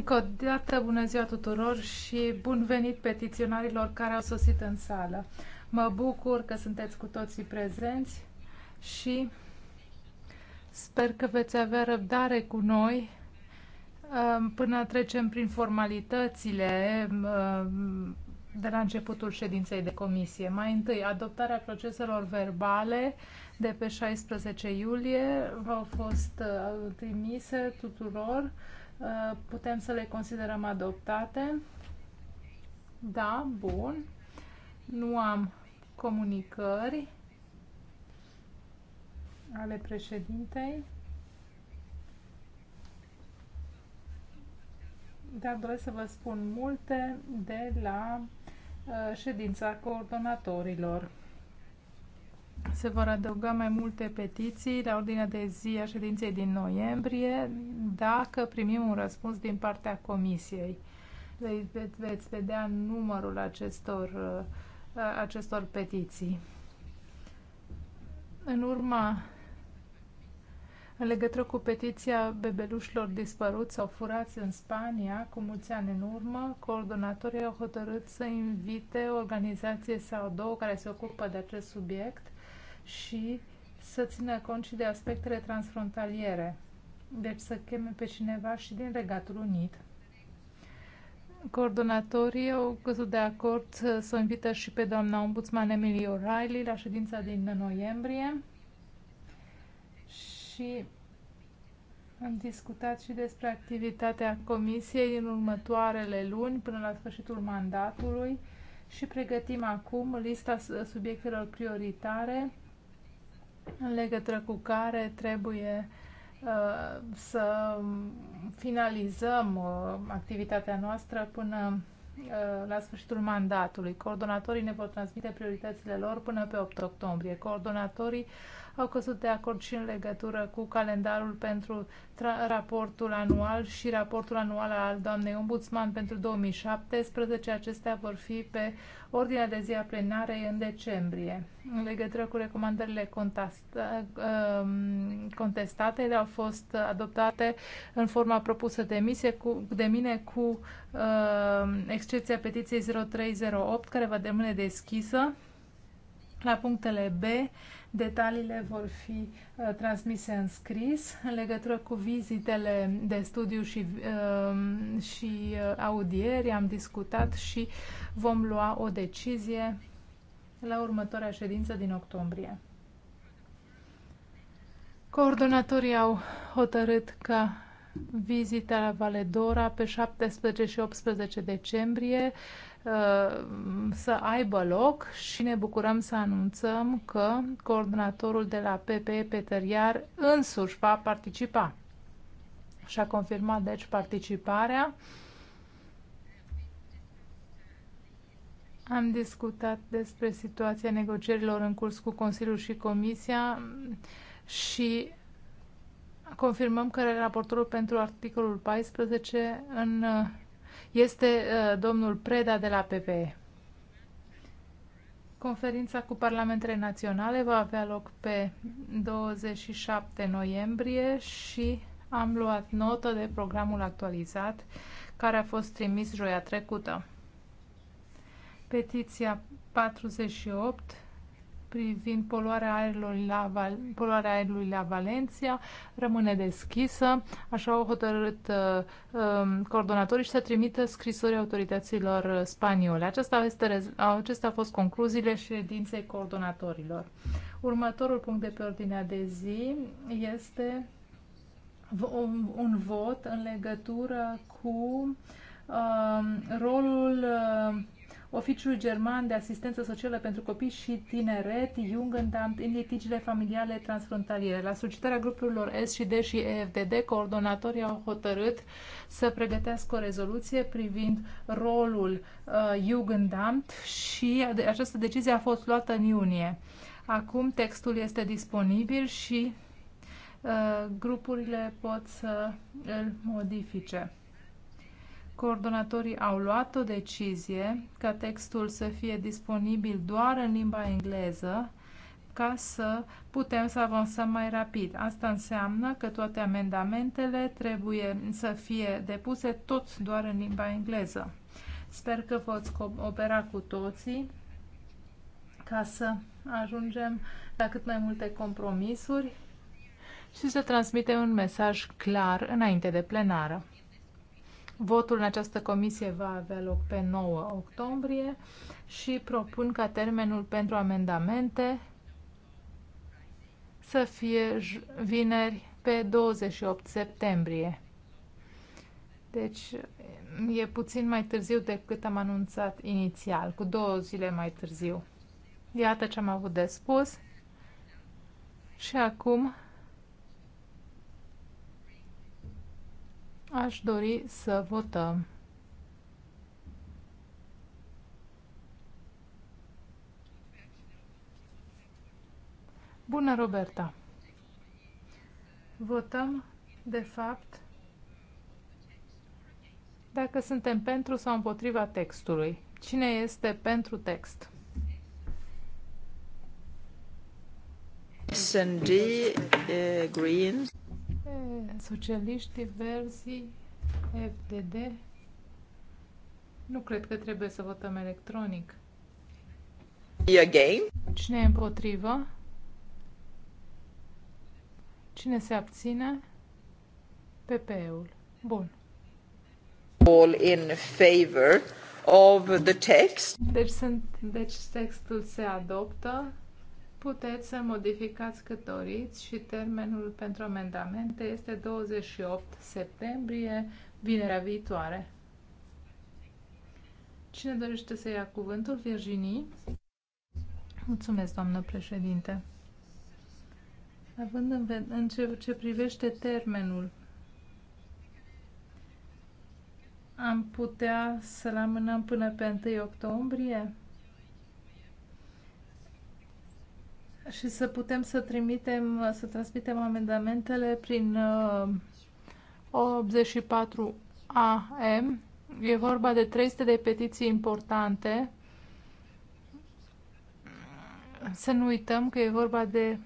Încă o dată, bună ziua tuturor și bun venit petiționarilor care au sosit în sală. Mă bucur că sunteți cu toții prezenți și sper că veți avea răbdare cu noi um, până trecem prin formalitățile um, de la începutul ședinței de comisie. Mai întâi, adoptarea proceselor verbale de pe 16 iulie au fost uh, trimise tuturor. Eh, putem să le considerăm adoptate. Da, bun. Nu am comunicări ale președintei. Dar doresc să vă spun multe de la eh, ședința coordonatorilor se vor adăuga mai multe petiții la ordinea de zi a ședinței din noiembrie dacă primim un răspuns din partea comisiei. Ve veți vedea numărul acestor, uh, acestor petiții. În urma, în legătură cu petiția bebelușilor dispăruți sau furați în Spania, cu mulți ani în urmă, coordonatorii au hotărât să invite o organizație sau două care se ocupă de acest subiect și să țină cont și de aspectele transfrontaliere. Deci să cheme pe cineva și din Regatul Unit. Coordonatorii au căzut de acord să invită și pe doamna ombudsman Emily O'Reilly la ședința din noiembrie și am discutat și despre activitatea comisiei în următoarele luni până la sfârșitul mandatului și pregătim acum lista subiectelor prioritare în legătură cu care trebuie uh, să finalizăm uh, activitatea noastră până uh, la sfârșitul mandatului. Coordonatorii ne vor transmite prioritățile lor până pe 8 octombrie. Coordonatorii au căzut de acord și în legătură cu calendarul pentru raportul anual și raportul anual al doamnei ombudsman pentru 2017. Acestea vor fi pe ordinea de zi a plenarei în decembrie. În legătură cu recomandările um, contestate, ele au fost adoptate în forma propusă de, emisie, cu, de mine cu uh, excepția petiției 0308, care va rămâne deschisă la punctele B Detaliile vor fi uh, transmise în scris în legătură cu vizitele de studiu și, um, uh, și audieri. Am discutat și vom lua o decizie la următoarea ședință din octombrie. Coordonatorii au hotărât ca vizita la Valedora pe 17 și 18 decembrie Uh, să aibă loc și ne bucurăm să anunțăm că coordonatorul de la PPE, Peter Iar, însuși va participa. Și-a confirmat, deci, participarea. Am discutat despre situația negocierilor în curs cu Consiliul și Comisia și confirmăm că raportorul pentru articolul 14 în uh, este uh, domnul Preda de la PPE. Conferința cu parlamentele naționale va avea loc pe 27 noiembrie și am luat notă de programul actualizat care a fost trimis joia trecută. Petiția 48 privind poluarea aerului la, Val poluarea aerului la Valencia rămâne deschisă. Așa au hotărât uh, um, coordonatorii și să trimită scrisori autorităților spaniole. Acesta este, acestea au fost concluziile ședinței coordonatorilor. Următorul punct de pe ordinea de zi este un, un vot în legătură cu uh, rolul uh, Oficiul German de Asistență Socială pentru Copii și Tineret, Jugendamt, în litigile familiale transfrontaliere. La solicitarea grupurilor S și D și EFDD, coordonatorii au hotărât să pregătească o rezoluție privind rolul uh, Jugendamt și această decizie a fost luată în iunie. Acum textul este disponibil și uh, grupurile pot să îl modifice coordonatorii au luat o decizie ca textul să fie disponibil doar în limba engleză ca să putem să avansăm mai rapid. Asta înseamnă că toate amendamentele trebuie să fie depuse tot doar în limba engleză. Sper că poți opera cu toții ca să ajungem la cât mai multe compromisuri și să transmitem un mesaj clar înainte de plenară. Votul în această comisie va avea loc pe 9 octombrie și propun ca termenul pentru amendamente să fie vineri pe 28 septembrie. Deci e puțin mai târziu decât am anunțat inițial, cu două zile mai târziu. Iată ce am avut de spus. Și acum Aș dori să votăm. Bună, Roberta! Votăm, de fapt, dacă suntem pentru sau împotriva textului. Cine este pentru text? S&D, uh, eh, Greens socialiștii versi FDD. Nu cred că trebuie să votăm electronic. E game? Cine e împotrivă? Cine se abține? PP-ul. Bun. All in favor of the text. Deci, sunt, deci textul se adoptă puteți să modificați cât doriți și termenul pentru amendamente este 28 septembrie, vinerea viitoare. Cine dorește să ia cuvântul? Virginie? Mulțumesc, doamnă președinte. Având în, în ce, ce privește termenul, am putea să-l amânăm până pe 1 octombrie? și să putem să trimitem, să transmitem amendamentele prin 84 uh, AM. E vorba de 300 de petiții importante. Să nu uităm că e vorba de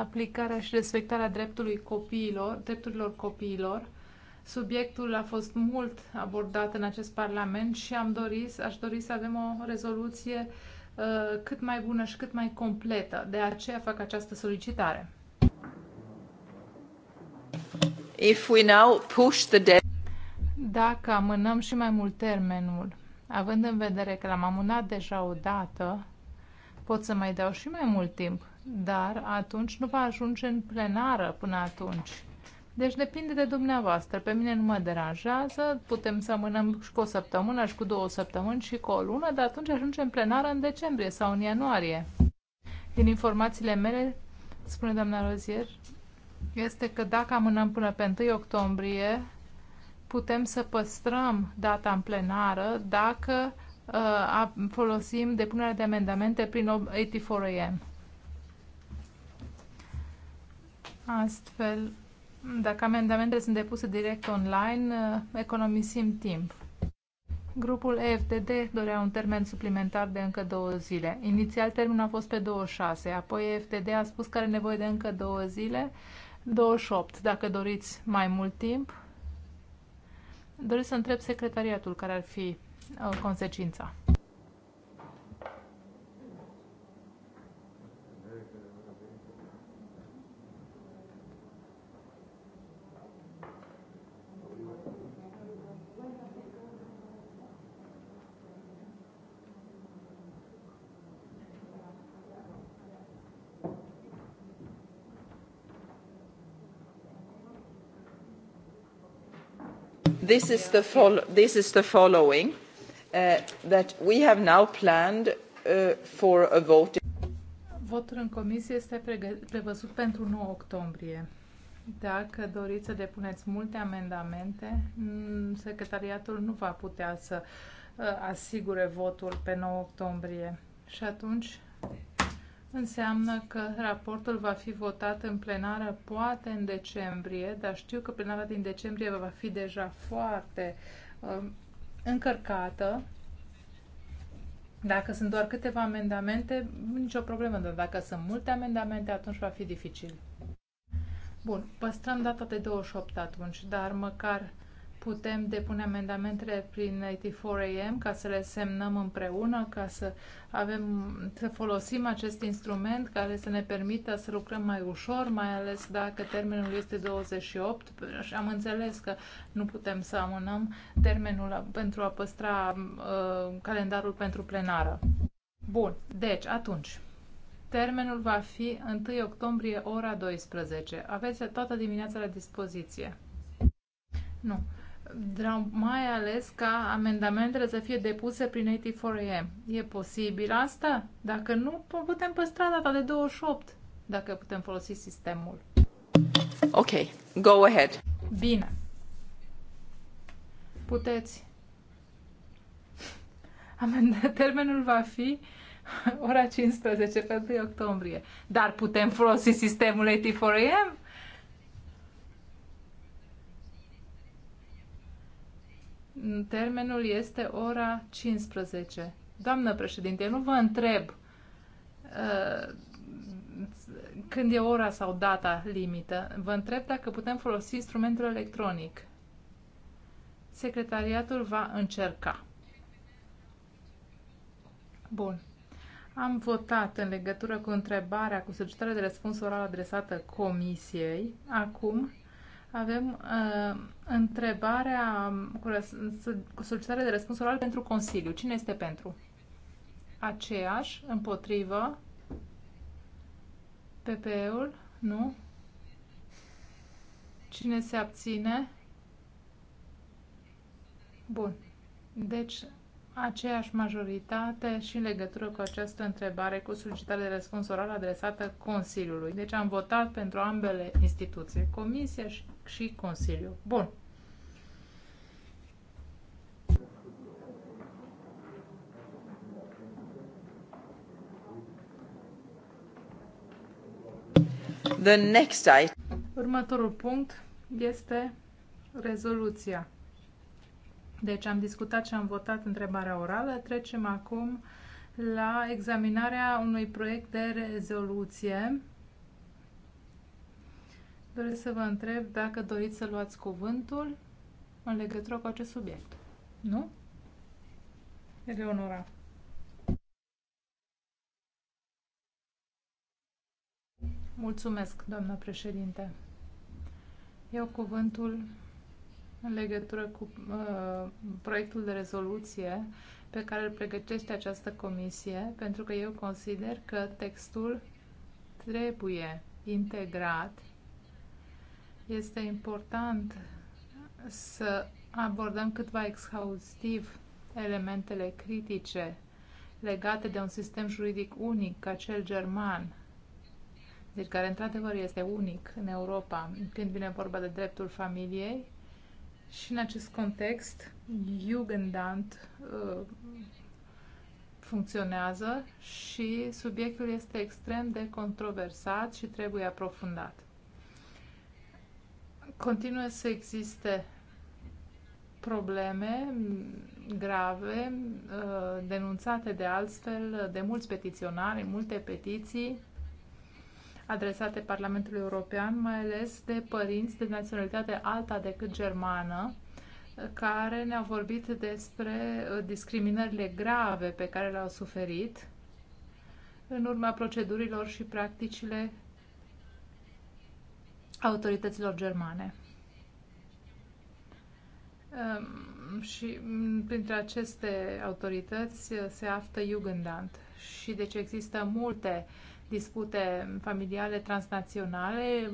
aplicarea și respectarea dreptului copiilor, drepturilor copiilor. Subiectul a fost mult abordat în acest Parlament și am dorit, aș dori să avem o rezoluție uh, Uh, cât mai bună și cât mai completă. De aceea fac această solicitare. If we now push the dead... Dacă amânăm și mai mult termenul, având în vedere că l-am amânat deja o dată, pot să mai dau și mai mult timp, dar atunci nu va ajunge în plenară până atunci. Deci depinde de dumneavoastră. Pe mine nu mă deranjează. Putem să amânăm și cu o săptămână, și cu două săptămâni, și cu o lună, dar atunci ajungem plenară în decembrie sau în ianuarie. Din informațiile mele, spune doamna Rozier, este că dacă amânăm până pe 1 octombrie, putem să păstrăm data în plenară dacă uh, folosim depunerea de amendamente prin 84 am. Astfel, dacă amendamentele sunt depuse direct online, uh, economisim timp. Grupul EFTD dorea un termen suplimentar de încă două zile. Inițial termenul a fost pe 26, apoi EFTD a spus că are nevoie de încă două zile, 28, dacă doriți mai mult timp. Doresc să întreb secretariatul care ar fi uh, consecința. this is the, following, uh, that we have now planned uh, for a vote. Votul în comisie este prevăzut pentru 9 octombrie. Dacă doriți să depuneți multe amendamente, mm, secretariatul nu va putea să uh, asigure votul pe 9 octombrie. Și atunci înseamnă că raportul va fi votat în plenară poate în decembrie, dar știu că plenara din decembrie va fi deja foarte uh, încărcată. Dacă sunt doar câteva amendamente, nicio problemă, dar dacă sunt multe amendamente, atunci va fi dificil. Bun, păstrăm data de 28 atunci, dar măcar putem depune amendamentele prin 84AM ca să le semnăm împreună, ca să, avem, să folosim acest instrument care să ne permită să lucrăm mai ușor, mai ales dacă termenul este 28. Și am înțeles că nu putem să amânăm termenul pentru a păstra uh, calendarul pentru plenară. Bun, deci atunci. Termenul va fi 1 octombrie, ora 12. Aveți toată dimineața la dispoziție. Nu dar mai ales ca amendamentele să fie depuse prin 84AM. E posibil asta? Dacă nu, putem păstra data de 28, dacă putem folosi sistemul. Ok, go ahead. Bine. Puteți. Termenul va fi ora 15 pe 1 octombrie. Dar putem folosi sistemul 84AM? Termenul este ora 15. Doamnă președinte, nu vă întreb uh, când e ora sau data limită. Vă întreb dacă putem folosi instrumentul electronic. Secretariatul va încerca. Bun. Am votat în legătură cu întrebarea cu solicitarea de răspuns oral adresată Comisiei. Acum avem uh, întrebarea um, cu, cu solicitare de răspuns oral pentru Consiliu. Cine este pentru? Aceeași, împotrivă, PP-ul, nu? Cine se abține? Bun. Deci, aceeași majoritate și în legătură cu această întrebare cu solicitare de răspuns oral adresată Consiliului. Deci am votat pentru ambele instituții, Comisia și, și Consiliu. Bun. The next item. Următorul punct este rezoluția deci am discutat și am votat întrebarea orală. Trecem acum la examinarea unui proiect de rezoluție. Doresc să vă întreb dacă doriți să luați cuvântul în legătură cu acest subiect. Nu? Eleonora. Mulțumesc, doamnă președinte. Eu cuvântul în legătură cu uh, proiectul de rezoluție pe care îl pregătește această comisie, pentru că eu consider că textul trebuie integrat. Este important să abordăm câtva exhaustiv elementele critice legate de un sistem juridic unic ca cel german, deci care într-adevăr este unic în Europa, când vine vorba de dreptul familiei, și în acest context, Jugendamt uh, funcționează și subiectul este extrem de controversat și trebuie aprofundat. Continuă să existe probleme grave uh, denunțate de altfel de mulți petiționari, multe petiții adresate Parlamentului European, mai ales de părinți de naționalitate alta decât germană, care ne-au vorbit despre uh, discriminările grave pe care le-au suferit în urma procedurilor și practicile autorităților germane. Um, și printre aceste autorități uh, se află Jugendamt și deci există multe uh, dispute familiale transnaționale,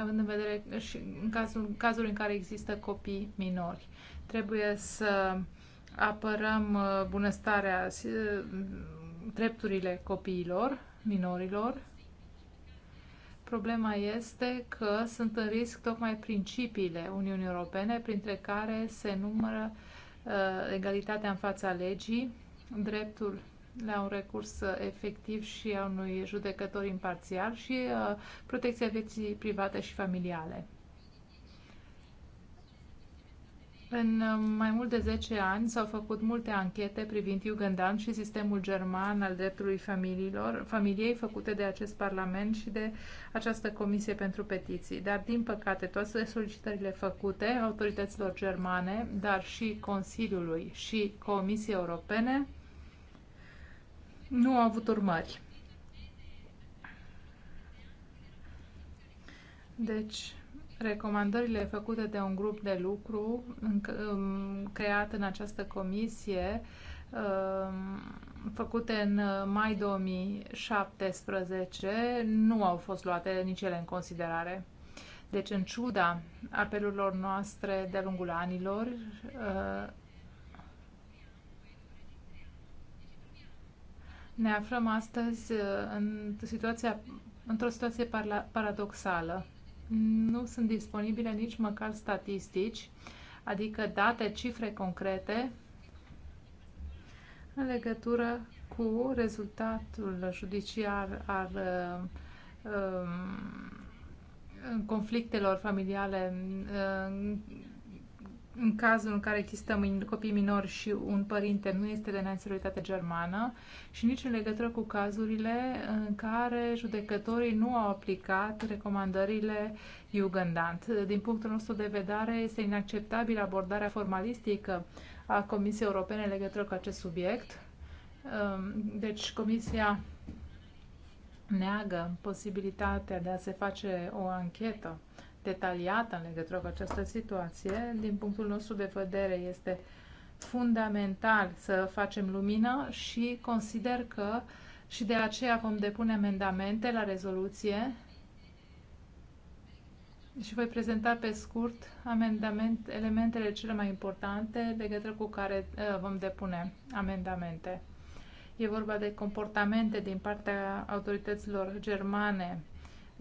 având în vedere și în cazul, în cazul în care există copii minori. Trebuie să apărăm uh, bunăstarea, uh, drepturile copiilor, minorilor. Problema este că sunt în risc tocmai principiile Uniunii Europene, printre care se numără uh, egalitatea în fața legii, dreptul la un recurs uh, efectiv și a unui judecător imparțial și uh, protecția vieții private și familiale. În uh, mai mult de 10 ani s-au făcut multe anchete privind Jugendamt și sistemul german al dreptului familiilor, familiei făcute de acest Parlament și de această Comisie pentru Petiții. Dar, din păcate, toate solicitările făcute autorităților germane, dar și Consiliului și Comisiei Europene, nu au avut urmări. Deci, recomandările făcute de un grup de lucru în, um, creat în această comisie, um, făcute în uh, mai 2017, nu au fost luate nici ele în considerare. Deci, în ciuda apelurilor noastre de-a lungul anilor, uh, Ne aflăm astăzi uh, în situația, într-o situație paradoxală. Nu sunt disponibile nici măcar statistici, adică date, cifre concrete în legătură cu rezultatul judiciar al uh, um, conflictelor familiale uh, în cazul în care există copii minori și un părinte nu este de naționalitate germană și nici în legătură cu cazurile în care judecătorii nu au aplicat recomandările Jugendamt. Din punctul nostru de vedere, este inacceptabilă abordarea formalistică a Comisiei Europene în legătură cu acest subiect. Um, deci, Comisia neagă posibilitatea de a se face o anchetă detaliată în legătură cu această situație. Din punctul nostru de vedere este fundamental să facem lumină și consider că și de aceea vom depune amendamente la rezoluție și voi prezenta pe scurt amendament, elementele cele mai importante legătură cu care ă, vom depune amendamente. E vorba de comportamente din partea autorităților germane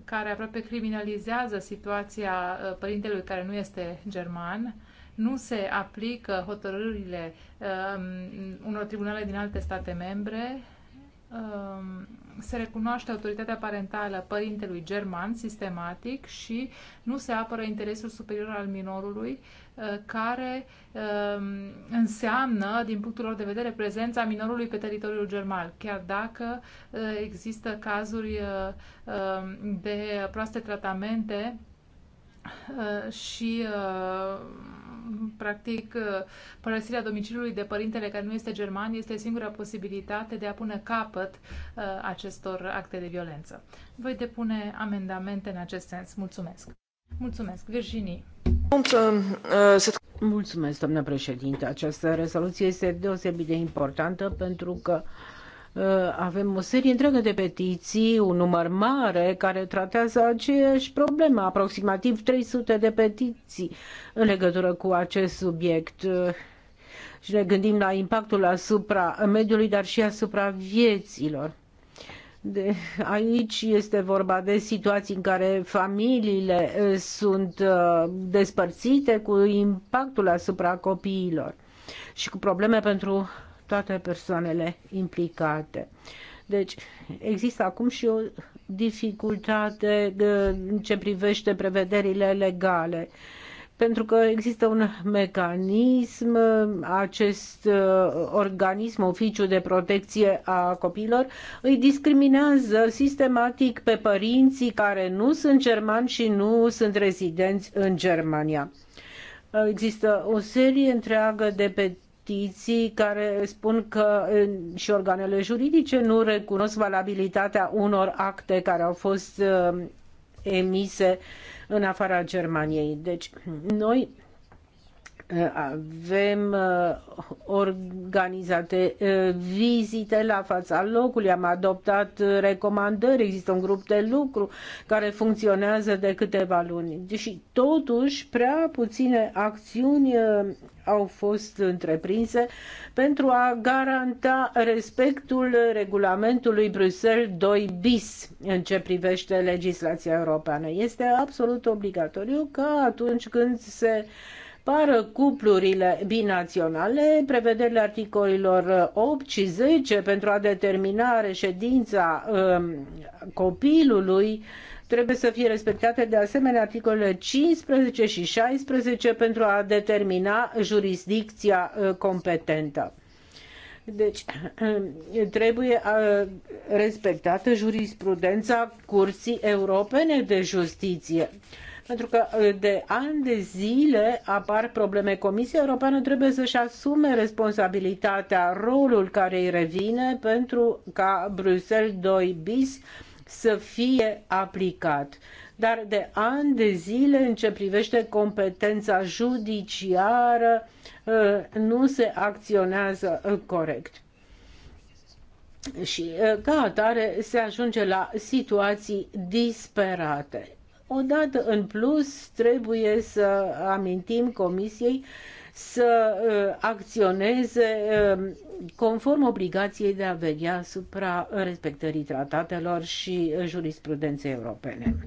care aproape criminalizează situația uh, părintelui care nu este german, nu se aplică hotărârile um, unor tribunale din alte state membre, um, se recunoaște autoritatea parentală părintelui german sistematic și nu se apără interesul superior al minorului uh, Uh, care um, înseamnă, din punctul lor de vedere, prezența minorului pe teritoriul german, chiar dacă uh, există cazuri uh, um, de proaste tratamente și practic părăsirea domiciliului de părintele care nu este german este singura posibilitate de a pune capăt acestor acte de violență. Voi depune amendamente în acest sens. Mulțumesc! Mulțumesc, Virginie. Mulțumesc, doamnă președinte. Această rezoluție este deosebit de importantă pentru că uh, avem o serie întreagă de petiții, un număr mare care tratează aceeași problemă, aproximativ 300 de petiții în legătură cu acest subiect uh, și ne gândim la impactul asupra mediului, dar și asupra vieților. De, aici este vorba de situații în care familiile eh, sunt eh, despărțite cu impactul asupra copiilor și cu probleme pentru toate persoanele implicate. Deci există acum și o dificultate eh, în ce privește prevederile legale. Uh, pentru că există un mecanism, acest uh, organism, oficiu de protecție a copiilor, îi discriminează sistematic pe părinții care nu sunt germani și nu sunt rezidenți în Germania. Există o serie întreagă de petiții care spun că uh, și organele juridice nu recunosc valabilitatea unor acte care au fost uh, emise uh, în afara Germaniei. Deci noi avem uh, organizate uh, vizite la fața locului, am adoptat uh, recomandări, există un grup de lucru care funcționează de câteva luni. Deși totuși prea puține acțiuni au fost întreprinse pentru a garanta respectul regulamentului Bruxelles 2 bis în ce privește legislația europeană. Este absolut obligatoriu ca atunci când se uh, apară cuplurile binaționale, prevederile articolilor 8 și 10 pentru a determina reședința um, copilului trebuie să fie respectate de asemenea articolele 15 și 16 pentru a determina jurisdicția uh, competentă. Deci um, trebuie uh, respectată jurisprudența Curții Europene de Justiție. Pentru că uh, de ani de zile apar probleme. Comisia Europeană trebuie să-și asume responsabilitatea, rolul care îi revine pentru ca Bruxelles 2 bis să fie aplicat. Dar de ani de zile, în ce privește competența judiciară, uh, nu se acționează uh, corect. Și ca atare se ajunge la situații disperate. Odată în plus, trebuie să amintim Comisiei să uh, acționeze uh, conform obligației de a veghea asupra respectării tratatelor și jurisprudenței europene.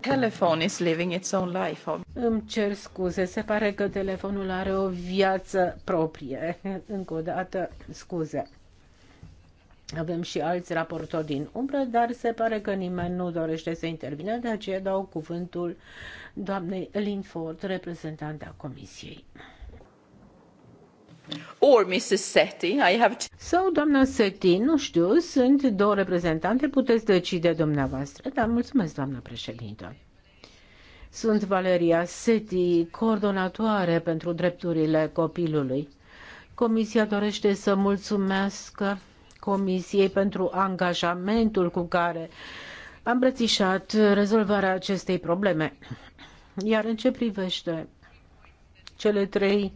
Telephone is living its own life. Îmi cer scuze, se pare că telefonul are o viață proprie. Încă o dată, scuze. Avem și alți raportori din umbră, dar se pare că nimeni nu dorește să intervină, de aceea dau cuvântul doamnei Linford, reprezentanta Comisiei. Or Mrs. Seti, I have... Sau doamna Seti, nu știu, sunt două reprezentante, puteți decide dumneavoastră, dar mulțumesc, doamna președintă. Sunt Valeria Seti, coordonatoare pentru drepturile copilului. Comisia dorește să mulțumesc Comisiei pentru angajamentul cu care a îmbrățișat rezolvarea acestei probleme. Iar în ce privește cele trei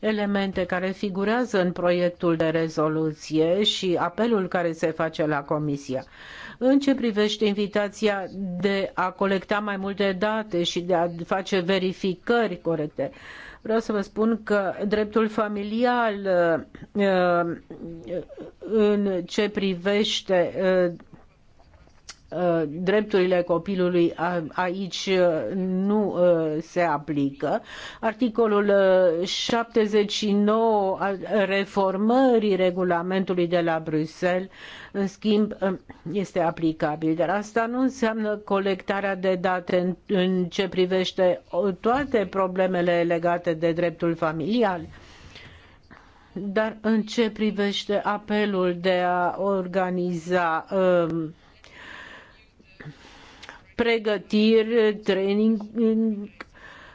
elemente care figurează în proiectul de rezoluție și apelul care se face la Comisia. În ce privește invitația de a colecta mai multe date și de a face verificări corecte, uh, Vreau să vă spun că dreptul familial uh, uh, în ce privește uh, Uh, drepturile copilului aici uh, nu uh, se aplică. Articolul 79 reformării regulamentului de la Bruxelles, în schimb, este aplicabil. Dar asta nu înseamnă colectarea de date în, în ce privește toate problemele legate de dreptul familial. Dar în ce privește apelul de a organiza uh, pregătiri, training.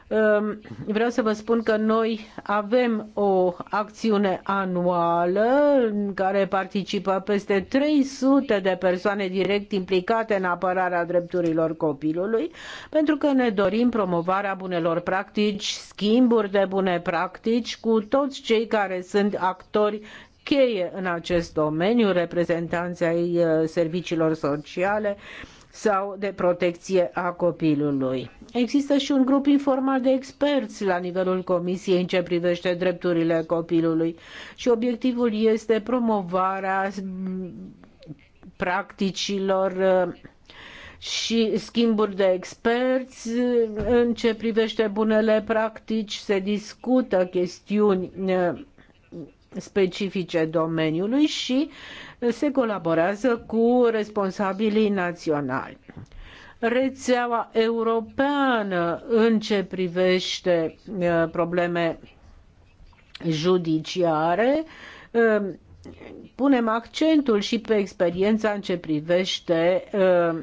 Um, vreau să vă spun că noi avem o acțiune anuală în care participă peste 300 de persoane direct implicate în apărarea drepturilor copilului, pentru că ne dorim promovarea bunelor practici, schimburi de bune practici cu toți cei care sunt actori cheie în acest domeniu, reprezentanții ai uh, serviciilor sociale, sau de protecție a copilului. Există și un grup informal de experți la nivelul Comisiei în ce privește drepturile copilului și obiectivul este promovarea practicilor uh, și schimburi de experți în ce privește bunele practici se discută chestiuni uh, specifice domeniului și se colaborează cu responsabilii naționali. Rețeaua europeană în ce privește uh, probleme judiciare uh, punem accentul și pe experiența în ce privește uh,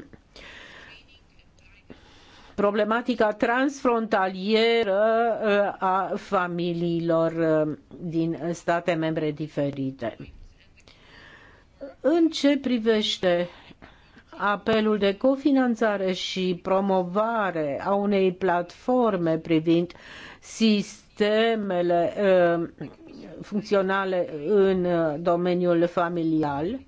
problematica transfrontalieră a familiilor din state membre diferite. În ce privește apelul de cofinanțare și promovare a unei platforme privind sistemele uh, funcționale în uh, domeniul familial,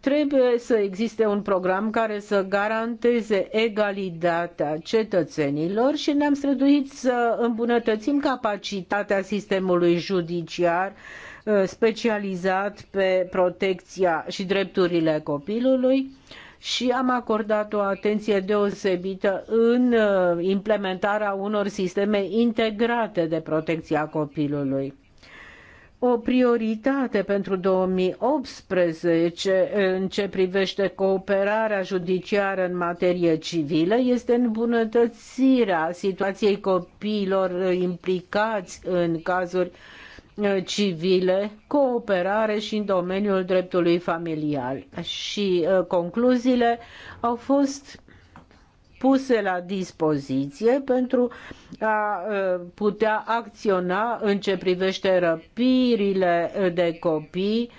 trebuie să existe un program care să garanteze egalitatea cetățenilor și ne-am străduit să îmbunătățim capacitatea sistemului judiciar Uh, specializat pe protecția și drepturile copilului și am acordat o atenție deosebită în uh, implementarea unor sisteme integrate de protecție a copilului o prioritate pentru 2018 uh, în ce privește cooperarea judiciară în materie civilă este îmbunătățirea situației copiilor implicați în cazuri Uh, civile, cooperare și în domeniul dreptului familial. Și uh, concluziile au fost puse la dispoziție pentru a uh, putea acționa în ce privește răpirile de copii,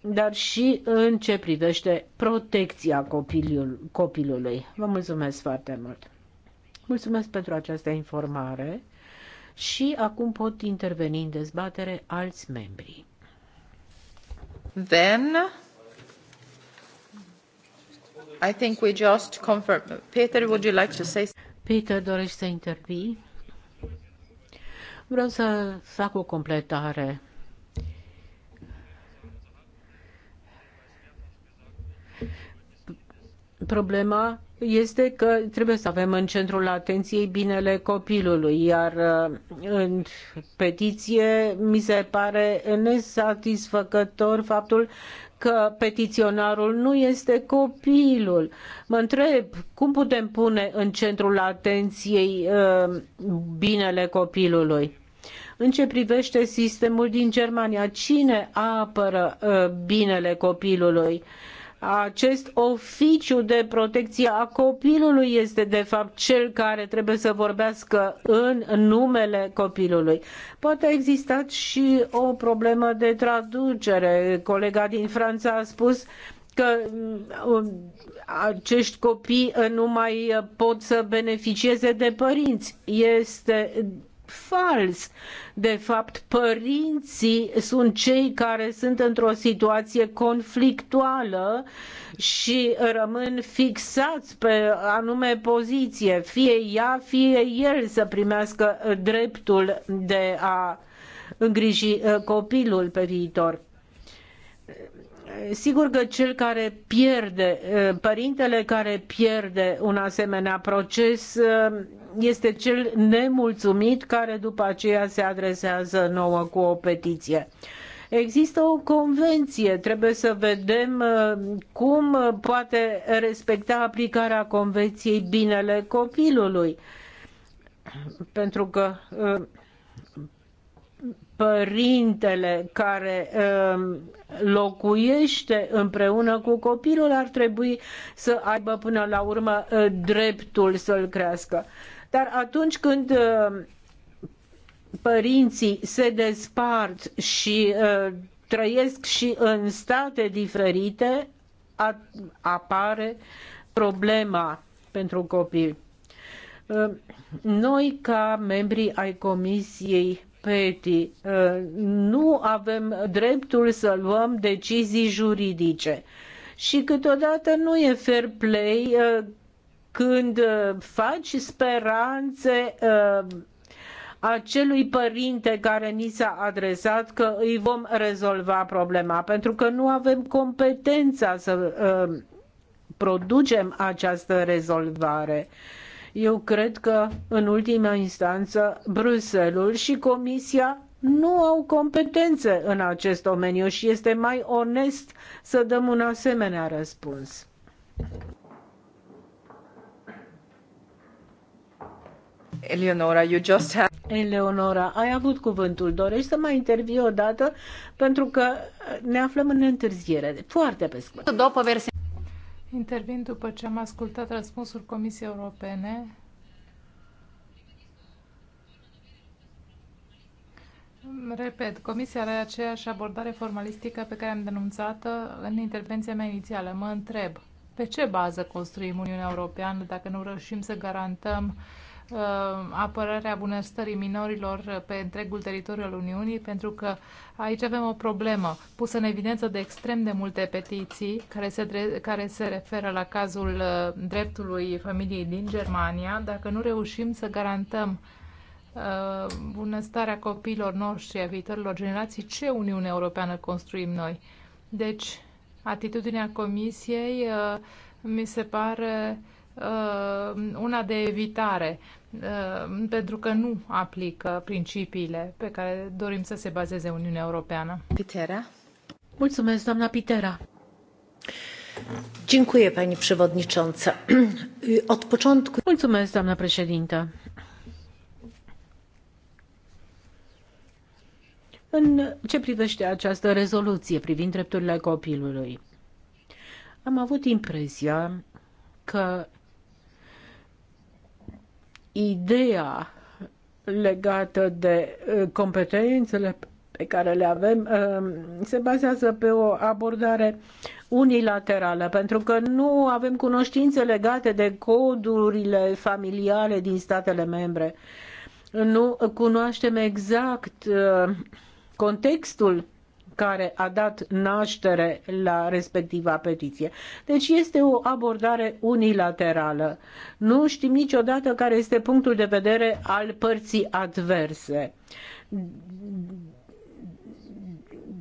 dar și în ce privește protecția copilul, copilului. Vă mulțumesc foarte mult! Mulțumesc pentru această informare și acum pot interveni în dezbatere alți membri. Then I think we just confirm. Peter, would you like to say Peter, dorești să intervii? Vreau să fac o completare. Problema este că trebuie să avem în centrul atenției binele copilului, iar uh, în petiție mi se pare nesatisfăcător faptul că petiționarul nu este copilul. Mă întreb cum putem pune în centrul atenției uh, binele copilului. În ce privește sistemul din Germania, cine apără uh, binele copilului? Acest oficiu de protecție a copilului este de fapt cel care trebuie să vorbească în numele copilului. Poate a existat și o problemă de traducere. Colega din Franța a spus că mm, acești copii nu mai pot să beneficieze de părinți. Este fals. De fapt, părinții sunt cei care sunt într-o situație conflictuală și rămân fixați pe anume poziție, fie ea, fie el să primească dreptul de a îngriji uh, copilul pe viitor. Sigur că cel care pierde, părintele care pierde un asemenea proces este cel nemulțumit care după aceea se adresează nouă cu o petiție. Există o convenție, trebuie să vedem cum poate respecta aplicarea convenției binele copilului. Pentru că părintele care locuiește împreună cu copilul ar trebui să aibă până la urmă uh, dreptul să-l crească. Dar atunci când uh, părinții se despart și uh, trăiesc și în state diferite, apare problema pentru copil. Noi, ca membri ai Comisiei Peti, ă, nu avem dreptul să luăm decizii juridice. Și câteodată nu e fair play ă, când ă, faci speranțe acelui părinte care ni s-a adresat că îi vom rezolva problema, pentru că nu avem competența să producem această rezolvare. Uh, eu cred că, în ultima instanță, Bruselul și Comisia nu au competențe în acest domeniu și este mai onest să dăm un asemenea răspuns. Eleonora, you just have... Eleonora, ai avut cuvântul. Dorești să mai intervii o dată? Pentru că ne aflăm în întârziere. Foarte pe scurt. După Intervin după ce am ascultat răspunsul Comisiei Europene Repet, Comisia are aceeași abordare formalistică pe care am denunțat-o în intervenția mea inițială. Mă întreb, pe ce bază construim Uniunea Europeană dacă nu reușim să garantăm uh, Uh, apărarea bunăstării minorilor pe întregul teritoriu al Uniunii, pentru că aici avem o problemă pusă în evidență de extrem de multe petiții care se, care se referă la cazul uh, dreptului familiei din Germania. Dacă nu reușim să garantăm uh, bunăstarea copiilor noștri, a viitorilor generații, ce Uniune Europeană construim noi? Deci, atitudinea Comisiei mi se pare uh, Uh, una de evitare, uh, pentru că nu aplică principiile pe care dorim să se bazeze Uniunea Europeană. Pitera. Mulțumesc, doamna Pitera. Dziękuję, pani przewodnicząca. Od początku... Mulțumesc, doamna președintă. În ce privește această rezoluție privind drepturile copilului, am avut impresia că ideea legată de uh, competențele pe care le avem uh, se bazează pe o abordare unilaterală, pentru că nu avem cunoștințe legate de codurile familiale din statele membre. Nu cunoaștem exact uh, contextul care a dat naștere la respectiva petiție. Deci este o abordare unilaterală. Nu știm niciodată care este punctul de vedere al părții adverse.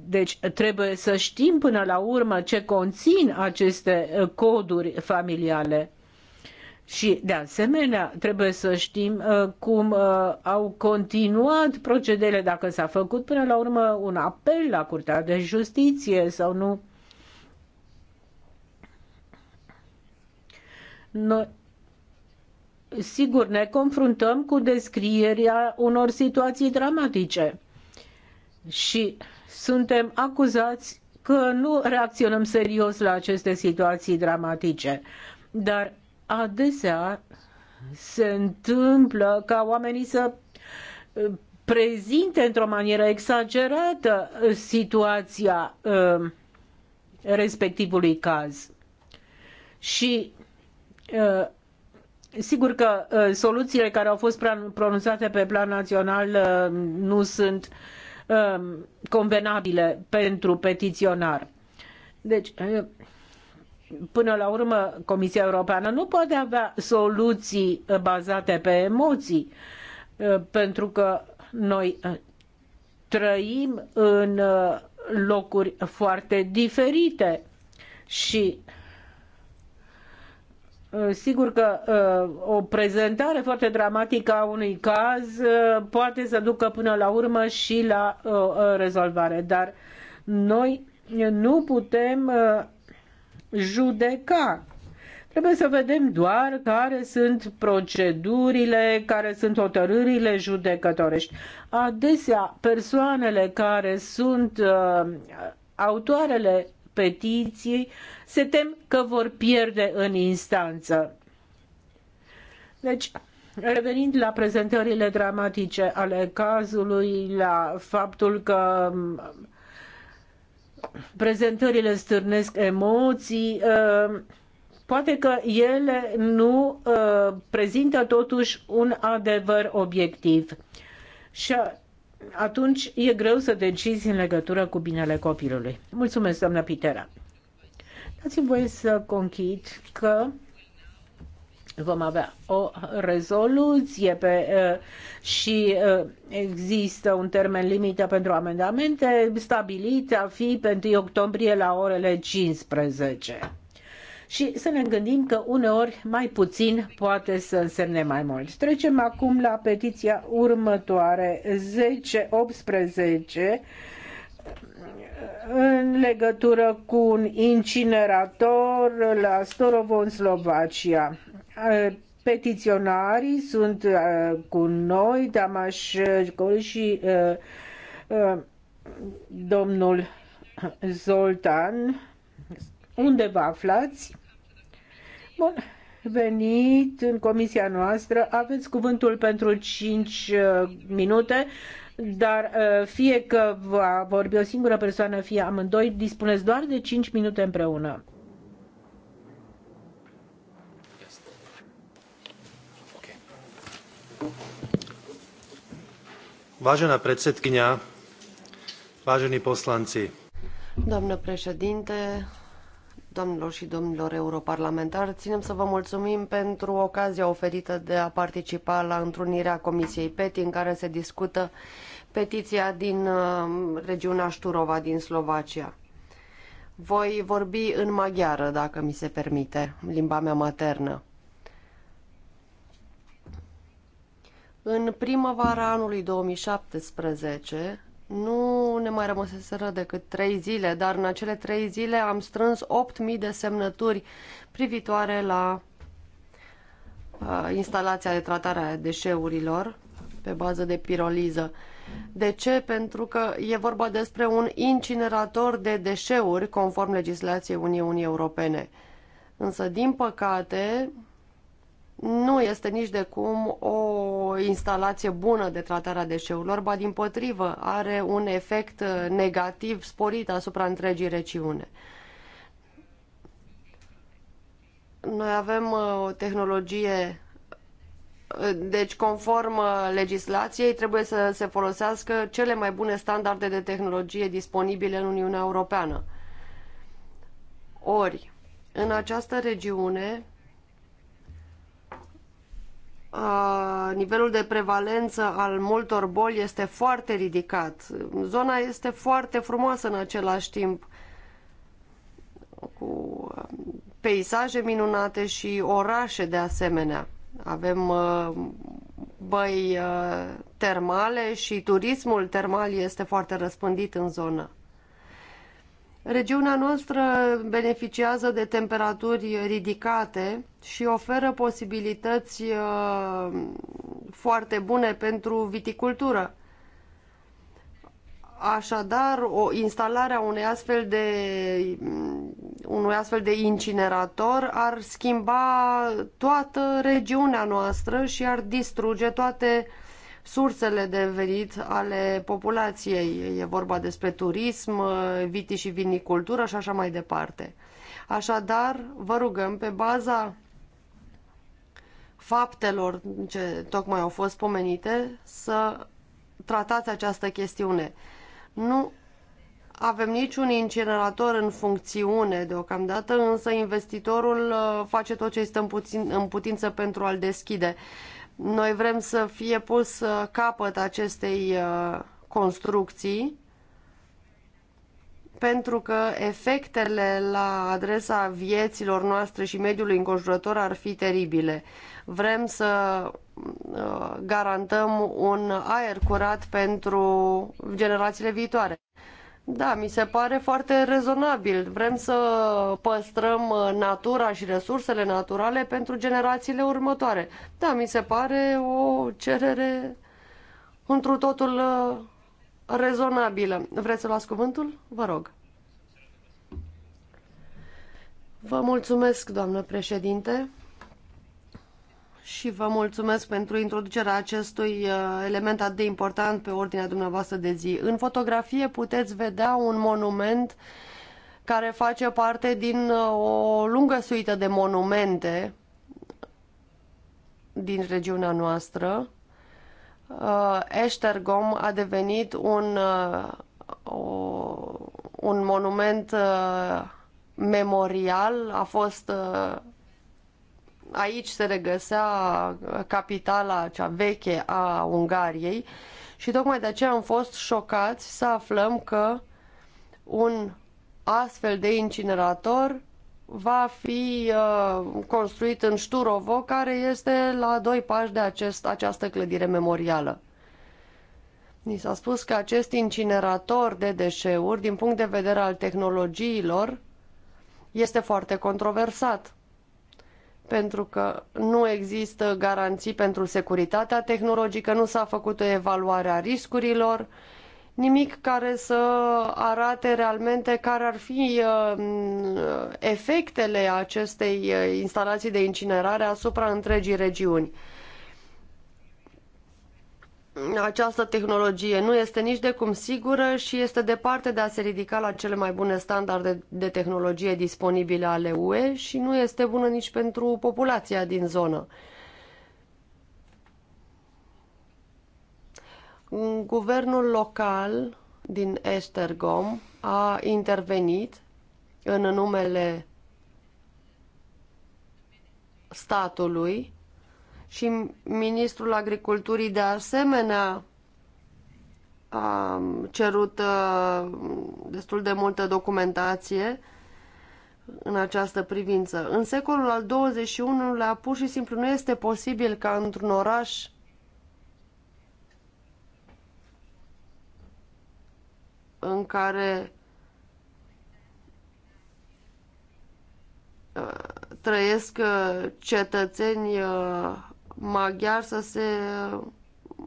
Deci trebuie să știm până la urmă ce conțin aceste coduri familiale. Și, de asemenea, trebuie să știm uh, cum uh, au continuat procedele, dacă s-a făcut până la urmă un apel la Curtea de Justiție sau nu. Noi, sigur, ne confruntăm cu descrierea unor situații dramatice și suntem acuzați că nu reacționăm serios la aceste situații dramatice. Dar adesea se întâmplă ca oamenii să uh, prezinte într-o manieră exagerată uh, situația uh, respectivului caz. Și sigur că soluțiile care au fost pronunțate pe plan național nu sunt convenabile pentru petiționar. Deci, până la urmă Comisia Europeană nu poate avea soluții bazate pe emoții, uh, pentru că noi uh, trăim în uh, locuri foarte diferite și sigur că o prezentare foarte dramatică a unui caz poate să ducă până la urmă și la rezolvare, dar noi nu putem judeca. Trebuie să vedem doar care sunt procedurile, care sunt hotărârile judecătorești. Adesea, persoanele care sunt uh, autoarele petiției se tem că vor pierde în instanță. Deci, Revenind la prezentările dramatice ale cazului, la faptul că um, prezentările stârnesc emoții, uh, poate că ele nu uh, prezintă totuși un adevăr obiectiv. Și atunci e greu să decizi în legătură cu binele copilului. Mulțumesc, doamna Pitera. Dați-mi voie să conchid că vom avea o rezoluție pe, uh, și uh, există un termen limită pentru amendamente stabilit a fi pentru octombrie la orele 15. Și să ne gândim că uneori mai puțin poate să însemne mai mult. Trecem acum la petiția următoare, 1018 în legătură cu un incinerator la Storovo în Slovacia petiționarii sunt cu noi, Damaș și domnul Zoltan. Unde vă aflați? Bun, venit în comisia noastră. Aveți cuvântul pentru 5 minute, dar fie că va vorbi o singură persoană, fie amândoi, dispuneți doar de 5 minute împreună. Vážená predsedkynia, vážení poslanci. Doamnă președinte, doamnelor și domnilor europarlamentari, ținem să vă mulțumim pentru ocazia oferită de a participa la întrunirea Comisiei PETI în care se discută petiția din uh, regiunea Șturova din Slovacia. Voi vorbi în maghiară, dacă mi se permite, limba mea maternă. În primăvara anului 2017 nu ne mai rămăseseră decât trei zile, dar în acele trei zile am strâns 8.000 de semnături privitoare la uh, instalația de tratare a deșeurilor pe bază de piroliză. De ce? Pentru că e vorba despre un incinerator de deșeuri conform legislației Uniunii Europene. Însă, din păcate, nu este nici de cum o instalație bună de tratare a deșeurilor, ba din potrivă, are un efect negativ sporit asupra întregii regiune. Noi avem uh, o tehnologie, uh, deci conform uh, legislației, trebuie să se folosească cele mai bune standarde de tehnologie disponibile în Uniunea Europeană. Ori, în această regiune, nivelul de prevalență al multor boli este foarte ridicat. Zona este foarte frumoasă în același timp, cu peisaje minunate și orașe de asemenea. Avem băi termale și turismul termal este foarte răspândit în zonă. Regiunea noastră beneficiază de temperaturi ridicate și oferă posibilități uh, foarte bune pentru viticultură. Așadar, o instalarea unei astfel de, mm, unui astfel de incinerator ar schimba toată regiunea noastră și ar distruge toate uh, sursele de venit ale populației. E vorba despre turism, viti și vinicultură și așa mai departe. Așadar, vă rugăm pe baza faptelor ce tocmai au fost pomenite să tratați această chestiune. Nu avem niciun incinerator în funcțiune deocamdată, însă investitorul uh, face tot ce este în, în putință pentru a-l deschide. Noi vrem să fie pus uh, capăt acestei uh, construcții pentru că efectele la adresa vieților noastre și mediului înconjurător ar fi teribile. Vrem să uh, garantăm un aer curat pentru generațiile viitoare. Da, mi se pare foarte rezonabil. Vrem să păstrăm uh, natura și resursele naturale pentru generațiile următoare. Da, mi se pare o cerere întru totul uh, rezonabilă. Vreți să luați cuvântul? Vă rog. Vă mulțumesc, doamnă președinte și vă mulțumesc pentru introducerea acestui uh, element atât de important pe ordinea dumneavoastră de zi. În fotografie puteți vedea un monument care face parte din uh, o lungă suită de monumente din regiunea noastră. Uh, Eștergom a devenit un, un monument memorial, a fost Aici se regăsea capitala cea veche a Ungariei și tocmai de aceea am fost șocați să aflăm că un astfel de incinerator va fi uh, construit în Șturovo, care este la doi pași de acest, această clădire memorială. Ni s-a spus că acest incinerator de deșeuri, din punct de vedere al tehnologiilor, este foarte controversat pentru că nu există garanții pentru securitatea tehnologică, nu s-a făcut o evaluare a riscurilor, nimic care să arate realmente care ar fi uh, efectele acestei uh, instalații de incinerare asupra întregii regiuni această tehnologie nu este nici de cum sigură și este departe de a se ridica la cele mai bune standarde de tehnologie disponibile ale UE și nu este bună nici pentru populația din zonă. Guvernul local din Estergom a intervenit în numele statului și ministrul agriculturii de asemenea a cerut uh, destul de multă documentație în această privință. În secolul al XXI-lea pur și simplu nu este posibil ca într-un oraș în care uh, trăiesc uh, cetățeni maghiar să se uh,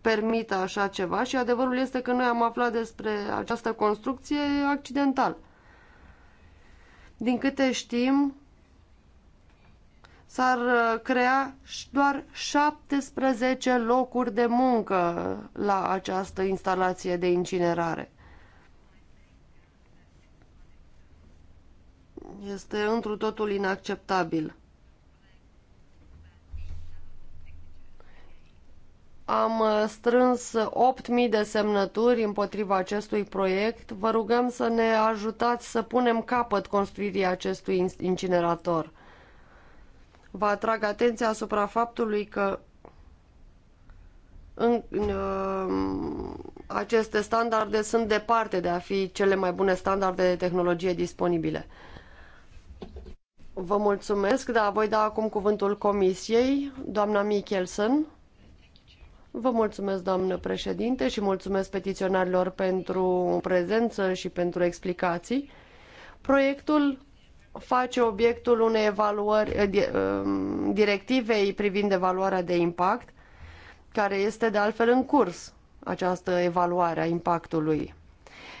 permită așa ceva și adevărul este că noi am aflat despre această construcție accidental. Din câte știm, s-ar uh, crea doar 17 locuri de muncă la această instalație de incinerare. Este întru totul inacceptabil. am uh, strâns 8.000 de semnături împotriva acestui proiect. Vă rugăm să ne ajutați să punem capăt construirii acestui incinerator. Vă atrag atenția asupra faptului că în, în, uh, aceste standarde sunt departe de a fi cele mai bune standarde de tehnologie disponibile. Vă mulțumesc, dar voi da acum cuvântul Comisiei, doamna Michelson. Vă mulțumesc, doamnă președinte, și mulțumesc petiționarilor pentru prezență și pentru explicații. Proiectul face obiectul unei evaluări eh, eh, directivei privind evaluarea de impact, care este de altfel în curs această evaluare a impactului.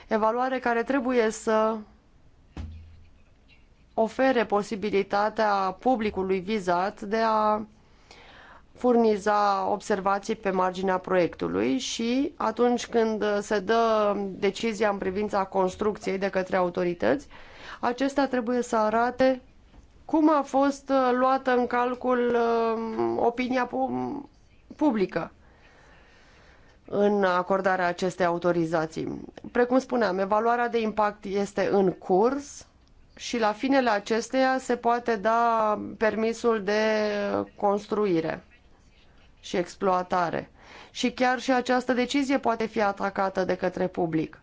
Evaluare care trebuie să ofere posibilitatea publicului vizat de a furniza observații pe marginea proiectului și atunci când se dă decizia în privința construcției de către autorități, acestea trebuie să arate cum a fost uh, luată în calcul uh, opinia publică în acordarea acestei autorizații. Precum spuneam, evaluarea de impact este în curs și la finele acesteia se poate da permisul de construire și exploatare. Și chiar și această decizie poate fi atacată de către public.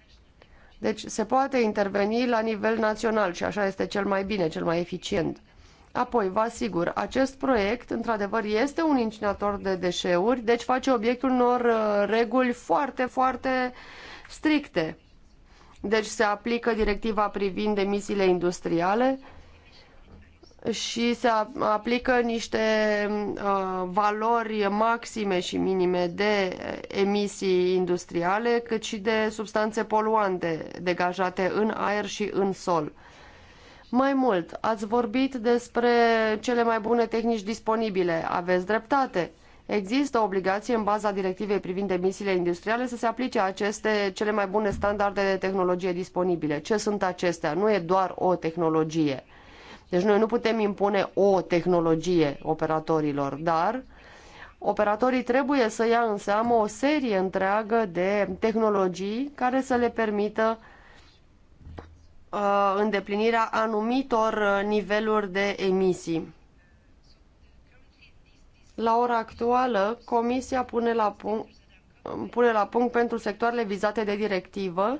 Deci se poate interveni la nivel național și așa este cel mai bine, cel mai eficient. Apoi, vă asigur, acest proiect, într-adevăr, este un incinator de deșeuri, deci face obiectul unor uh, reguli foarte, foarte stricte. Deci se aplică directiva privind emisiile industriale, și se aplică niște uh, valori maxime și minime de emisii industriale, cât și de substanțe poluante degajate în aer și în sol. Mai mult, ați vorbit despre cele mai bune tehnici disponibile. Aveți dreptate. Există obligație în baza directivei privind emisiile industriale să se aplice aceste cele mai bune standarde de tehnologie disponibile. Ce sunt acestea? Nu e doar o tehnologie. Deci noi nu putem impune o tehnologie operatorilor, dar operatorii trebuie să ia în seamă o serie întreagă de tehnologii care să le permită uh, îndeplinirea anumitor uh, niveluri de emisii. La ora actuală, Comisia pune la punct, pune la punct pentru sectoarele vizate de directivă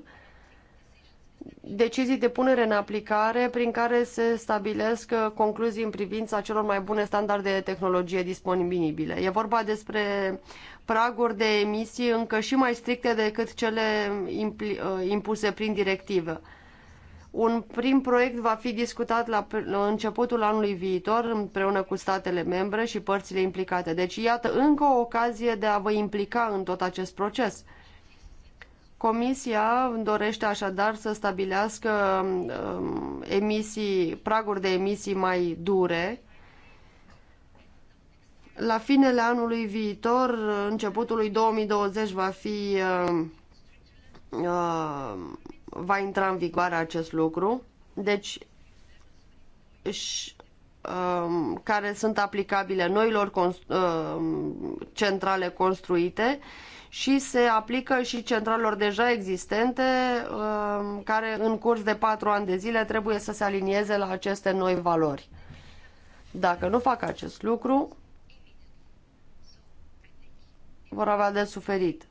decizii de punere în aplicare prin care se stabilesc concluzii în privința celor mai bune standarde de tehnologie disponibile. E vorba despre praguri de emisii încă și mai stricte decât cele uh, impuse prin directivă. Un prim proiect va fi discutat la începutul anului viitor împreună cu statele membre și părțile implicate. Deci, iată, încă o ocazie de a vă implica în tot acest proces. Comisia dorește așadar să stabilească um, emisii, praguri de emisii mai dure. La finele anului viitor, începutului 2020, va fi um, um, va intra în vigoare acest lucru. Deci și, care sunt aplicabile noilor centrale construite și se aplică și centralelor deja existente um, care în curs de patru ani de zile trebuie să se alinieze la aceste noi valori. Dacă nu fac acest lucru, vor avea de suferit.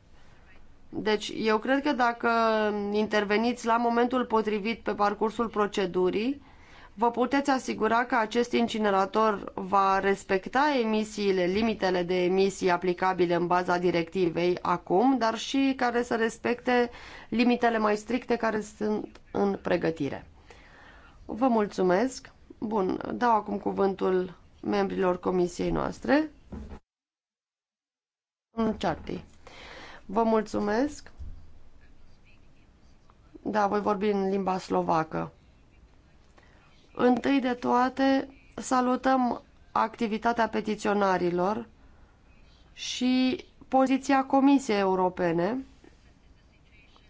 Deci, eu cred că dacă interveniți la momentul potrivit pe parcursul procedurii, vă puteți asigura că acest incinerator va respecta emisiile, limitele de emisii aplicabile în baza directivei acum, dar și care să respecte limitele mai stricte care sunt în pregătire. Vă mulțumesc. Bun, dau acum cuvântul membrilor comisiei noastre. Cearti. Vă mulțumesc. Da, voi vorbi în limba slovacă. Întâi de toate, salutăm activitatea petiționarilor și poziția Comisiei Europene,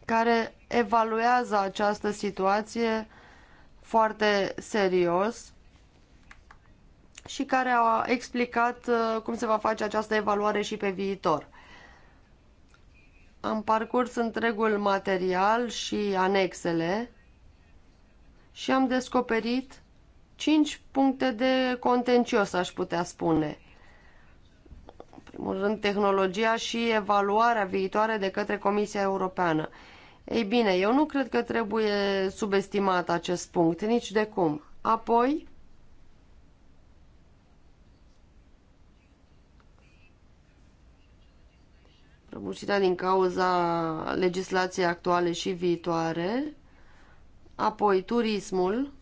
care evaluează această situație foarte serios și care a explicat uh, cum se va face această evaluare și pe viitor. Am parcurs întregul material și anexele și am descoperit cinci puncte de contencios, aș putea spune. În primul rând, tehnologia și evaluarea viitoare de către Comisia Europeană. Ei bine, eu nu cred că trebuie subestimat acest punct, nici de cum. Apoi, prăbușirea din cauza legislației actuale și viitoare, Apoi turismul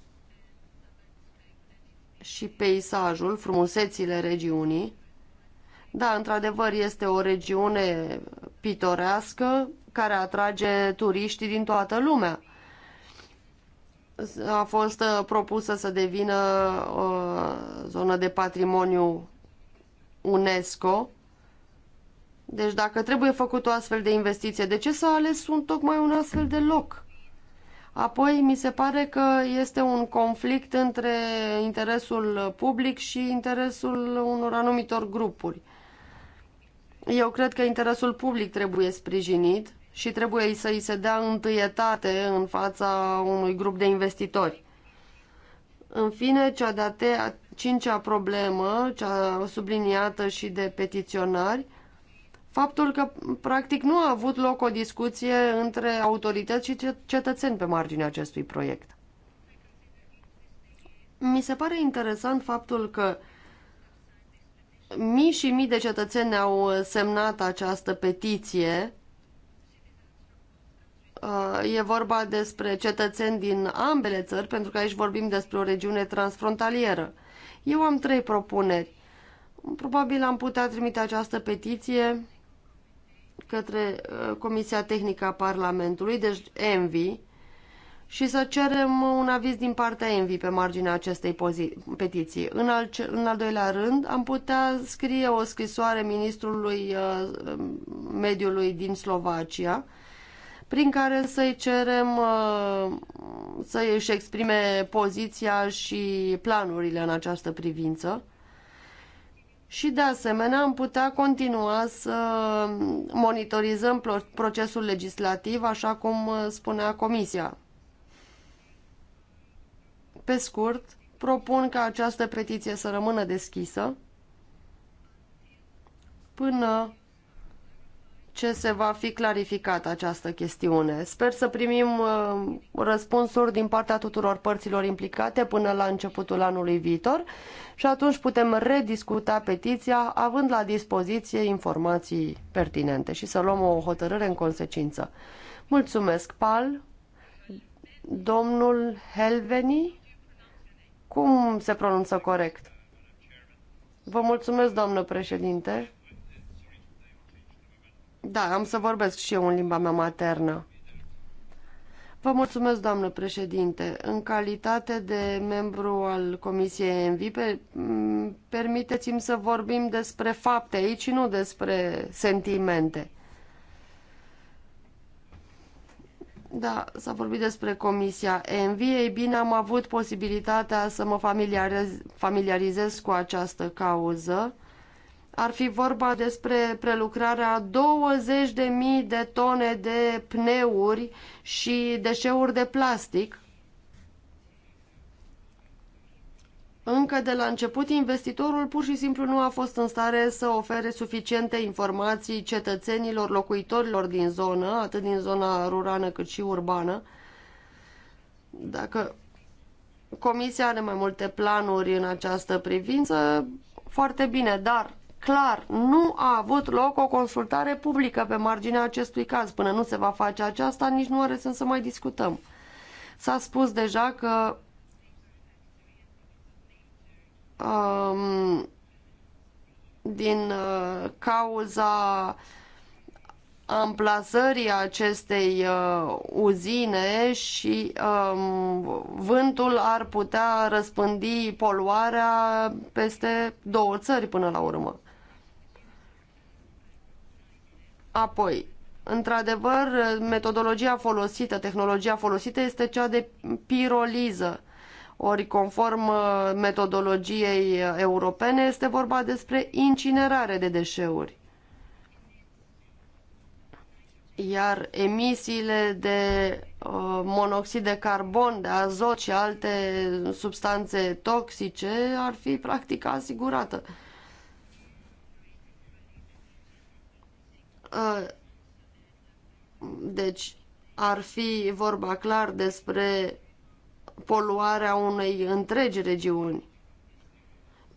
și peisajul, frumusețile regiunii. Da, într-adevăr, este o regiune pitorească care atrage turiștii din toată lumea. A fost uh, propusă să devină o uh, zonă de patrimoniu UNESCO. Deci dacă trebuie făcut o astfel de investiție, de ce s-a ales un tocmai un astfel de loc? Apoi, mi se pare că este un conflict între interesul public și interesul unor anumitor grupuri. Eu cred că interesul public trebuie sprijinit și trebuie să îi se dea întâietate în fața unui grup de investitori. În fine, cea de-a cincea problemă, cea subliniată și de petiționari, faptul că practic nu a avut loc o discuție între autorități și cetățeni pe marginea acestui proiect. Mi se pare interesant faptul că mii și mii de cetățeni au semnat această petiție. Uh, e vorba despre cetățeni din ambele țări, pentru că aici vorbim despre o regiune transfrontalieră. Eu am trei propuneri. Probabil am putea trimite această petiție către uh, Comisia Tehnică a Parlamentului, deci ENVI, și să cerem un aviz din partea ENVI pe marginea acestei petiții. În al, în al doilea rând, am putea scrie o scrisoare ministrului uh, mediului din Slovacia, prin care să-i cerem uh, să i exprime poziția și planurile în această privință și de asemenea am putea continua să monitorizăm procesul legislativ așa cum uh, spunea Comisia. Pe scurt, propun ca această petiție să rămână deschisă până ce se va fi clarificat această chestiune. Sper să primim uh, răspunsuri din partea tuturor părților implicate până la începutul anului viitor și atunci putem rediscuta petiția având la dispoziție informații pertinente și să luăm o hotărâre în consecință. Mulțumesc, Pal. Domnul Helveni? Cum se pronunță corect? Vă mulțumesc, doamnă președinte. Da, am să vorbesc și eu în limba mea maternă. Vă mulțumesc, doamnă președinte. În calitate de membru al Comisiei ENVI, pe, permiteți-mi să vorbim despre fapte aici și nu despre sentimente. Da, s-a vorbit despre Comisia ENVI. Ei bine, am avut posibilitatea să mă familiarizez, familiarizez cu această cauză ar fi vorba despre prelucrarea 20.000 de tone de pneuri și deșeuri de plastic. Încă de la început, investitorul pur și simplu nu a fost în stare să ofere suficiente informații cetățenilor, locuitorilor din zonă, atât din zona rurală cât și urbană. Dacă Comisia are mai multe planuri în această privință, foarte bine, dar clar, nu a avut loc o consultare publică pe marginea acestui caz. Până nu se va face aceasta, nici nu are sens să mai discutăm. S-a spus deja că um, din uh, cauza amplasării acestei uh, uzine și um, vântul ar putea răspândi poluarea peste două țări până la urmă. Apoi, într-adevăr, metodologia folosită, tehnologia folosită este cea de piroliză. Ori, conform uh, metodologiei uh, europene, este vorba despre incinerare de deșeuri. Iar emisiile de uh, monoxid de carbon, de azot și alte substanțe toxice ar fi practic asigurată. Deci ar fi vorba clar despre poluarea unei întregi regiuni.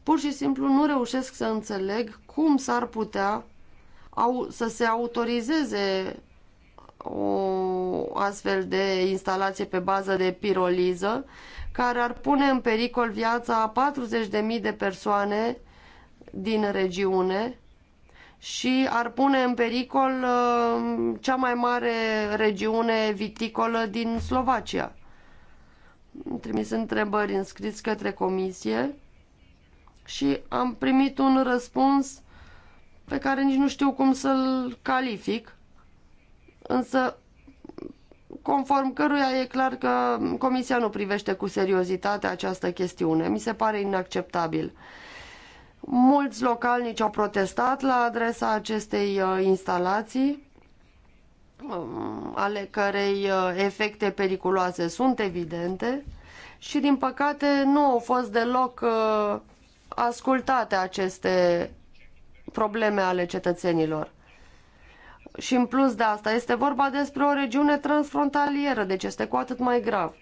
Pur și simplu nu reușesc să înțeleg cum s-ar putea au, să se autorizeze o astfel de instalație pe bază de piroliză care ar pune în pericol viața a 40.000 de persoane din regiune și ar pune în pericol uh, cea mai mare regiune viticolă din Slovacia. Am trimis întrebări scris către comisie și am primit un răspuns pe care nici nu știu cum să-l calific, însă conform căruia e clar că Comisia nu privește cu seriozitate această chestiune. Mi se pare inacceptabil. Mulți localnici au protestat la adresa acestei uh, instalații, um, ale cărei uh, efecte periculoase sunt evidente și, din păcate, nu au fost deloc uh, ascultate aceste probleme ale cetățenilor. Și în plus de asta, este vorba despre o regiune transfrontalieră, deci este cu atât mai grav.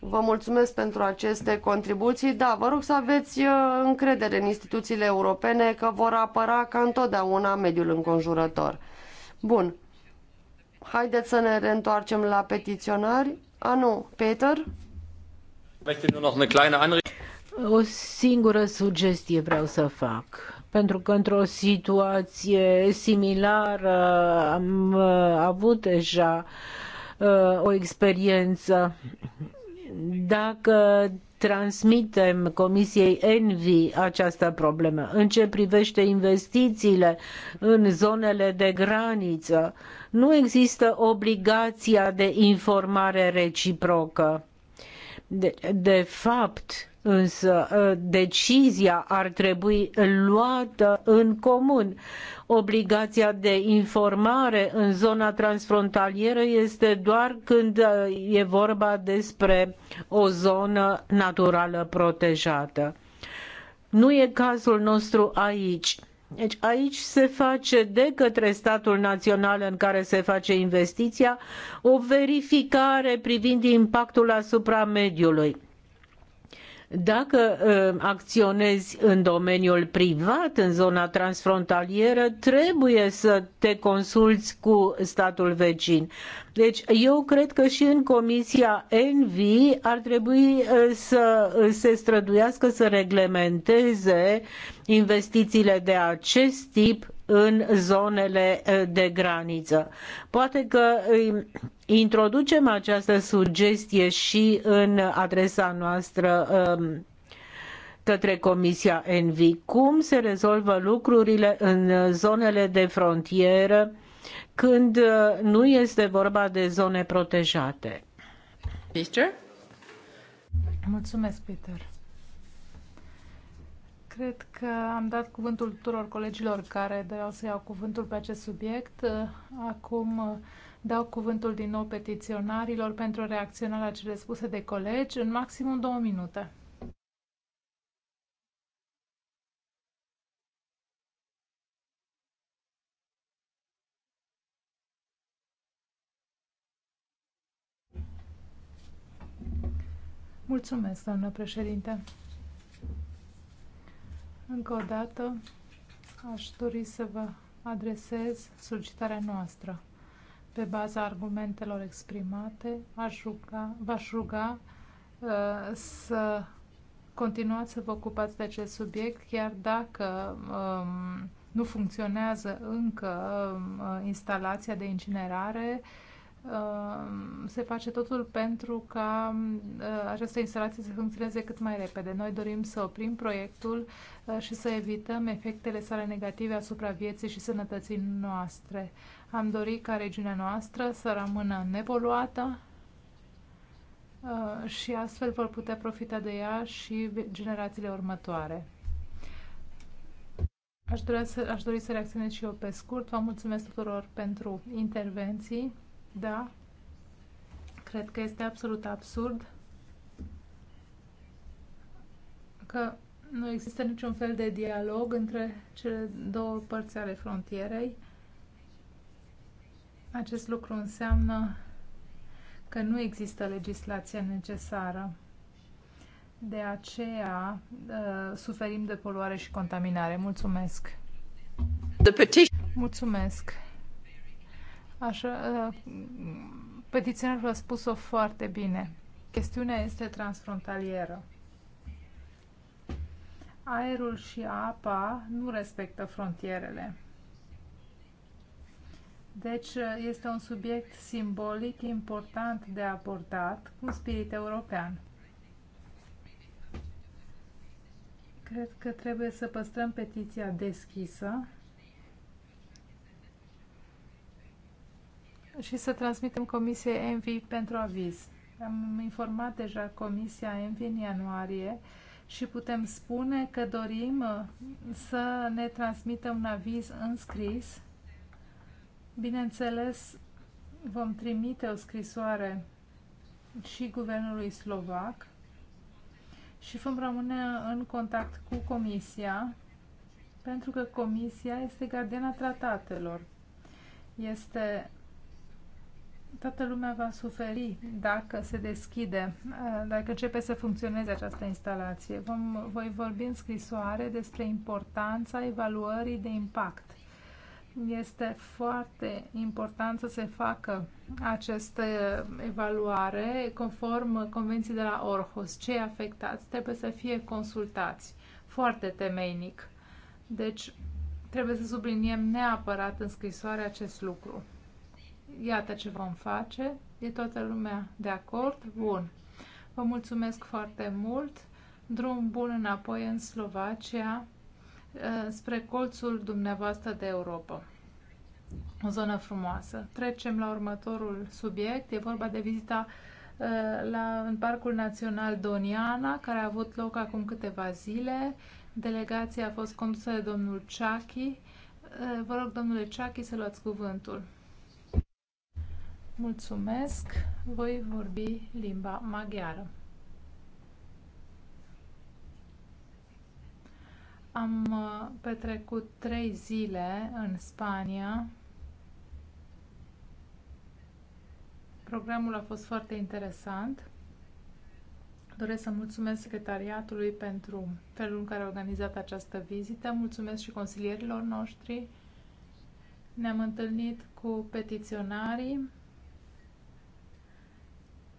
Vă mulțumesc pentru aceste contribuții. Da, vă rog să aveți uh, încredere în instituțiile europene că vor apăra ca întotdeauna mediul înconjurător. Bun. Haideți să ne reîntoarcem la petiționari. A, nu, Peter? O singură sugestie vreau să fac. Pentru că într-o situație similară am uh, avut deja uh, o experiență dacă transmitem Comisiei Envi această problemă. În ce privește investițiile în zonele de graniță, nu există obligația de informare reciprocă. De, de fapt, însă ă, decizia ar trebui luată în comun. Obligația de informare în zona transfrontalieră este doar când ă, e vorba despre o zonă naturală protejată. Nu e cazul nostru aici. Deci aici se face de către statul național în care se face investiția o verificare privind impactul asupra mediului dacă ă, acționezi în domeniul privat, în zona transfrontalieră, trebuie să te consulți cu statul vecin. Deci eu cred că și în Comisia Envi ar trebui ă, să se străduiască să reglementeze investițiile de acest tip în zonele ă, de graniță. Poate că introducem această sugestie și în adresa noastră um, către Comisia Envi. Cum se rezolvă lucrurile în zonele de frontieră când uh, nu este vorba de zone protejate? Peter? Mulțumesc, Peter. Cred că am dat cuvântul tuturor colegilor care doreau să iau cuvântul pe acest subiect. Acum Dau cuvântul din nou petiționarilor pentru a reacționa la cele spuse de colegi în maximum două minute. Mulțumesc, doamnă președinte. Încă o dată aș dori să vă adresez solicitarea noastră. Pe baza argumentelor exprimate, aș ruga, v-aș ruga uh, să continuați să vă ocupați de acest subiect, chiar dacă um, nu funcționează încă um, uh, instalația de incinerare. Um, se face totul pentru ca um, uh, această instalație să funcționeze cât mai repede. Noi dorim să oprim proiectul uh, și să evităm efectele sale negative asupra vieții și sănătății noastre. Am dorit ca regiunea noastră să rămână nepoluată uh, și astfel vor putea profita de ea și generațiile următoare. Aș dori, să, aș dori să reacționez și eu pe scurt. Vă mulțumesc tuturor pentru intervenții. Da, cred că este absolut absurd că nu există niciun fel de dialog între cele două părți ale frontierei acest lucru înseamnă că nu există legislație necesară. De aceea uh, suferim de poluare și contaminare. Mulțumesc! Mulțumesc! Așa, uh, ă, petiționarul a spus-o foarte bine. Chestiunea este transfrontalieră. Aerul și apa nu respectă frontierele. Deci eh, este un subiect simbolic important de abordat cu spirit european. Cred că trebuie să păstrăm petiția deschisă și să transmitem Comisiei Envi pentru aviz. Am informat deja Comisia Envi în ianuarie și putem spune că dorim eh, să ne transmită un aviz înscris Bineînțeles, vom trimite o scrisoare și guvernului slovac și vom rămâne în contact cu Comisia, pentru că Comisia este gardiana tratatelor. Este toată lumea va suferi dacă se deschide, dacă începe să funcționeze această instalație. Vom, voi vorbi în scrisoare despre importanța evaluării de impact este foarte important să se facă această evaluare conform convenției de la Orhus. Cei afectați trebuie să fie consultați foarte temeinic. Deci trebuie să subliniem neapărat în scrisoare acest lucru. Iată ce vom face. E toată lumea de acord? Bun. Vă mulțumesc foarte mult. Drum bun înapoi în Slovacia. Eh, spre colțul dumneavoastră de Europa. O zonă frumoasă. Trecem la următorul subiect. E vorba de vizita eh, la, în Parcul Național Doniana, care a avut loc acum câteva zile. Delegația a fost condusă de domnul Ciachi. Eh, vă rog, domnule Ciachi, să luați cuvântul. Mulțumesc. Voi vorbi limba maghiară. Am uh, petrecut trei zile în Spania. Programul a fost foarte interesant. Doresc să mulțumesc secretariatului pentru felul în care a organizat această vizită. Mulțumesc și consilierilor noștri. Ne-am întâlnit cu petiționarii.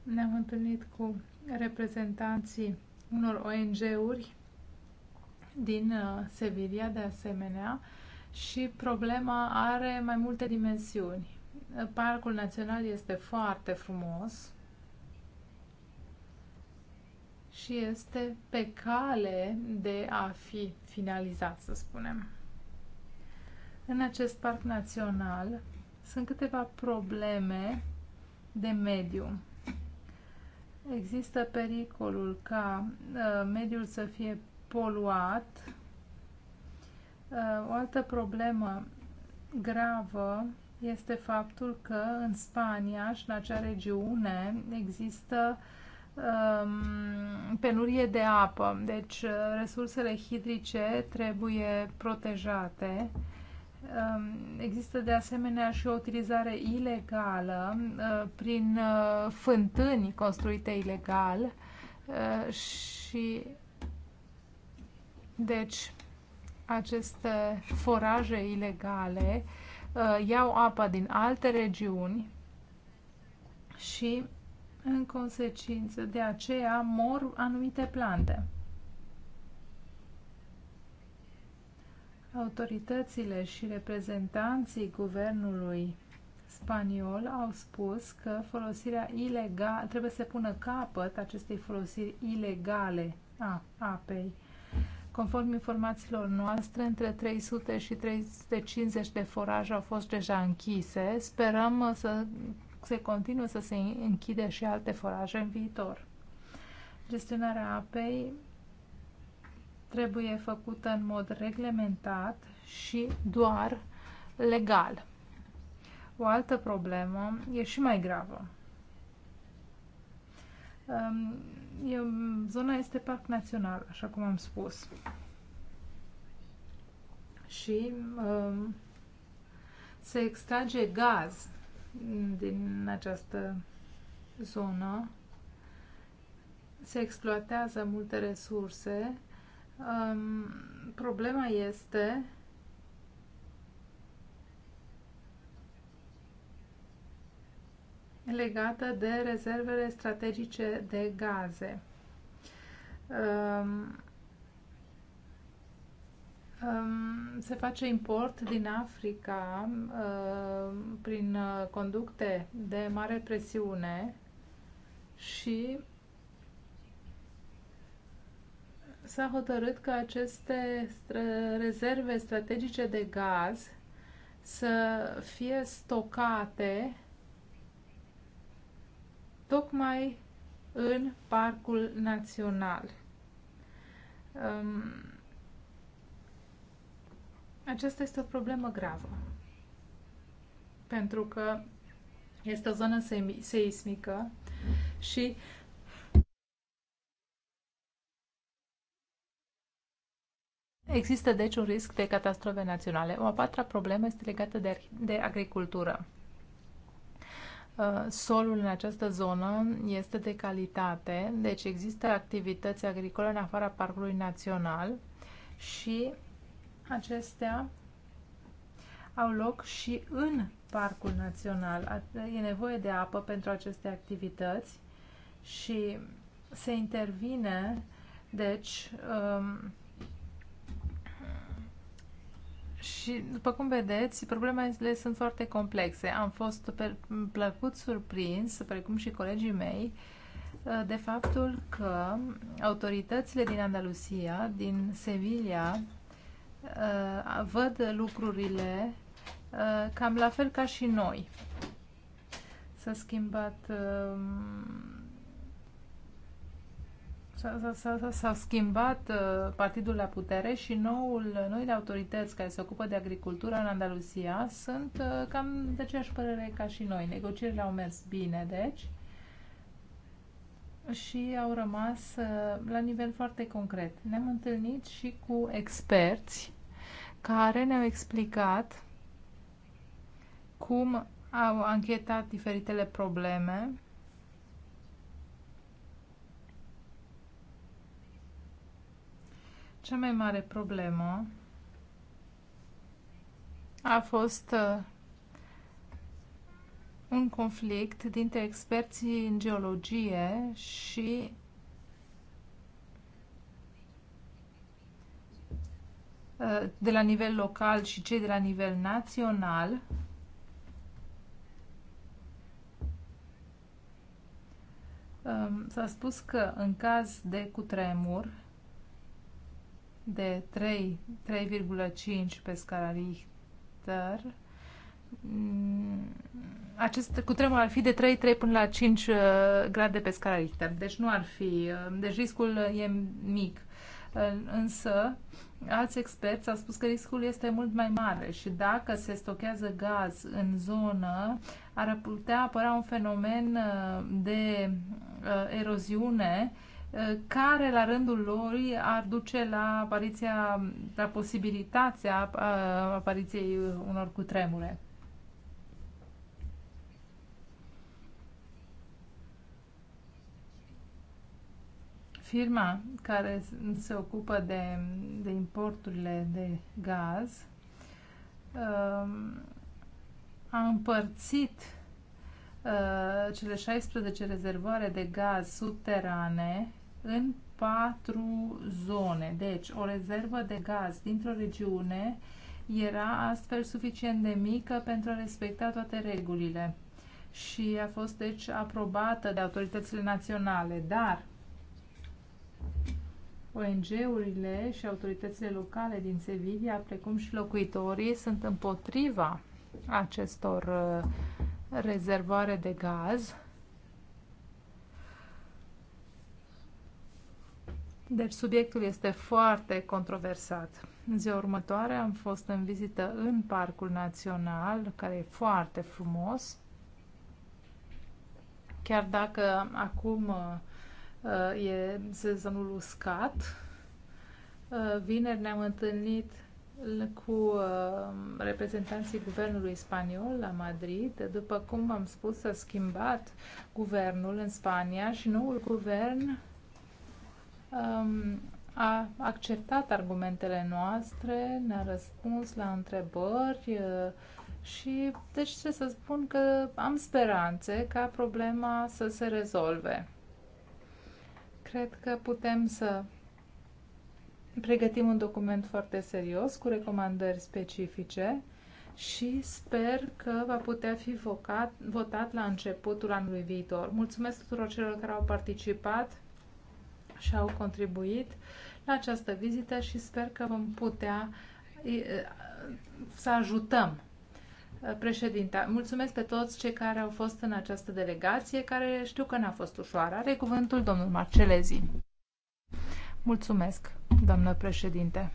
Ne-am întâlnit cu reprezentanții unor ONG-uri din uh, Sevilla, de asemenea, și problema are mai multe dimensiuni. Parcul Național este foarte frumos și este pe cale de a fi finalizat, să spunem. În acest parc național sunt câteva probleme de mediu. Există pericolul ca uh, mediul să fie poluat. Uh, o altă problemă gravă este faptul că în Spania și în acea regiune există um, penurie de apă, deci uh, resursele hidrice trebuie protejate. Um, există de asemenea și o utilizare ilegală uh, prin fântâni construite ilegal și deci, aceste foraje ilegale uh, iau apa din alte regiuni și, în consecință, de aceea mor anumite plante. Autoritățile și reprezentanții guvernului spaniol au spus că folosirea ilegală trebuie să pună capăt acestei folosiri ilegale a apei Conform informațiilor noastre, între 300 și 350 de foraje au fost deja închise. Sperăm să se continue să se închide și alte foraje în viitor. Gestionarea apei trebuie făcută în mod reglementat și doar legal. O altă problemă e și mai gravă e, zona este parc național, așa cum am spus. Și um, se extrage gaz din această zonă. Se exploatează multe resurse. Um, problema este legată de rezervele strategice de gaze. Um, um, se face import din Africa um, prin uh, conducte de mare presiune și s-a hotărât că aceste rezerve strategice de gaz să fie stocate tocmai în Parcul Național. Um, aceasta este o problemă gravă, pentru că este o zonă seismică și Există deci un risc de catastrofe naționale. O a patra problemă este legată de, de agricultură. Uh, solul în această zonă este de calitate, deci există activități agricole în afara parcului național și acestea au loc și în parcul național. E nevoie de apă pentru aceste activități și se intervine, deci, um, și, după cum vedeți, problemele sunt foarte complexe. Am fost plăcut surprins, precum și colegii mei, uh, de faptul că autoritățile din Andalusia, din Sevilla, uh, văd lucrurile uh, cam la fel ca și noi. S-a schimbat um, S-a schimbat uh, partidul la putere și noul, uh, noile autorități care se ocupă de agricultură în Andalusia sunt uh, cam de aceeași părere ca și noi. Negocierile au mers bine, deci, și au rămas la nivel foarte concret. Ne-am întâlnit și cu experți care ne-au explicat cum au anchetat diferitele probleme Cea mai mare problemă a fost uh, un conflict dintre experții în geologie și uh, de la nivel local și cei de la nivel național um, S-a spus că în caz de cutremur de 3,5 pe scara Richter, mm, acest cutremur ar fi de 3, 3 până la 5 uh, grade pe scara Richter. Deci nu ar fi, uh, deci riscul uh, e mic. Însă, alți experți au spus că riscul este mult mai mare și dacă se stochează gaz în zonă, ar putea apărea un fenomen de eroziune uh, Eh, care la rândul lor ar duce la apariția, la posibilitatea eh, apariției unor cutremure. firma care se ocupă de, de importurile de gaz eh, a împărțit cele 16 rezervoare de gaz subterane în patru zone. Deci, o rezervă de gaz dintr-o regiune era astfel suficient de mică pentru a respecta toate regulile și a fost deci aprobată de autoritățile naționale, dar ONG-urile și autoritățile locale din Sevilla, precum și locuitorii, sunt împotriva acestor uh, rezervoare de gaz Deci subiectul este foarte controversat. În ziua următoare am fost în vizită în Parcul Național, care e foarte frumos. Chiar dacă acum uh, e sezonul uscat, uh, vineri ne-am întâlnit cu uh, reprezentanții guvernului spaniol la Madrid. După cum am spus, s-a schimbat guvernul în Spania și noul guvern um, a acceptat argumentele noastre, ne-a răspuns la întrebări uh, și, deci, ce să spun că am speranțe ca problema să se rezolve. Cred că putem să pregătim un document foarte serios cu recomandări specifice și sper că va putea fi vocat, votat la începutul anului viitor. Mulțumesc tuturor celor care au participat și au contribuit la această vizită și sper că vom putea să ajutăm uh, președinta. Mulțumesc pe toți cei care au fost în această delegație, care știu că n-a fost ușoară. Are cuvântul domnul Marcelezi. Mulțumesc, doamnă președinte.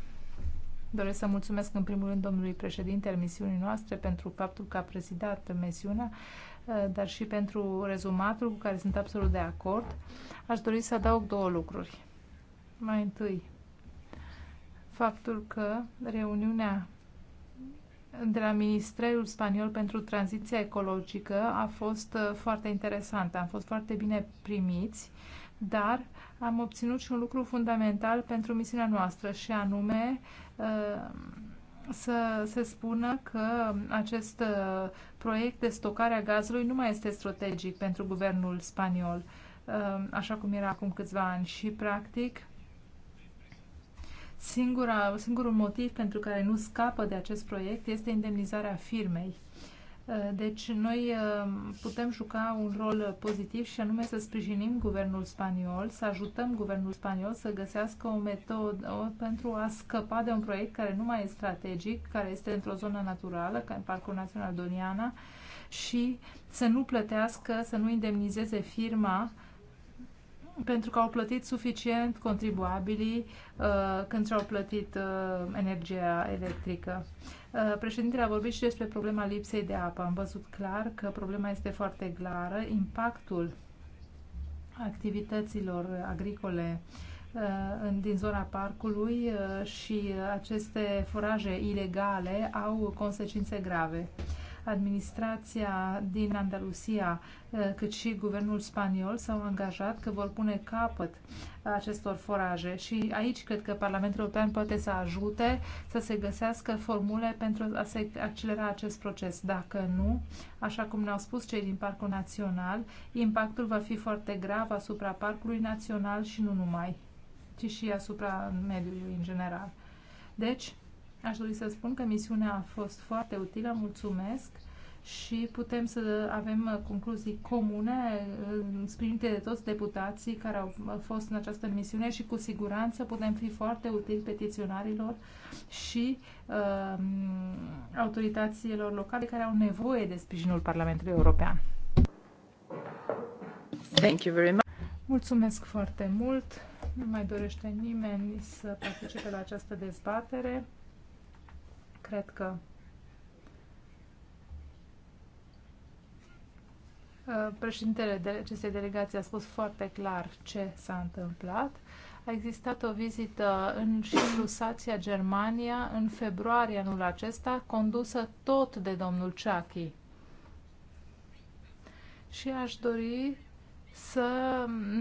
Doresc să mulțumesc în primul rând domnului președinte al misiunii noastre pentru faptul că a prezidat misiunea Eh, dar și pentru rezumatul cu care sunt absolut de acord. Aș dori să adaug două lucruri. Mai întâi, faptul că reuniunea de la Ministerul Spaniol pentru Tranziția Ecologică a fost eh, foarte interesantă. Am fost foarte bine primiți, dar am obținut și un lucru fundamental pentru misiunea noastră, și anume eh, să se spună că acest uh, proiect de stocare a gazului nu mai este strategic pentru guvernul spaniol, uh, așa cum era acum câțiva ani și, practic, singura, singurul motiv pentru care nu scapă de acest proiect este indemnizarea firmei Uh, deci noi uh, putem juca un rol pozitiv și anume să sprijinim guvernul spaniol, să ajutăm guvernul spaniol să găsească o metodă pentru a scăpa de un proiect care nu mai e strategic, care este într-o zonă naturală, ca în Parcul Național Doniana, și să nu plătească, să nu indemnizeze firma pentru că au plătit suficient contribuabilii uh, când și-au plătit uh, energia electrică. Uh, președintele a vorbit și despre problema lipsei de apă. Am văzut clar că problema este foarte clară. Impactul activităților agricole uh, din zona parcului uh, și aceste furaje ilegale au consecințe grave. Administrația din Andalusia, eh, cât și guvernul spaniol s-au angajat că vor pune capăt acestor foraje și aici cred că Parlamentul European poate să ajute să se găsească formule pentru a se accelera acest proces. Dacă nu, așa cum ne-au spus cei din Parcul Național, impactul va fi foarte grav asupra Parcului Național și nu numai, ci și asupra mediului în general. Deci, Aș dori să spun că misiunea a fost foarte utilă, mulțumesc și putem să avem concluzii comune sprijinite de toți deputații care au fost în această misiune și cu siguranță putem fi foarte utili petiționarilor și uh, autorităților locale care au nevoie de sprijinul Parlamentului European. Thank you very much. Mulțumesc foarte mult. Nu mai dorește nimeni să participe la această dezbatere. Cred că uh, președintele de acestei delegații a spus foarte clar ce s-a întâmplat. A existat o vizită în Lusația, Germania, în februarie anul acesta, condusă tot de domnul Ciachi. Și aș dori să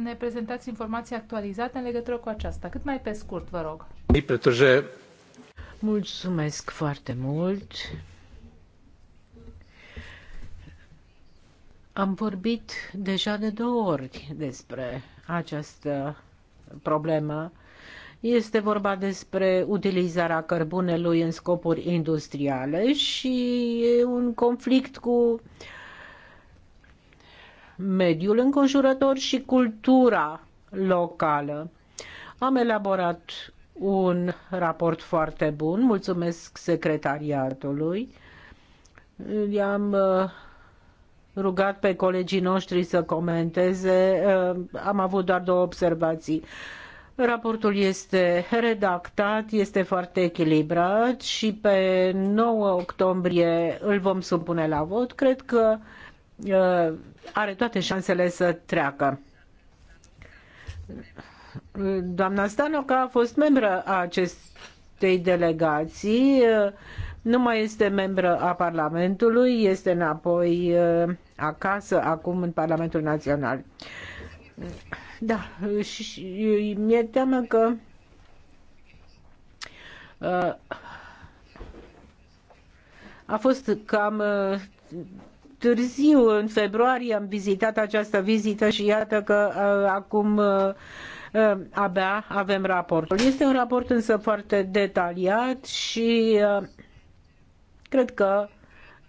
ne prezentați informații actualizate în legătură cu aceasta. Cât mai pe scurt, vă rog. Protože Mulțumesc foarte mult. Am vorbit deja de două ori despre această problemă. Este vorba despre utilizarea cărbunelui în scopuri industriale și un conflict cu mediul înconjurător și cultura locală. Am elaborat un raport foarte bun. Mulțumesc secretariatului. I-am uh, rugat pe colegii noștri să comenteze. Uh, am avut doar două observații. Raportul este redactat, este foarte echilibrat și pe 9 octombrie îl vom supune la vot. Cred că uh, are toate șansele să treacă. Doamna Stanoca a fost membră a acestei delegații, nu mai este membră a Parlamentului, este înapoi eh, acasă, acum în Parlamentul Național. Da, și mi-e teamă că eh, a fost cam eh, târziu, în februarie am vizitat această vizită și iată că acum Eh, abia avem raportul. Este un raport însă foarte detaliat și eh, cred că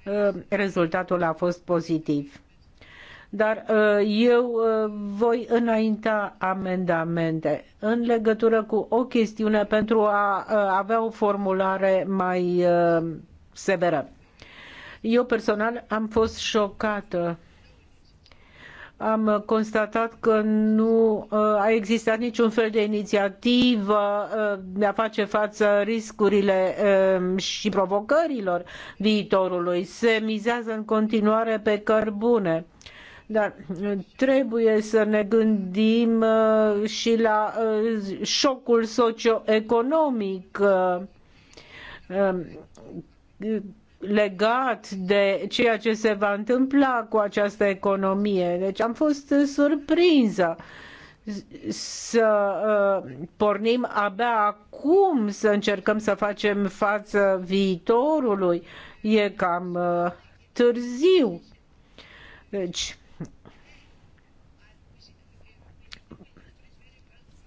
eh, rezultatul a fost pozitiv. Dar eu voi înainta amendamente în legătură cu o chestiune pentru a avea o formulare mai severă. Eu personal am fost șocată am constatat că nu uh, a existat niciun fel de inițiativă uh, de a face față riscurile um, și provocărilor viitorului. Se mizează în continuare pe cărbune. Dar uh, trebuie să ne gândim și la șocul socioeconomic um, legat de ceea ce se va întâmpla cu această economie. Deci am fost surprinsă să uh, pornim abia acum să încercăm să facem față viitorului. E cam uh, târziu. Deci,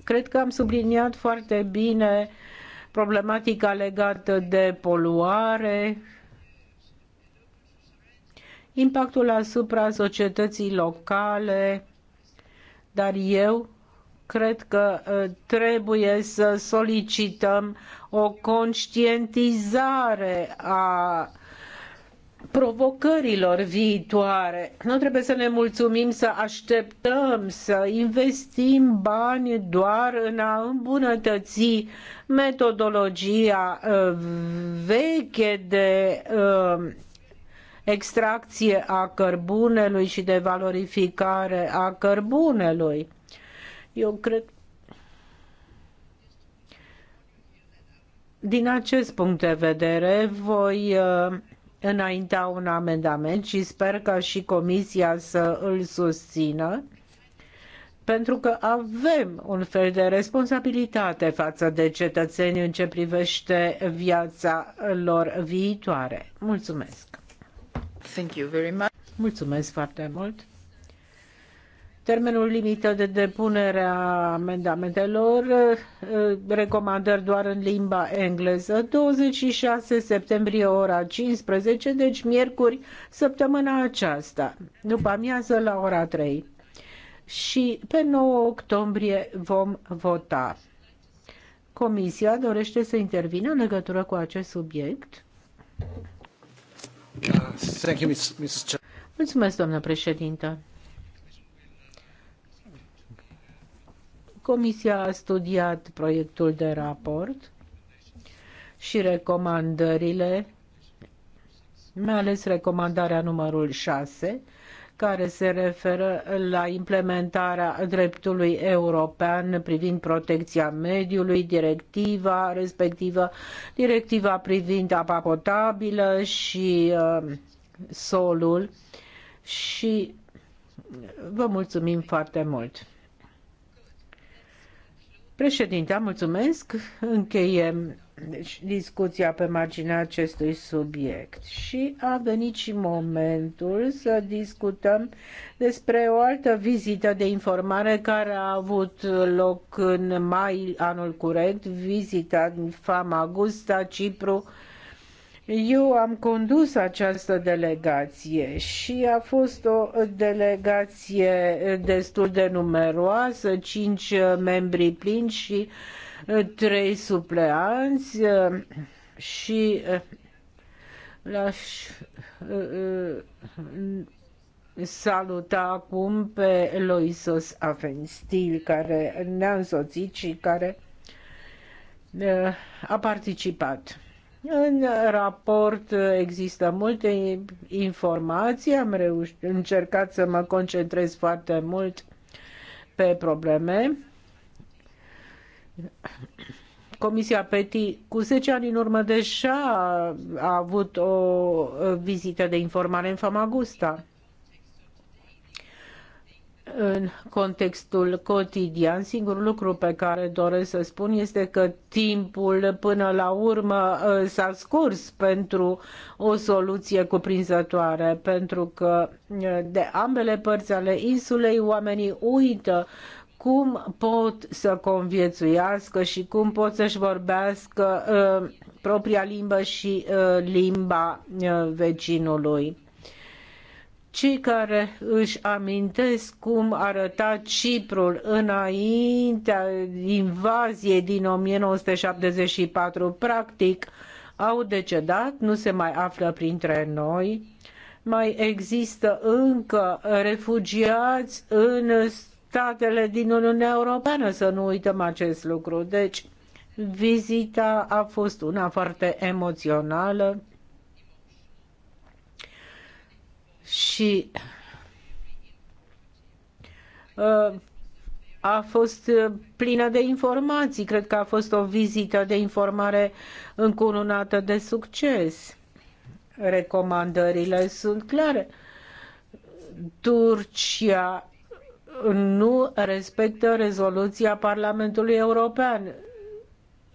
cred că am subliniat foarte bine problematica legată de poluare impactul asupra societății locale, dar eu cred că uh, trebuie să solicităm o conștientizare a provocărilor viitoare. Nu trebuie să ne mulțumim să așteptăm, să investim bani doar în a îmbunătăți metodologia uh, veche de uh, extracție a cărbunelui și de valorificare a cărbunelui. Eu cred Din acest punct de vedere, voi uh, înainta un amendament și sper ca și Comisia să îl susțină, pentru că avem un fel de responsabilitate față de cetățeni în ce privește viața lor viitoare. Mulțumesc! Thank you very much. Mulțumesc foarte mult. Termenul limită de depunere a amendamentelor, eh, recomandări doar în limba engleză, 26 septembrie ora 15, deci miercuri, săptămâna aceasta, după amiază la ora 3. Și pe 9 octombrie vom vota. Comisia dorește să intervină în legătură cu acest subiect? Thank Mulțumesc, doamnă președintă. Comisia a studiat proiectul de raport și recomandările, mai ales recomandarea numărul 6, care se referă la implementarea dreptului european privind protecția mediului, directiva respectivă, directiva privind apa potabilă și uh, solul și vă mulțumim foarte mult. Președinte, mulțumesc. Încheiem deci, discuția pe marginea acestui subiect. Și a venit și momentul să discutăm despre o altă vizită de informare care a avut loc în mai anul curent, vizita din Famagusta, Cipru. Eu am condus această delegație și a fost o delegație destul de numeroasă, cinci membri plini și uh, trei supleanți uh, și uh, l uh, saluta acum pe Loisos Afenstil, care ne-a însoțit și care a participat. În raport există multe informații, am reușit încercat să mă concentrez foarte mult pe probleme Comisia PETI cu 10 ani în urmă deja a avut o vizită de informare în Famagusta. În contextul cotidian, singurul lucru pe care doresc să spun este că timpul până la urmă ă, s-a scurs pentru o soluție cuprinzătoare, pentru că ă, de ambele părți ale insulei oamenii uită cum pot să conviețuiască și cum pot să-și vorbească uh, propria limbă și uh, limba uh, vecinului. Cei care își amintesc cum arăta Ciprul înaintea invaziei din 1974, practic, au decedat, nu se mai află printre noi. Mai există încă refugiați în statele din Uniunea Europeană, să nu uităm acest lucru. Deci, vizita a fost una foarte emoțională și uh, a fost plină de informații. Cred că a fost o vizită de informare încununată de succes. Recomandările sunt clare. Turcia nu respectă rezoluția Parlamentului European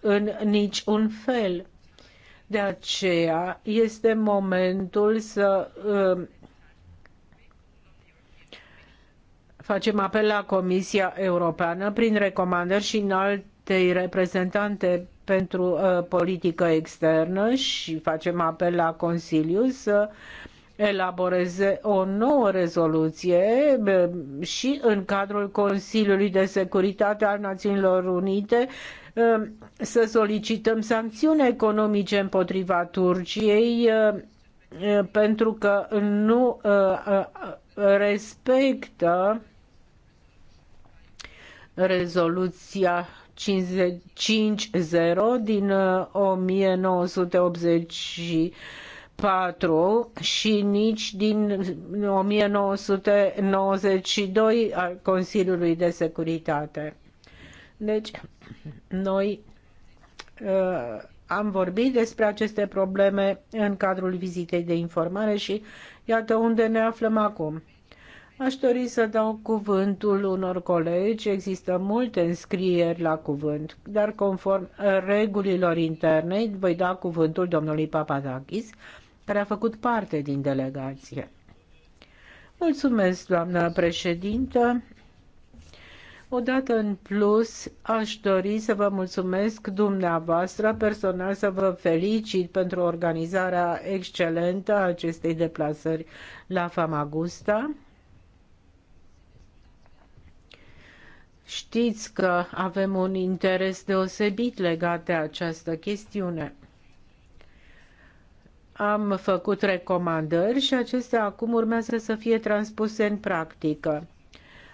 în niciun fel. De aceea este momentul să uh, facem apel la Comisia Europeană prin recomandări și în altei reprezentante pentru uh, politică externă și facem apel la Consiliu să uh, elaboreze o nouă rezoluție și în cadrul Consiliului de Securitate al Națiunilor Unite să solicităm sancțiuni economice împotriva Turciei pentru că nu respectă rezoluția 550 din 1980 patru și nici din 1992 al Consiliului de Securitate. Deci, noi uh, am vorbit despre aceste probleme în cadrul vizitei de informare și iată unde ne aflăm acum. Aș dori să dau cuvântul unor colegi. Există multe înscrieri la cuvânt, dar conform regulilor interne voi da cuvântul domnului Papadakis care a făcut parte din delegație. Mulțumesc, doamna președintă. Odată în plus, aș dori să vă mulțumesc dumneavoastră personal, să vă felicit pentru organizarea excelentă a acestei deplasări la Famagusta. Știți că avem un interes deosebit legat de această chestiune am făcut recomandări și acestea acum urmează să fie transpuse în practică.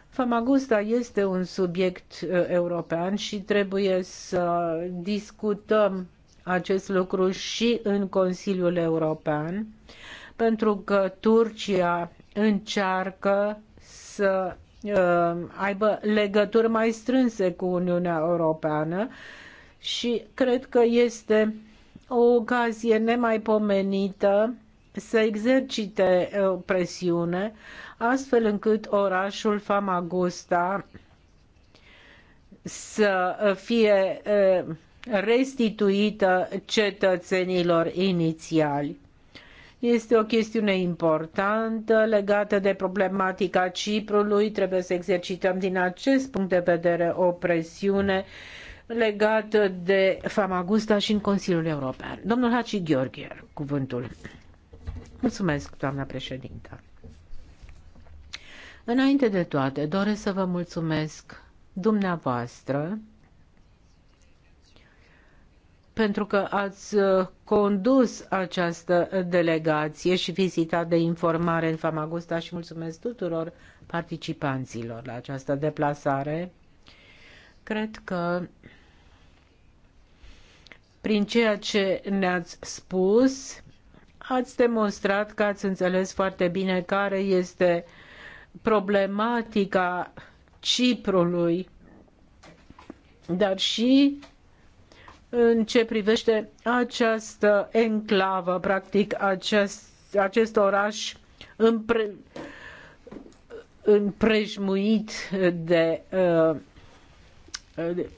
Famagusta este un subiect uh, european și trebuie să discutăm acest lucru și în Consiliul European, pentru că Turcia încearcă să uh, aibă legături mai strânse cu Uniunea Europeană și cred că este o ocazie nemaipomenită să exercite presiune, astfel încât orașul Famagusta să fie restituită cetățenilor inițiali. Este o chestiune importantă legată de problematica Ciprului. Trebuie să exercităm din acest punct de vedere o presiune legat de Famagusta și în Consiliul European. Domnul Haci Gheorghe, cuvântul. Mulțumesc, doamna președintă. Înainte de toate, doresc să vă mulțumesc dumneavoastră pentru că ați uh, condus această delegație și vizita de informare în Famagusta și mulțumesc tuturor participanților la această deplasare. Cred că prin ceea ce ne-ați spus, ați demonstrat că ați înțeles foarte bine care este problematica Ciprului, dar și în ce privește această enclavă, practic acest, acest oraș împre, împrejmuit de, uh, de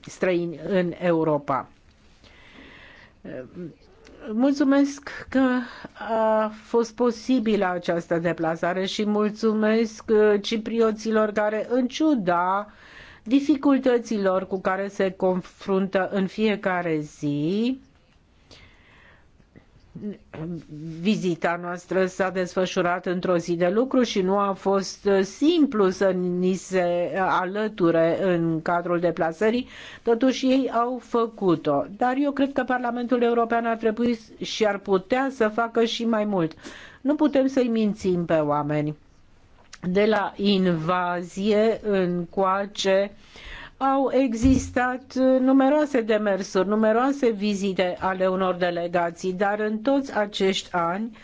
străini în Europa. Mulțumesc că a fost posibilă această deplasare și mulțumesc uh, ciprioților care, în ciuda dificultăților cu care se confruntă în fiecare zi, vizita noastră s-a desfășurat într-o zi de lucru și nu a fost uh, simplu să ni se alăture în cadrul deplasării, totuși ei au făcut-o. Dar eu cred că Parlamentul European ar trebui și ar putea să facă și mai mult. Nu putem să-i mințim pe oameni. De la invazie încoace, uh, au existat uh, numeroase demersuri, numeroase vizite ale unor delegații, dar în toți acești ani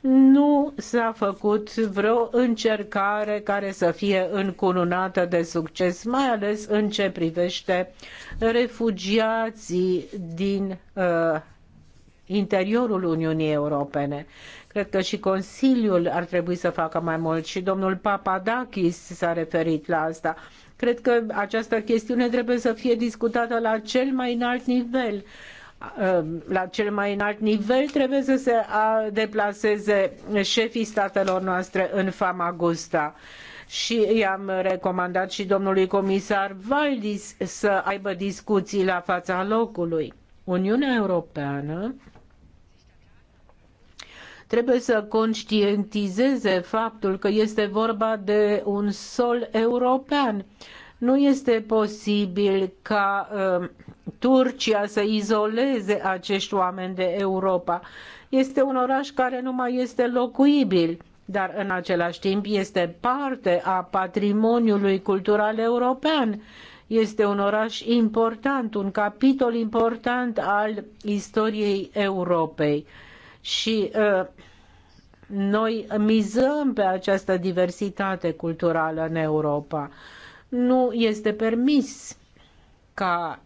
nu s-a făcut vreo încercare care să fie încununată de succes, mai ales în ce privește refugiații din uh, interiorul Uniunii Europene. Cred că și Consiliul ar trebui să facă mai mult și domnul Papadakis s-a referit la asta. Uh, Cred că această chestiune trebuie să fie discutată la cel mai înalt nivel la cel mai înalt nivel trebuie să se deplaseze șefii statelor noastre în Famagusta. Și i-am recomandat și domnului comisar Valdis să aibă discuții la fața locului. Uniunea Europeană trebuie să conștientizeze faptul că este vorba de un sol european. Nu este posibil ca uh, Turcia să izoleze acești oameni de Europa. Este un oraș care nu mai este locuibil dar în același timp este parte a patrimoniului cultural european. Este un oraș important, un capitol important al istoriei Europei și ă, noi mizăm pe această diversitate culturală în Europa. Nu este permis ca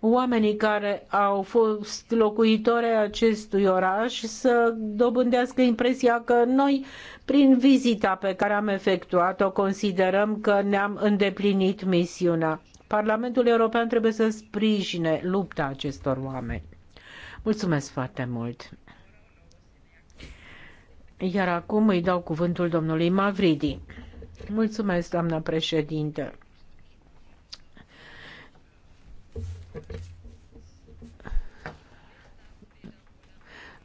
oamenii care au fost locuitori ai acestui oraș să dobândească impresia că noi, prin vizita pe care am efectuat-o, considerăm că ne-am îndeplinit misiunea. Parlamentul European trebuie să sprijine lupta acestor oameni. Mulțumesc foarte mult! Iar acum îi dau cuvântul domnului Mavridi. Mulțumesc, doamna președintă.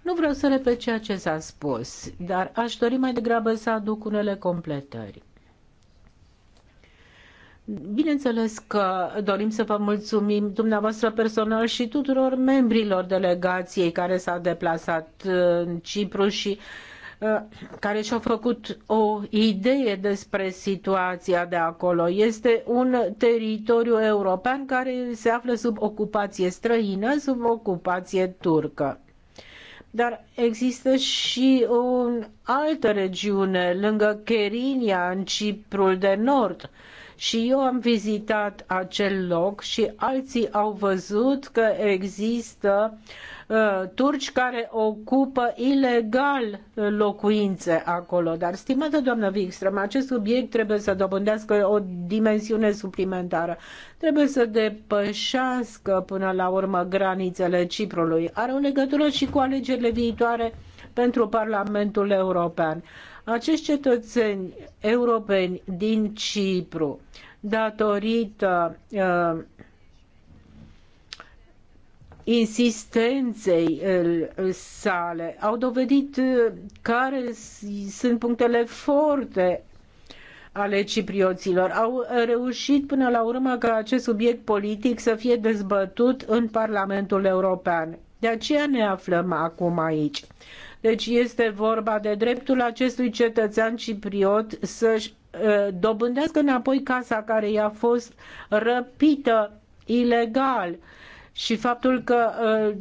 Nu vreau să repet ceea ce s-a spus, dar aș dori mai degrabă să aduc unele completări. Bineînțeles că dorim să vă mulțumim dumneavoastră personal și tuturor membrilor delegației care s-au deplasat uh, în Cipru și uh, care și-au făcut o idee despre situația de acolo. Este un teritoriu european care se află sub ocupație străină, sub ocupație turcă. Dar există și o altă regiune, lângă Cherinia, în Ciprul de Nord, și eu am vizitat acel loc și alții au văzut că există uh, turci care ocupă ilegal uh, locuințe acolo. Dar, stimată doamnă Wikström, acest subiect trebuie să dobândească o dimensiune suplimentară. Trebuie să depășească până la urmă granițele Ciprului. Are o legătură și cu alegerile viitoare pentru Parlamentul European. Acești cetățeni europeni din Cipru, datorită uh, insistenței uh, sale, au dovedit uh, care sunt punctele forte ale ciprioților. Au reușit până la urmă ca acest subiect politic să fie dezbătut în Parlamentul European. De aceea ne aflăm acum aici. Deci este vorba de dreptul acestui cetățean cipriot să-și uh, dobândească înapoi casa care i-a fost răpită ilegal și faptul că uh,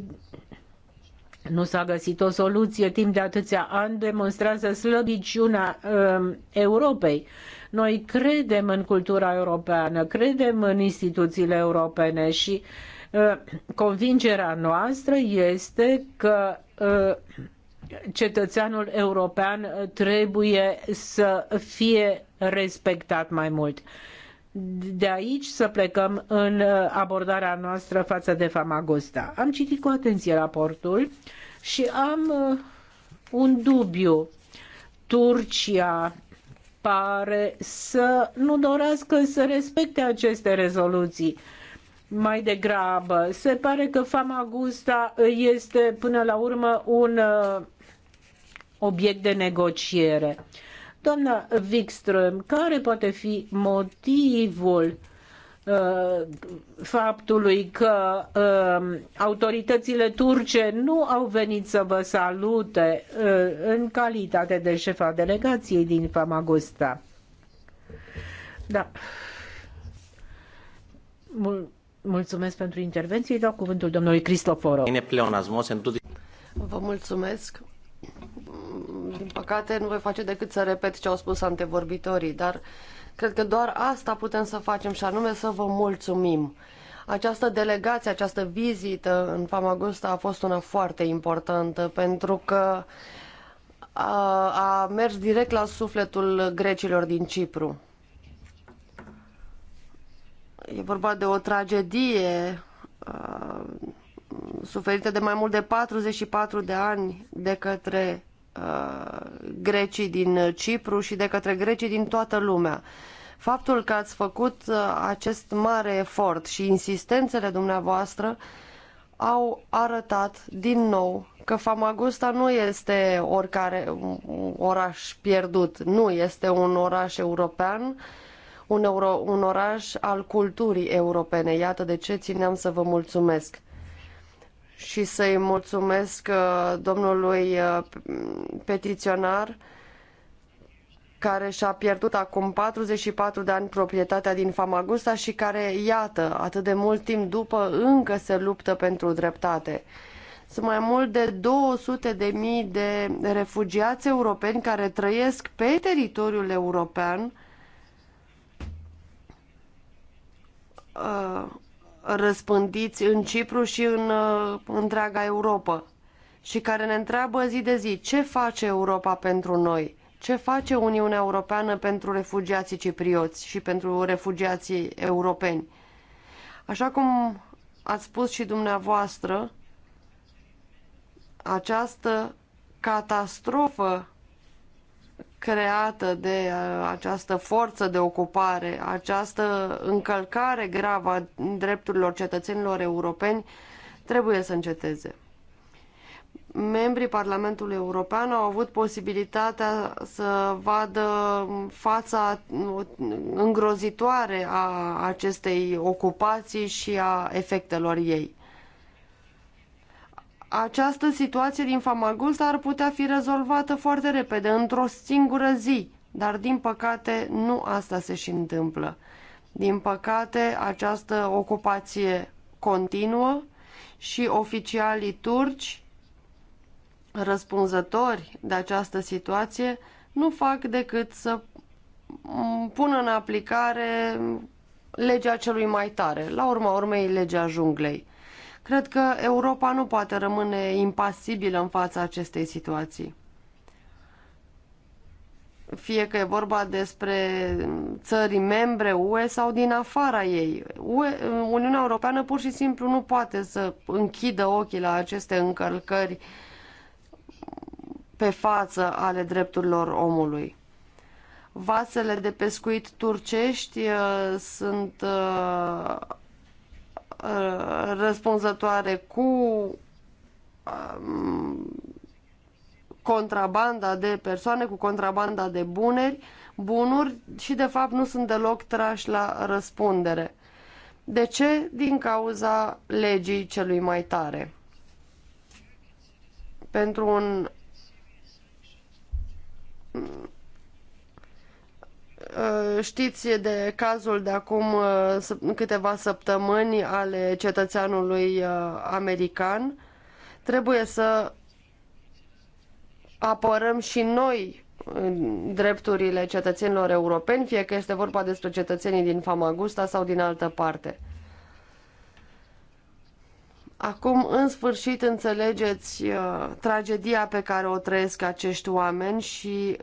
nu s-a găsit o soluție timp de atâția ani demonstrează slăbiciunea um, Europei. Noi credem în cultura europeană, credem în instituțiile europene și uh, convingerea noastră este că cetăeanul european trebuie să fie respectat mai mult. De aici să plecăm în abordarea noastră față de Famagosta. Am citit cu atenție raportul și am uh, un dubiu. Turcia pare să nu dorească să respecte aceste rezoluții. Mai degrabă, se pare că Famagusta este până la urmă un uh, obiect de negociere. Doamna Wikström, care poate fi motivul uh, faptului că uh, autoritățile turce nu au venit să vă salute uh, în calitate de șefa delegației din Famagusta. Da. Mul- mulțumesc pentru intervenție. Dau cuvântul domnului Cristoforo. Vă mulțumesc din păcate, nu voi face decât să repet ce au spus antevorbitorii, dar cred că doar asta putem să facem și anume să vă mulțumim. Această delegație, această vizită în Famagusta a fost una foarte importantă pentru că a, a mers direct la sufletul grecilor din Cipru. E vorba de o tragedie a, suferită de mai mult de 44 de ani de către Uh, grecii din Cipru și de către grecii din toată lumea. Faptul că ați făcut uh, acest mare efort și insistențele dumneavoastră au arătat din nou că Famagusta nu este oricare oraș pierdut, nu este un oraș european, un, euro, un oraș al culturii europene. Iată de ce țineam să vă mulțumesc și să-i mulțumesc uh, domnului uh, petiționar care și-a pierdut acum 44 de ani proprietatea din Famagusta și care, iată, atât de mult timp după, încă se luptă pentru dreptate. Sunt mai mult de 200 de mii de refugiați europeni care trăiesc pe teritoriul european uh, răspândiți în Cipru și în uh, întreaga Europa și care ne întreabă zi de zi ce face Europa pentru noi, ce face Uniunea Europeană pentru refugiații ciprioți și pentru refugiații europeni. Așa cum ați spus și dumneavoastră, această catastrofă creată de uh, această forță de ocupare, această încălcare gravă a drepturilor cetățenilor europeni trebuie să înceteze. Membrii Parlamentului European au avut posibilitatea să vadă fața îngrozitoare a acestei ocupații și a efectelor ei. Această situație din Famagusta ar putea fi rezolvată foarte repede, într-o singură zi, dar din păcate nu asta se și întâmplă. Din păcate, această ocupație continuă și oficialii turci, răspunzători de această situație, nu fac decât să pună în aplicare legea celui mai tare, la urma urmei legea junglei. Cred că Europa nu poate rămâne impasibilă în fața acestei situații. Fie că e vorba despre țări membre UE sau din afara ei. UE, Uniunea Europeană pur și simplu nu poate să închidă ochii la aceste încălcări pe față ale drepturilor omului. Vasele de pescuit turcești uh, sunt uh, Uh, răspunzătoare cu um, contrabanda de persoane, cu contrabanda de buneri, bunuri și de fapt nu sunt deloc trași la răspundere. De ce? Din cauza legii celui mai tare. Pentru un Uh, știți de cazul de acum uh, câteva săptămâni ale cetățeanului uh, american. Trebuie să apărăm și noi drepturile cetățenilor europeni, fie că este vorba despre cetățenii din Famagusta sau din altă parte. Acum, în sfârșit, înțelegeți uh, tragedia pe care o trăiesc acești oameni și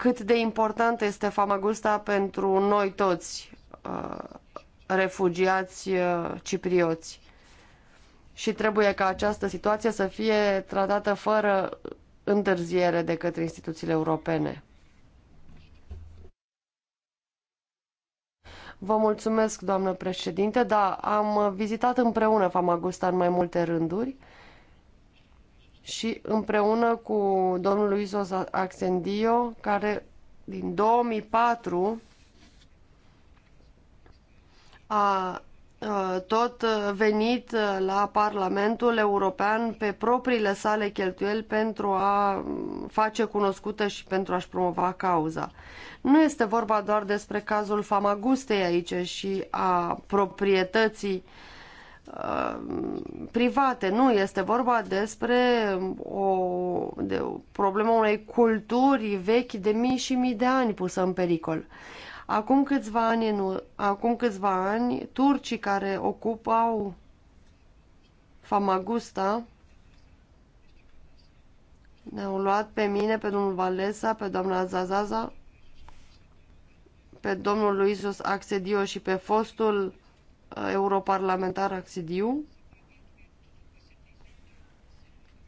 cât de importantă este Famagusta pentru noi toți, uh, refugiați uh, ciprioți. Și trebuie ca această situație să fie tratată fără întârziere de către instituțiile europene. Vă mulțumesc, doamnă președinte. Da, am vizitat împreună Famagusta în mai multe rânduri și împreună cu domnul Luisos Axendio, care din 2004 a tot venit la Parlamentul European pe propriile sale cheltuieli pentru a face cunoscută și pentru a-și promova cauza. Nu este vorba doar despre cazul Famagustei aici și a proprietății uh, Uh, private. Nu, este vorba despre o, de o problemă unei culturi vechi de mii și mii de ani pusă în pericol. Acum câțiva ani, nu, acum câțiva ani turcii care ocupau Famagusta ne-au luat pe mine, pe domnul Valesa, pe doamna Zazaza, pe domnul Luisus Axedio și pe fostul europarlamentar Axidiu,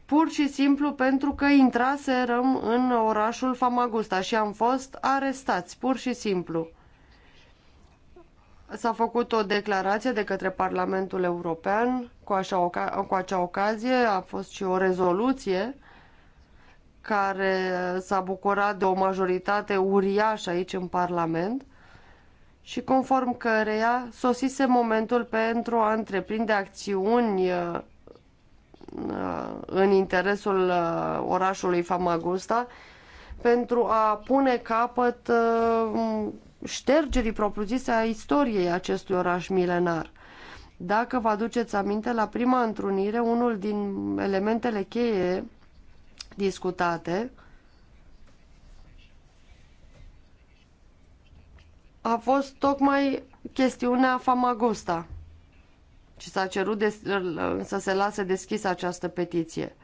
pur și simplu pentru că intraserăm în orașul Famagusta și am fost arestați, pur și simplu. S-a făcut o declarație de către Parlamentul European cu, așa oca- cu acea ocazie, a fost și o rezoluție care s-a bucurat de o majoritate uriașă aici în Parlament și conform căreia sosise momentul pentru a întreprinde acțiuni uh, uh, în interesul uh, orașului Famagusta pentru a pune capăt ștergerii propriu-zise a istoriei acestui oraș milenar. Dacă vă aduceți aminte, la prima întrunire, unul din elementele cheie discutate a fost tocmai chestiunea Famagusta și s-a cerut de, să se lase deschisă această petiție.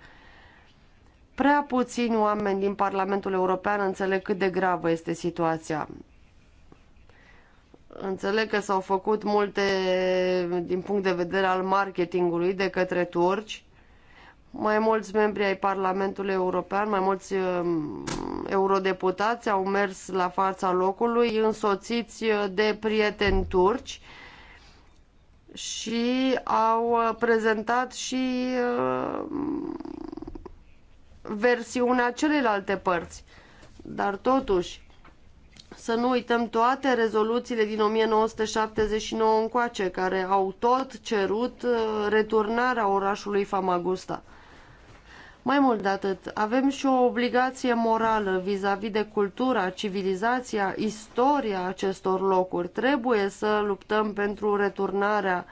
Prea puțini oameni din Parlamentul European înțeleg cât de gravă este situația. Înțeleg că s-au făcut multe din punct de vedere al marketingului de către turci, mai mulți membri ai Parlamentului European, mai mulți um, eurodeputați au mers la fața locului însoțiți uh, de prieteni turci și au uh, prezentat și uh, versiunea celelalte părți. Dar totuși, să nu uităm toate rezoluțiile din 1979 încoace, care au tot cerut returnarea orașului Famagusta. Mai mult de atât, avem și o obligație morală vis-a-vis -vis de cultura, civilizația, istoria acestor locuri. Trebuie să luptăm pentru returnarea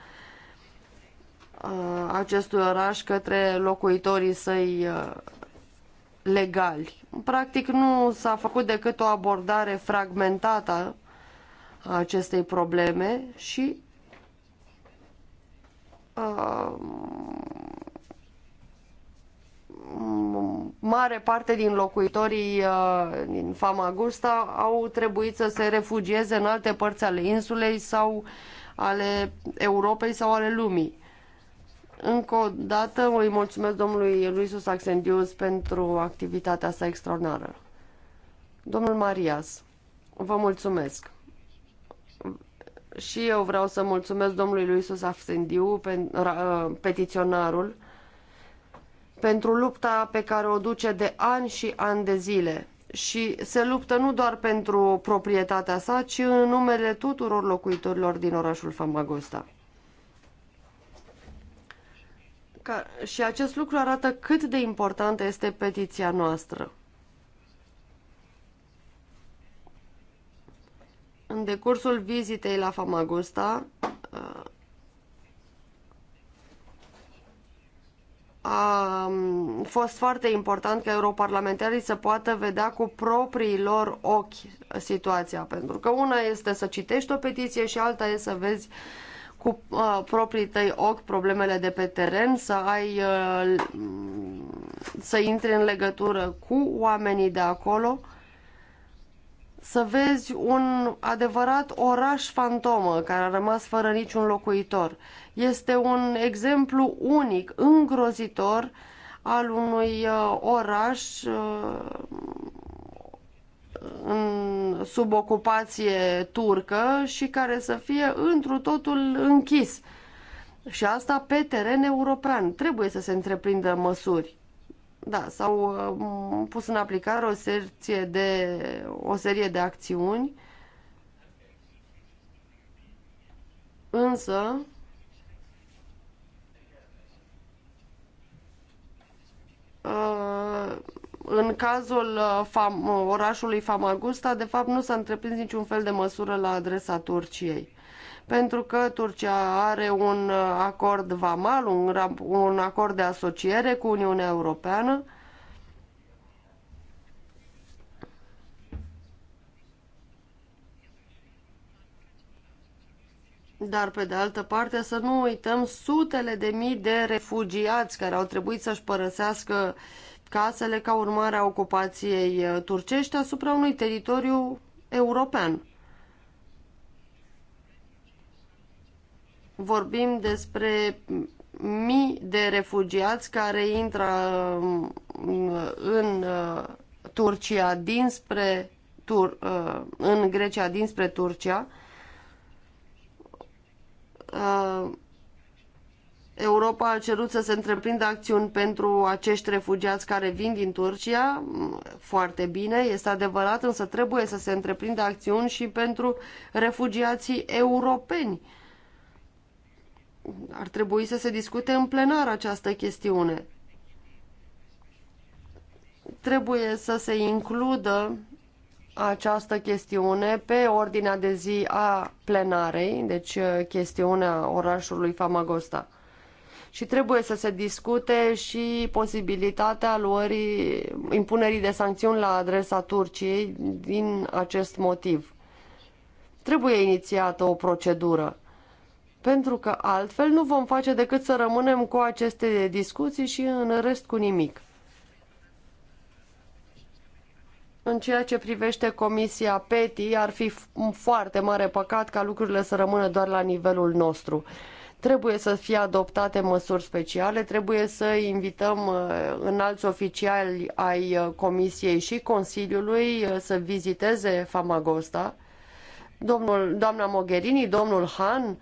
uh, acestui oraș către locuitorii săi uh, legali. Practic nu s-a făcut decât o abordare fragmentată a acestei probleme și uh, mare parte din locuitorii uh, din Famagusta au trebuit să se refugieze în alte părți ale insulei sau ale Europei sau ale lumii. Încă o dată îi mulțumesc domnului Luisus Axendius pentru activitatea sa extraordinară. Domnul Marias, vă mulțumesc. Și eu vreau să mulțumesc domnului Luisus Axendiu, uh, petiționarul, pentru lupta pe care o duce de ani și ani de zile și se luptă nu doar pentru proprietatea sa, ci în numele tuturor locuitorilor din orașul Famagosta. Ca... Și acest lucru arată cât de importantă este petiția noastră. În decursul vizitei la Famagusta, uh, a fost foarte important ca europarlamentarii să poată vedea cu proprii lor ochi situația, pentru că una este să citești o petiție și alta este să vezi cu uh, proprii tăi ochi problemele de pe teren, să ai uh, să intri în legătură cu oamenii de acolo să vezi un adevărat oraș fantomă care a rămas fără niciun locuitor. Este un exemplu unic, îngrozitor, al unui uh, oraș uh, în, sub ocupație turcă și care să fie întru totul închis. Și asta pe teren european. Trebuie să se întreprindă măsuri. Da, s-au uh, pus în aplicare o serie de, o serie de acțiuni, însă uh, în cazul uh, fam, orașului Famagusta, de fapt, nu s-a întreprins niciun fel de măsură la adresa Turciei pentru că Turcia are un uh, acord vamal, un, un acord de asociere cu Uniunea Europeană. Dar, pe de altă parte, să nu uităm sutele de mii de refugiați care au trebuit să-și părăsească casele ca urmare a ocupației uh, turcești asupra unui teritoriu european. vorbim despre mii de refugiați care intră mm, în uh, Turcia dinspre Tur uh, în Grecia dinspre Turcia. Uh, Europa a cerut să se întreprindă acțiuni pentru acești refugiați care vin din Turcia. Mm, foarte bine, este adevărat, însă trebuie să se întreprindă acțiuni și pentru refugiații europeni ar trebui să se discute în plenar această chestiune. Trebuie să se includă această chestiune pe ordinea de zi a plenarei, deci uh, chestiunea orașului Famagosta. Și trebuie să se discute și posibilitatea luării, impunerii de sancțiuni la adresa Turciei din acest motiv. Trebuie inițiată o procedură pentru că altfel nu vom face decât să rămânem cu aceste discuții și în rest cu nimic. În ceea ce privește Comisia PETI, ar fi un foarte mare păcat ca lucrurile să rămână doar la nivelul nostru. Trebuie să fie adoptate măsuri speciale, trebuie să invităm uh, în alți oficiali ai uh, Comisiei și Consiliului uh, să viziteze Famagosta, domnul, doamna Mogherini, domnul Han,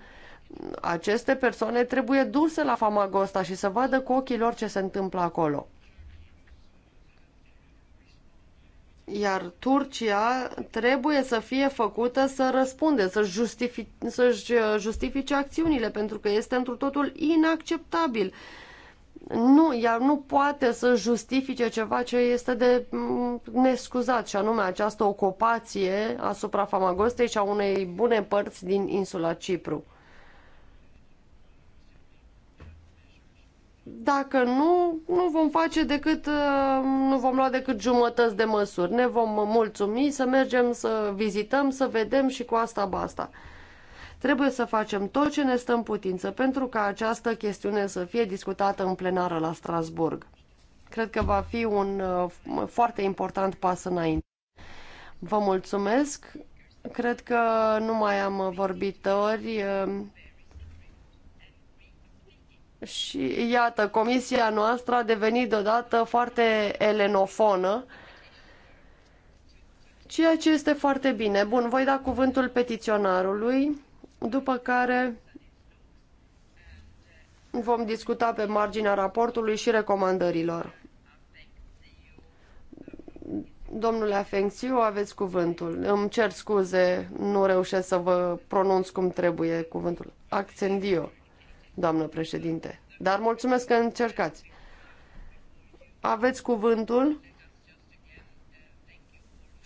aceste persoane trebuie duse la Famagosta și să vadă cu ochii lor ce se întâmplă acolo. Iar Turcia trebuie să fie făcută să răspunde, să justifice, să-și uh, justifice acțiunile, pentru că este într totul inacceptabil. Nu, iar nu poate să justifice ceva ce este de mm, nescuzat, și anume această ocupație asupra Famagostei și a unei bune părți din insula Cipru. Dacă nu, nu vom face decât, uh, nu vom lua decât jumătăți de măsuri. Ne vom mulțumi să mergem să vizităm, să vedem și cu asta basta. Trebuie să facem tot ce ne stă în putință pentru ca această chestiune să fie discutată în plenară la Strasburg. Cred că va fi un uh, foarte important pas înainte. Vă mulțumesc. Cred că nu mai am vorbitori. Uh, și iată, comisia noastră a devenit deodată foarte elenofonă, ceea ce este foarte bine. Bun, voi da cuvântul petiționarului, după care vom discuta pe marginea raportului și recomandărilor. Domnule Afengțiu, aveți cuvântul. Îmi cer scuze, nu reușesc să vă pronunț cum trebuie cuvântul. Accendio doamnă președinte, dar mulțumesc că încercați. Aveți cuvântul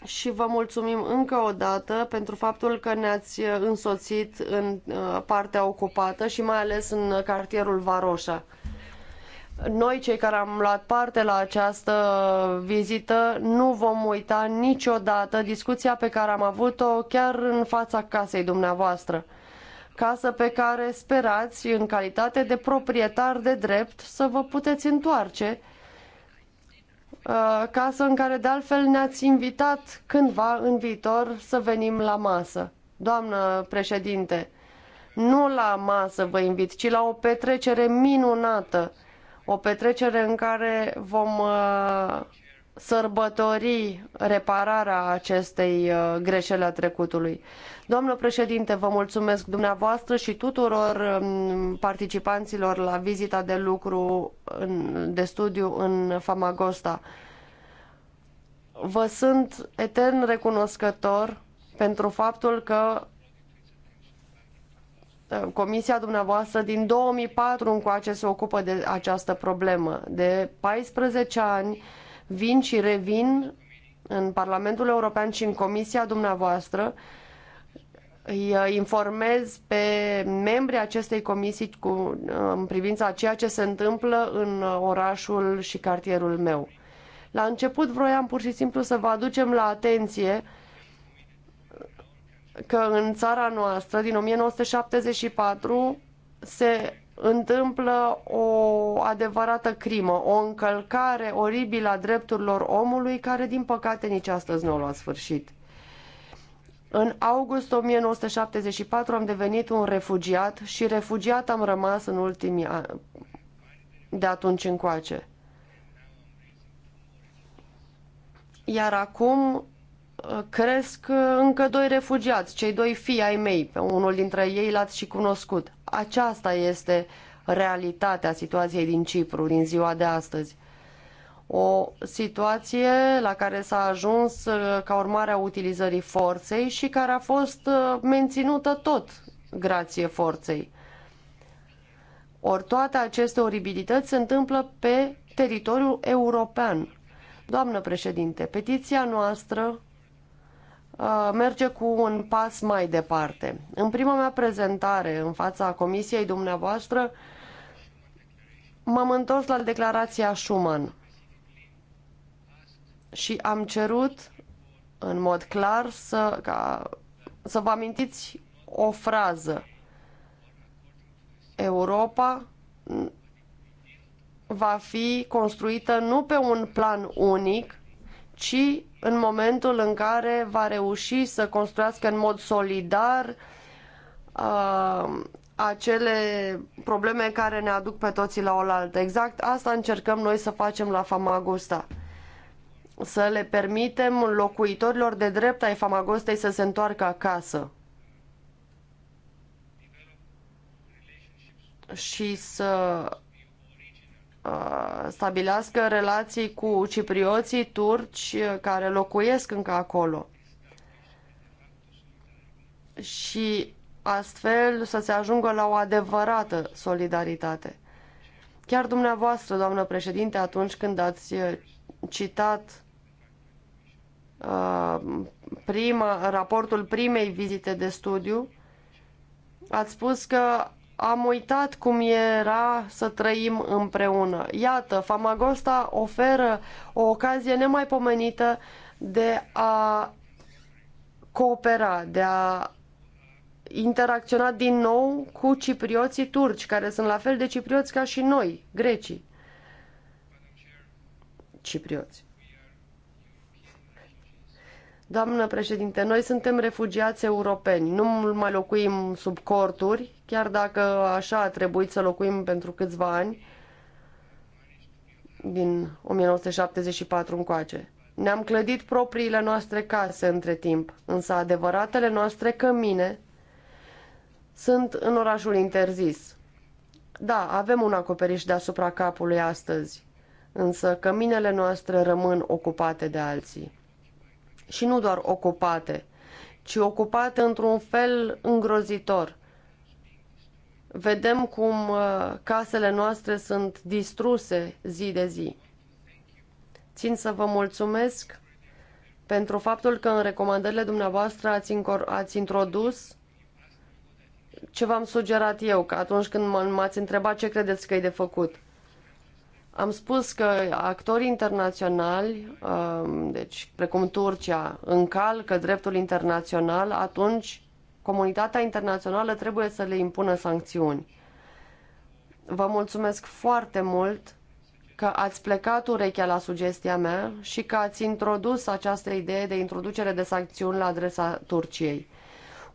și vă mulțumim încă o dată pentru faptul că ne-ați însoțit în uh, partea ocupată și mai ales în cartierul Varoșa. Noi, cei care am luat parte la această vizită, nu vom uita niciodată discuția pe care am avut-o chiar în fața casei dumneavoastră casă pe care sperați, în calitate de proprietar de drept, să vă puteți întoarce, uh, casă în care de altfel ne-ați invitat cândva în viitor să venim la masă. Doamnă președinte, nu la masă vă invit, ci la o petrecere minunată, o petrecere în care vom uh, sărbători repararea acestei uh, greșeli a trecutului. Domnul președinte, vă mulțumesc dumneavoastră și tuturor um, participanților la vizita de lucru de studiu în Famagosta. Vă sunt etern recunoscător pentru faptul că uh, comisia dumneavoastră din 2004 încoace se ocupă de această problemă. De 14 ani vin și revin în Parlamentul European și în Comisia dumneavoastră îi uh, informez pe membrii acestei comisii cu, uh, în privința a ceea ce se întâmplă în uh, orașul și cartierul meu. La început vroiam pur și simplu să vă aducem la atenție că în țara noastră din 1974 se întâmplă o adevărată crimă, o încălcare oribilă a drepturilor omului, care din păcate nici astăzi nu a luat sfârșit. În august 1974 am devenit un refugiat și refugiat am rămas în ultimii ani, de atunci încoace. Iar acum Uh, cresc uh, încă doi refugiați, cei doi fii ai mei, pe unul dintre ei l-ați și cunoscut. Aceasta este realitatea situației din Cipru, din ziua de astăzi. O situație la care s-a ajuns uh, ca urmare a utilizării forței și care a fost menținută tot grație forței. Ori toate aceste oribilități se întâmplă pe teritoriul european. Doamnă președinte, petiția noastră Uh, merge cu un pas mai departe. În prima mea prezentare în fața comisiei dumneavoastră, m-am întors la declarația Schuman și am cerut în mod clar să, ca, să vă amintiți o frază. Europa va fi construită nu pe un plan unic, ci în momentul în care va reuși să construiască în mod solidar uh, acele probleme care ne aduc pe toții la oaltă. Exact asta încercăm noi să facem la Famagusta. Să le permitem locuitorilor de drept ai Famagostei să se întoarcă acasă. Și să Uh, stabilească relații cu ciprioții turci care locuiesc încă acolo. Și astfel să se ajungă la o adevărată solidaritate. Chiar dumneavoastră, doamnă președinte, atunci când ați citat uh, prima, raportul primei vizite de studiu, ați spus că am uitat cum era să trăim împreună. Iată, Famagosta oferă o ocazie nemaipomenită de a coopera, de a interacționa din nou cu ciprioții turci, care sunt la fel de ciprioți ca și noi, grecii. Ciprioți. Doamnă președinte, noi suntem refugiați europeni, nu mai locuim sub corturi, chiar dacă așa a trebuit să locuim pentru câțiva ani, din 1974 încoace. Ne-am clădit propriile noastre case între timp, însă adevăratele noastre cămine sunt în orașul interzis. Da, avem un acoperiș deasupra capului astăzi, însă căminele noastre rămân ocupate de alții. Și nu doar ocupate, ci ocupate într-un fel îngrozitor. Vedem cum uh, casele noastre sunt distruse zi de zi. Țin să vă mulțumesc pentru faptul că în recomandările dumneavoastră ați, ați introdus ce v-am sugerat eu, că atunci când m-ați întrebat ce credeți că e de făcut. Am spus că actorii internaționali, uh, deci precum Turcia, încalcă dreptul internațional atunci comunitatea internațională trebuie să le impună sancțiuni. Vă mulțumesc foarte mult că ați plecat urechea la sugestia mea și că ați introdus această idee de introducere de sancțiuni la adresa Turciei.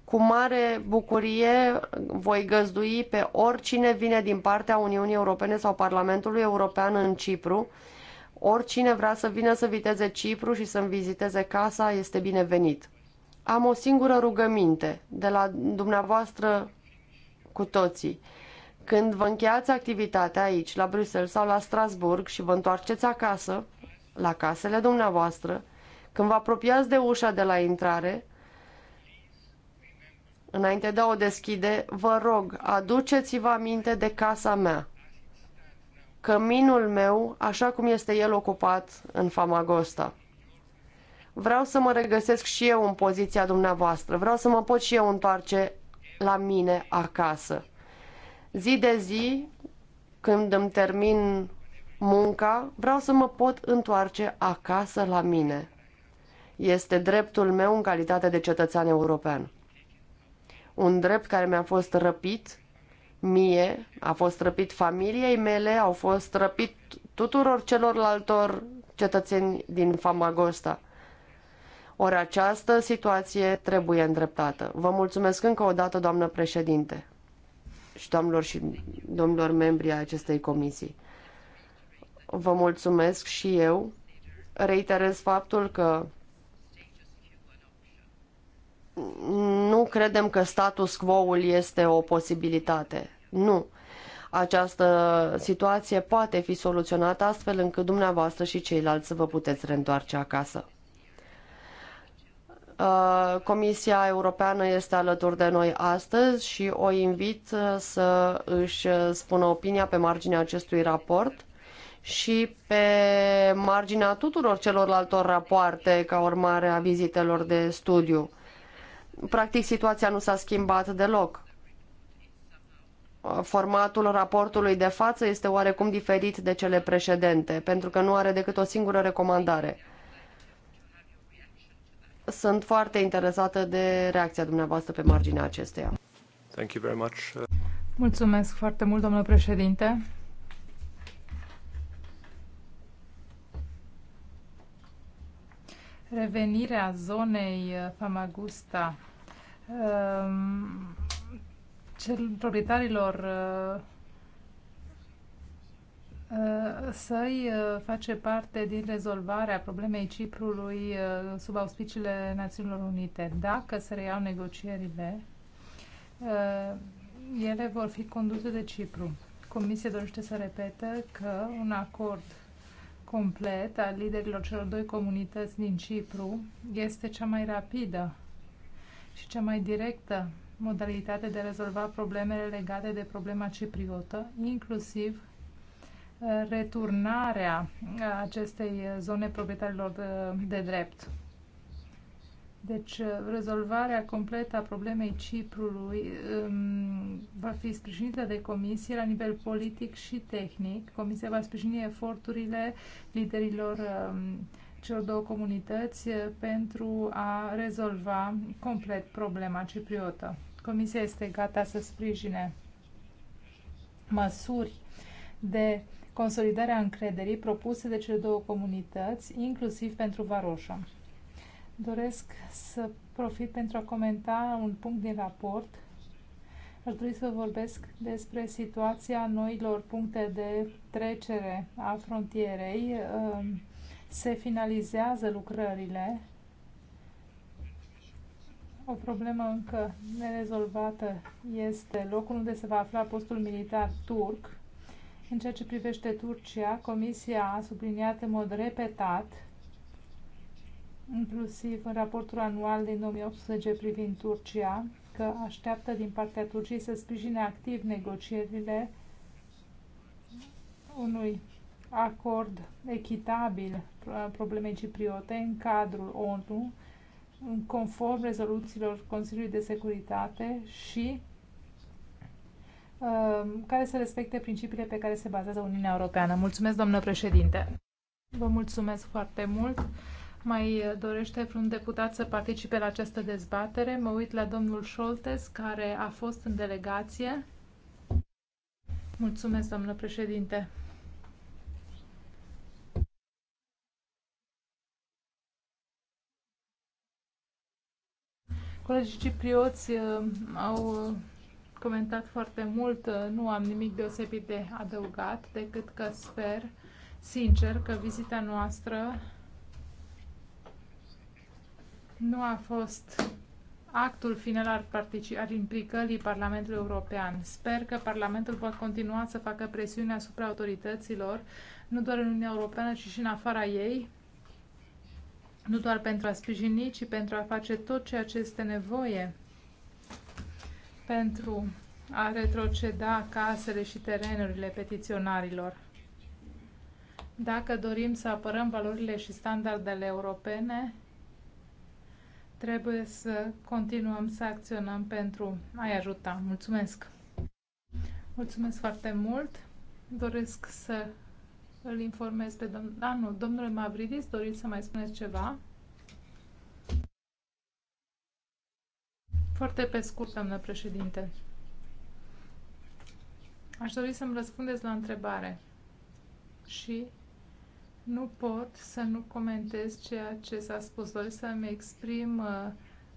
Cu mare bucurie voi găzdui pe oricine vine din partea Uniunii Europene sau Parlamentului European în Cipru. Oricine vrea să vină să viteze Cipru și să-mi viziteze casa este binevenit. Am o singură rugăminte de la dumneavoastră cu toții. Când vă încheiați activitatea aici, la Bruxelles sau la Strasburg și vă întoarceți acasă, la casele dumneavoastră, când vă apropiați de ușa de la intrare, înainte de a o deschide, vă rog, aduceți-vă aminte de casa mea. Căminul meu, așa cum este el ocupat în Famagosta. Vreau să mă regăsesc și eu în poziția dumneavoastră. Vreau să mă pot și eu întoarce la mine acasă. Zi de zi, când îmi termin munca, vreau să mă pot întoarce acasă la mine. Este dreptul meu în calitate de cetățean european. Un drept care mi-a fost răpit mie, a fost răpit familiei mele, au fost răpit tuturor celorlaltor cetățeni din Famagosta. Ori această situație trebuie îndreptată. Vă mulțumesc încă o dată, doamnă președinte și doamnelor și domnilor membri ai acestei comisii. Vă mulțumesc și eu. Reiterez faptul că nu credem că status quo-ul este o posibilitate. Nu. Această situație poate fi soluționată astfel încât dumneavoastră și ceilalți să vă puteți reîntoarce acasă. Uh, Comisia Europeană este alături de noi astăzi și o invit uh, să își uh, spună opinia pe marginea acestui raport și pe marginea tuturor celorlaltor rapoarte ca urmare a vizitelor de studiu. Practic, situația nu s-a schimbat deloc. Formatul raportului de față este oarecum diferit de cele precedente, pentru că nu are decât o singură recomandare – sunt foarte interesată de reacția dumneavoastră pe marginea acesteia. Thank you very much. Mulțumesc foarte mult, domnule președinte. Revenirea zonei Famagusta um, cel, proprietarilor uh, Uh, să-i uh, face parte din rezolvarea problemei Ciprului uh, sub auspiciile Națiunilor Unite. Dacă se reiau negocierile, ele vor fi conduse de Cipru. Comisia dorește să repete că un acord complet al liderilor celor doi comunități din Cipru este cea mai rapidă și cea mai directă modalitate de a rezolva problemele legate de problema cipriotă, inclusiv returnarea acestei zone proprietarilor de, de drept. Deci, rezolvarea completă a problemei Ciprului um, va fi sprijinită de Comisie la nivel politic și tehnic. Comisia va sprijini eforturile liderilor um, celor două comunități uh, pentru a rezolva complet problema cipriotă. Comisia este gata să sprijine măsuri de consolidarea încrederii propuse de cele două comunități, inclusiv pentru Varoșa. Doresc să profit pentru a comenta un punct din raport. Aș dori să vorbesc despre situația noilor puncte de trecere a frontierei. Ehm, se finalizează lucrările. O problemă încă nerezolvată este locul unde se va afla postul militar turc în ceea ce privește Turcia, Comisia a subliniat în mod repetat, inclusiv în raportul anual din 2018 privind Turcia, că așteaptă din partea Turciei să sprijine activ negocierile unui acord echitabil problemei cipriote în cadrul ONU, conform rezoluțiilor Consiliului de Securitate și Um, care să respecte principiile pe care se bazează Uniunea Europeană. Mulțumesc, domnule președinte. Vă mulțumesc foarte mult. Mai dorește vreun deputat să participe la această dezbatere? Mă uit la domnul Șoltes, care a fost în delegație. Mulțumesc, domnule președinte. Colegii ciprioți uh, au uh, comentat foarte mult, uh, nu am nimic deosebit de adăugat, decât că sper, sincer, că vizita noastră nu a fost actul final al, al implicării Parlamentului European. Sper că Parlamentul va continua să facă presiune asupra autorităților, nu doar în Uniunea Europeană, ci și în afara ei, nu doar pentru a sprijini, ci pentru a face tot ceea ce este nevoie pentru a retroceda casele și terenurile petiționarilor. Dacă dorim să apărăm valorile și standardele europene, trebuie să continuăm să acționăm pentru a-i ajuta. Mulțumesc! Mulțumesc foarte mult! Doresc să îl informez pe domnul... Ah, nu, domnule Mavridis, doriți să mai spuneți ceva? Foarte pe scurt, doamnă președinte. Aș dori să-mi răspundeți la întrebare și nu pot să nu comentez ceea ce s-a spus. Doar să-mi exprim uh,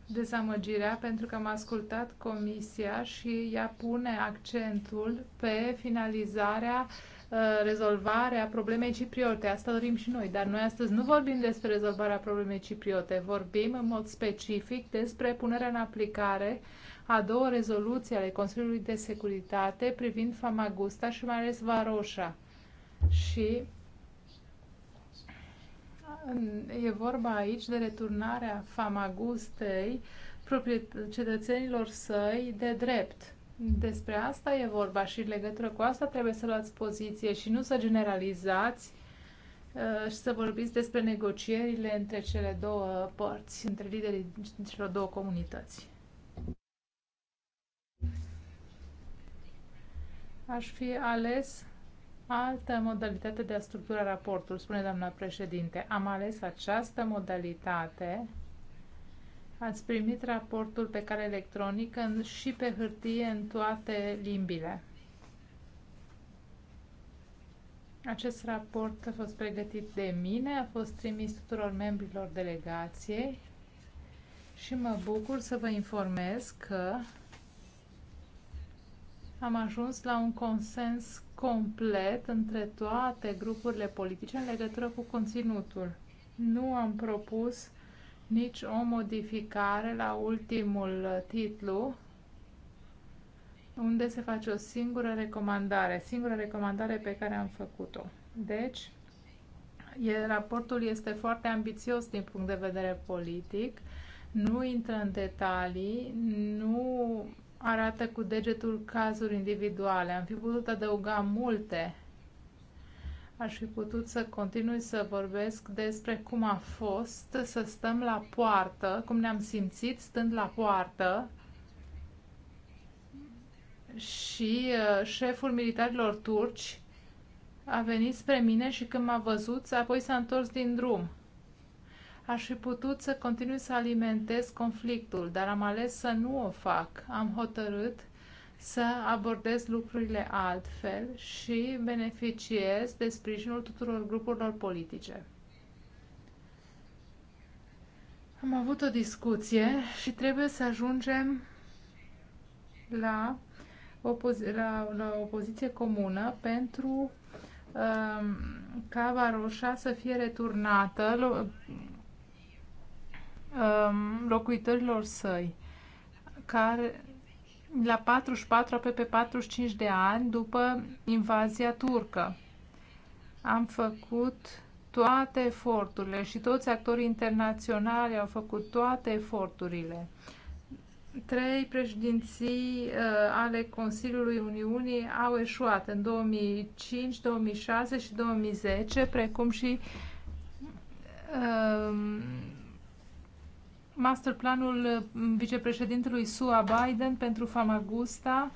dezamăgirea pentru că am ascultat comisia și ea pune accentul pe finalizarea uh, Uh, rezolvarea problemei cipriote. Asta dorim și noi, dar noi astăzi nu vorbim despre rezolvarea problemei cipriote, vorbim în mod specific despre punerea în aplicare a două rezoluții ale Consiliului de Securitate privind Famagusta și mai ales Varoșa. Și e vorba aici de returnarea Famagustei cetățenilor săi de drept despre asta e vorba și în legătură cu asta trebuie să luați poziție și nu să generalizați uh, și să vorbiți despre negocierile între cele două părți, între liderii celor două comunități. Aș fi ales altă modalitate de a structura raportul, spune doamna președinte. Am ales această modalitate Ați primit raportul pe care electronic în, și pe hârtie în toate limbile. Acest raport a fost pregătit de mine, a fost trimis tuturor membrilor delegației și mă bucur să vă informez că am ajuns la un consens complet între toate grupurile politice în legătură cu conținutul. Nu am propus nici o modificare la ultimul titlu, unde se face o singură recomandare, singura recomandare pe care am făcut-o. Deci, e, raportul este foarte ambițios din punct de vedere politic, nu intră în detalii, nu arată cu degetul cazuri individuale. Am fi putut adăuga multe Aș fi putut să continui să vorbesc despre cum a fost să stăm la poartă, cum ne-am simțit stând la poartă și uh, șeful militarilor turci a venit spre mine și când m-a văzut, apoi s-a întors din drum. Aș fi putut să continui să alimentez conflictul, dar am ales să nu o fac. Am hotărât să abordez lucrurile altfel și beneficiez de sprijinul tuturor grupurilor politice. Am avut o discuție și trebuie să ajungem la o, pozi- la, la o poziție comună pentru um, ca Varoșa să fie returnată lo, um, locuitorilor săi care la 44, pe 45 de ani după invazia turcă. Am făcut toate eforturile și toți actorii internaționali au făcut toate eforturile. Trei președinții uh, ale Consiliului Uniunii au eșuat în 2005, 2006 și 2010, precum și uh, masterplanul uh, vicepreședintelui SUA Biden pentru Famagusta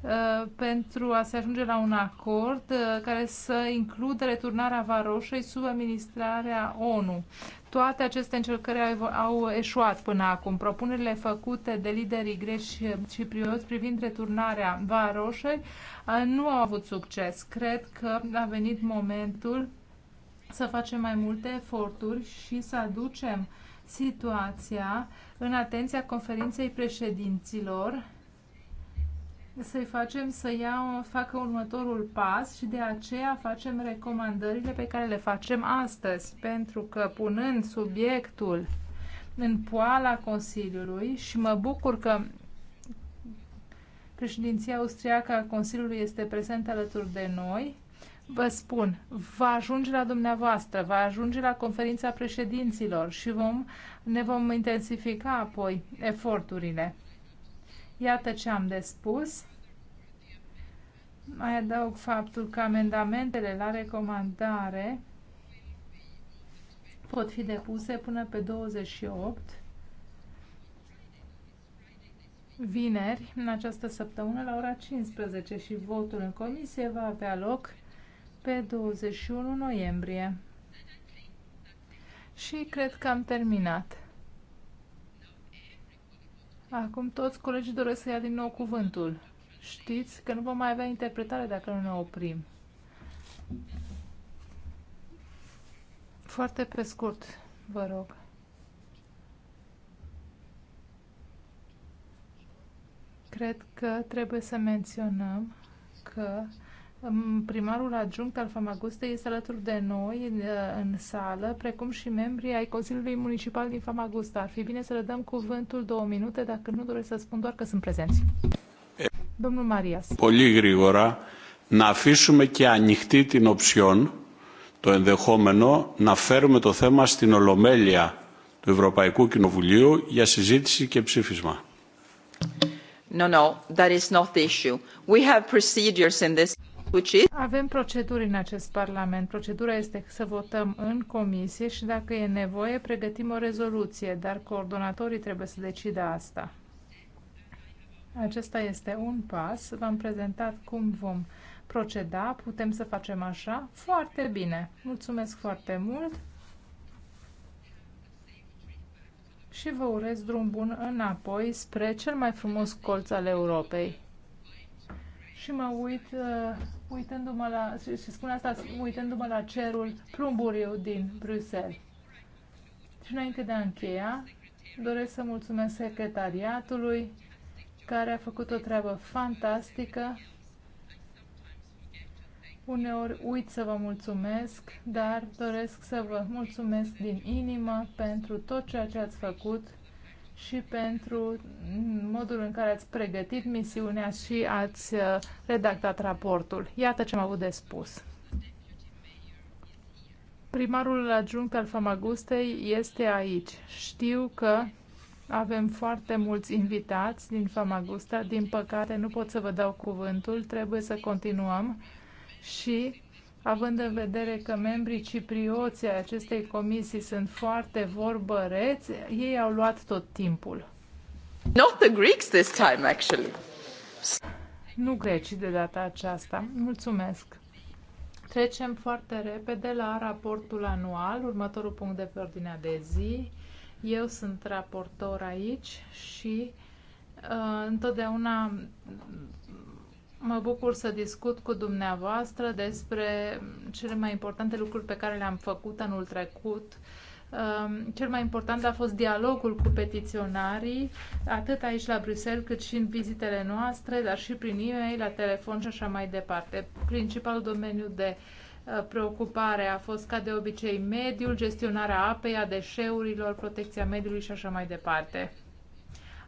uh, pentru a se ajunge la un acord uh, care să includă returnarea Varoșei sub administrarea ONU. Toate aceste încercări au, au eșuat până acum. Propunerile făcute de liderii greci și prioți privind returnarea Varoșei nu au avut succes. Cred că a venit momentul să facem mai multe eforturi și să aducem uh, situația în atenția conferinței președinților să-i facem să ia, facă următorul pas și de aceea facem recomandările pe care le facem astăzi, pentru că punând subiectul în poala Consiliului și mă bucur că președinția austriacă a Consiliului este prezentă alături de noi, Vă spun, va ajunge la dumneavoastră, va ajunge la conferința președinților și vom, ne vom intensifica apoi eforturile. Iată ce am de spus. Mai adaug faptul că amendamentele la recomandare pot fi depuse până pe 28 vineri, în această săptămână, la ora 15 și votul în comisie va avea loc pe 21 noiembrie. Și cred că am terminat. Acum toți colegii doresc să ia din nou cuvântul. Știți că nu vom mai avea interpretare dacă nu ne oprim. Foarte pe scurt, vă rog. Cred că trebuie să menționăm că Primarul adjunct al Famagustei este alături de noi în sală, precum și membrii ai Consiliului Municipal din Famagusta. Ar fi bine să le dăm cuvântul două minute, dacă nu doresc să spun doar că sunt prezenți. Domnul Marias. Πολύ γρήγορα να αφήσουμε και ανοιχτή την οψιόν το ενδεχόμενο να φέρουμε το θέμα στην Ολομέλεια του Ευρωπαϊκού Κοινοβουλίου για συζήτηση και ψήφισμα. No, no, that is not the issue. We have procedures in this. Avem proceduri în acest Parlament. Procedura este să votăm în comisie și dacă e nevoie, pregătim o rezoluție, dar coordonatorii trebuie să decidă asta. Acesta este un pas. V-am prezentat cum vom proceda. Putem să facem așa? Foarte bine. Mulțumesc foarte mult și vă urez drum bun înapoi spre cel mai frumos colț al Europei. Și mă uit uh, uitându-mă la, și, și spun asta uitându-mă la cerul plumburiu din Bruxelles. Și înainte de a încheia, doresc să mulțumesc secretariatului care a făcut o treabă fantastică. Uneori uit să vă mulțumesc, dar doresc să vă mulțumesc din inimă pentru tot ceea ce ați făcut și pentru modul în care ați pregătit misiunea și ați uh, redactat raportul. Iată ce am avut de spus. Primarul adjunct al Famagustei este aici. Știu că avem foarte mulți invitați din Famagusta. Din păcate, nu pot să vă dau cuvântul. Trebuie să continuăm și având în vedere că membrii ciprioții ai acestei comisii sunt foarte vorbăreți, ei au luat tot timpul. Not the Greeks this time, actually. Nu grecii de data aceasta. Mulțumesc. Trecem foarte repede la raportul anual, următorul punct de pe ordinea de zi. Eu sunt raportor aici și uh, întotdeauna Mă bucur să discut cu dumneavoastră despre cele mai importante lucruri pe care le-am făcut anul trecut. Um, cel mai important a fost dialogul cu petiționarii, atât aici la Bruxelles, cât și în vizitele noastre, dar și prin e la telefon și așa mai departe. Principalul domeniu de uh, preocupare a fost, ca de obicei, mediul, gestionarea apei, a deșeurilor, protecția mediului și așa mai departe.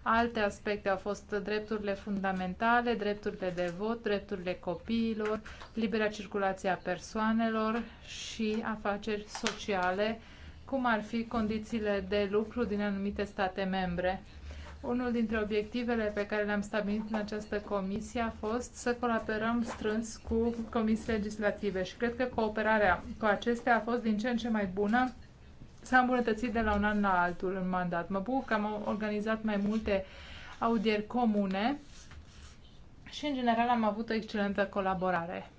Alte aspecte au fost drepturile fundamentale, drepturile de vot, drepturile copiilor, libera circulație a persoanelor și afaceri sociale, cum ar fi condițiile de lucru din anumite state membre. Unul dintre obiectivele pe care le-am stabilit în această comisie a fost să colaborăm strâns cu comisii legislative și cred că cooperarea cu acestea a fost din ce în ce mai bună s-a îmbunătățit de la un an la altul în mandat. Mă bucur că am organizat mai multe audieri comune și, în general, am avut o excelentă colaborare.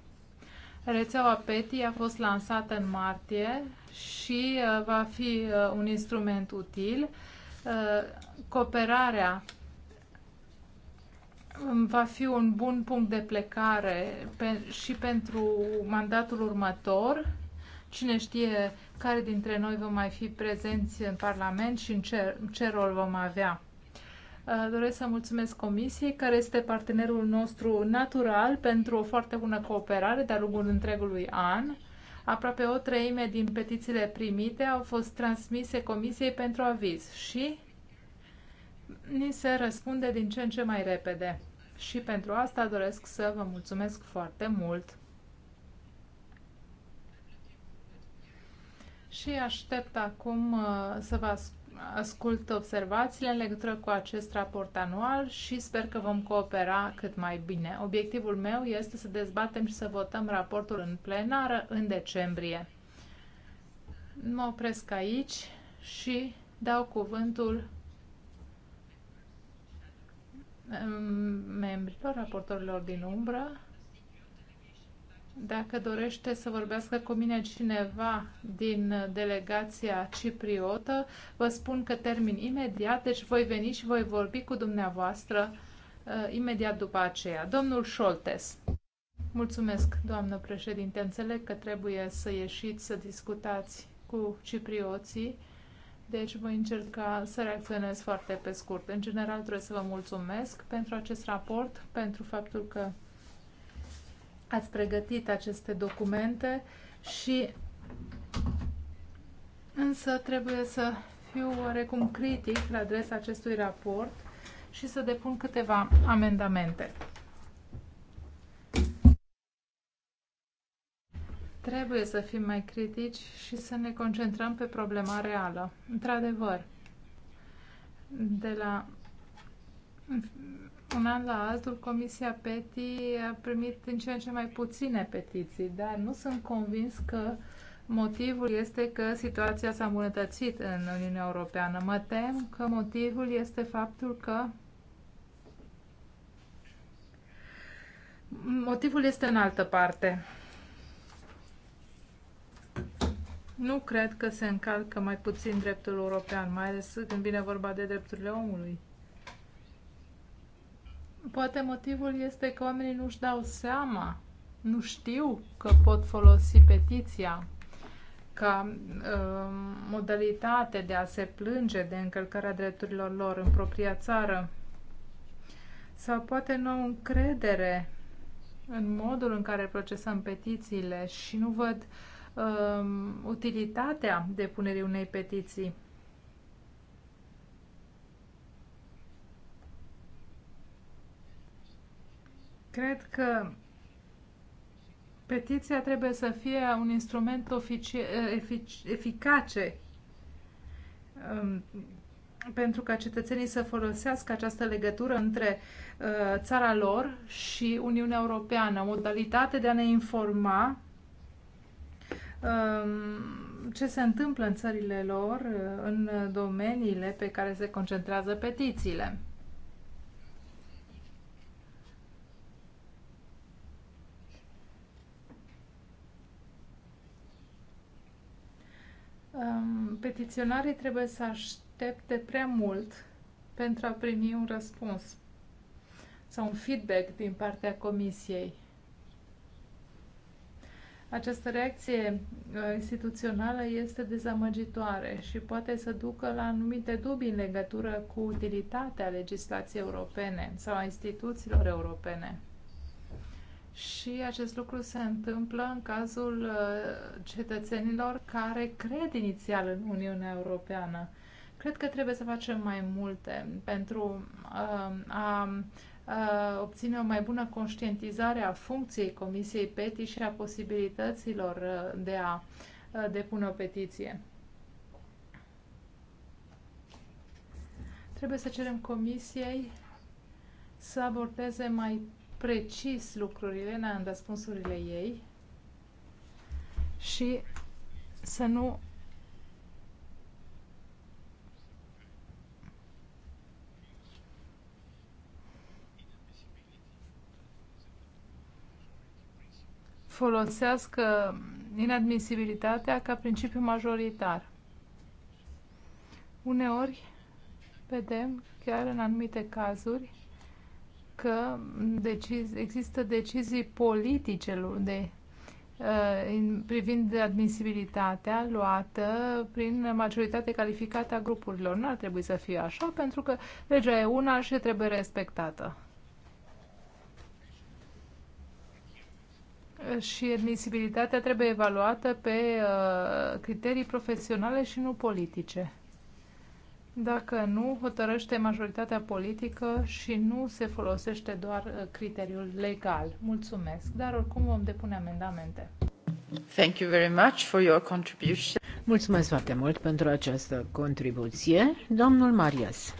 Rețeaua PETI a fost lansată în martie și uh, va fi uh, un instrument util. Uh, cooperarea um, va fi un bun punct de plecare și pentru mandatul următor Cine știe care dintre noi vom mai fi prezenți în Parlament și în ce, ce rol vom avea. Uh, doresc să mulțumesc Comisiei, care este partenerul nostru natural pentru o foarte bună cooperare de-a lungul întregului an. Aproape o treime din petițiile primite au fost transmise Comisiei pentru aviz și ni se răspunde din ce în ce mai repede. Și pentru asta doresc să vă mulțumesc foarte mult. și aștept acum uh, să vă ascult observațiile în legătură cu acest raport anual și sper că vom coopera cât mai bine. Obiectivul meu este să dezbatem și să votăm raportul în plenară în decembrie. Mă opresc aici și dau cuvântul um, membrilor, raportorilor din umbră. Dacă dorește să vorbească cu mine cineva din delegația cipriotă, vă spun că termin imediat, deci voi veni și voi vorbi cu dumneavoastră uh, imediat după aceea. Domnul Scholtes. Mulțumesc, doamnă președinte. Înțeleg că trebuie să ieșiți să discutați cu ciprioții, deci voi încerca să reacționez foarte pe scurt. În general, trebuie să vă mulțumesc pentru acest raport, pentru faptul că ați pregătit aceste documente și însă trebuie să fiu oarecum critic la adresa acestui raport și să depun câteva amendamente. Trebuie să fim mai critici și să ne concentrăm pe problema reală. Într-adevăr, de la un an la altul, Comisia PETI a primit în ce în ce mai puține petiții, dar nu sunt convins că motivul este că situația s-a îmbunătățit în Uniunea Europeană. Mă tem că motivul este faptul că motivul este în altă parte. Nu cred că se încalcă mai puțin dreptul european, mai ales când vine vorba de drepturile omului. Poate motivul este că oamenii nu-și dau seama, nu știu că pot folosi petiția ca uh, modalitate de a se plânge de încălcarea drepturilor lor în propria țară. Sau poate nu au încredere în modul în care procesăm petițiile și nu văd uh, utilitatea depunerii unei petiții. Cred că petiția trebuie să fie un instrument efic eficace um, pentru ca cetățenii să folosească această legătură între uh, țara lor și Uniunea Europeană, modalitate de a ne informa um, ce se întâmplă în țările lor, uh, în domeniile pe care se concentrează petițiile. petiționarii trebuie să aștepte prea mult pentru a primi un răspuns sau un feedback din partea comisiei. Această reacție uh, instituțională este dezamăgitoare și poate să ducă la anumite dubii în legătură cu utilitatea legislației europene sau a instituțiilor europene. Și acest lucru se întâmplă în cazul uh, cetățenilor care cred inițial în Uniunea Europeană. Cred că trebuie să facem mai multe pentru uh, a uh, obține o mai bună conștientizare a funcției Comisiei PETI și a posibilităților de a depune o petiție. Trebuie să cerem Comisiei să abordeze mai precis lucrurile în răspunsurile ei și să nu folosească inadmisibilitatea ca principiu majoritar. Uneori vedem chiar în anumite cazuri că decizi, există decizii politice de, uh, privind admisibilitatea luată prin majoritate calificată a grupurilor. Nu ar trebui să fie așa, pentru că legea e una și trebuie respectată. Și admisibilitatea trebuie evaluată pe uh, criterii profesionale și nu politice dacă nu hotărăște majoritatea politică și nu se folosește doar uh, criteriul legal. Mulțumesc, dar oricum vom depune amendamente. Thank you very much for your contribution. Mulțumesc foarte mult pentru această contribuție, domnul Marias.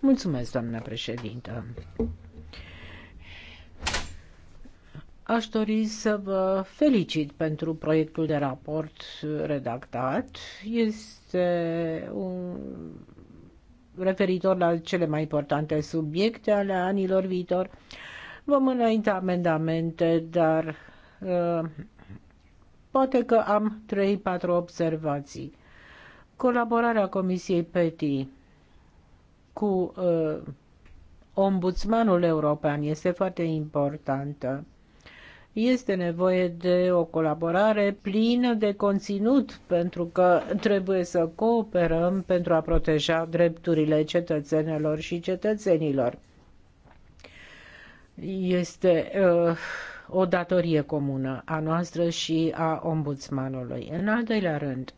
Mulțumesc, doamna președintă. Aș dori să vă felicit pentru proiectul de raport redactat. Este un referitor la cele mai importante subiecte ale anilor viitor. Vom înainte amendamente, dar uh, poate că am 3-4 observații. Colaborarea Comisiei PETI cu uh, ombudsmanul european este foarte importantă. Este nevoie de o colaborare plină de conținut, pentru că trebuie să cooperăm pentru a proteja drepturile cetățenilor și cetățenilor. Este uh, o datorie comună a noastră și a ombudsmanului. În al doilea rând,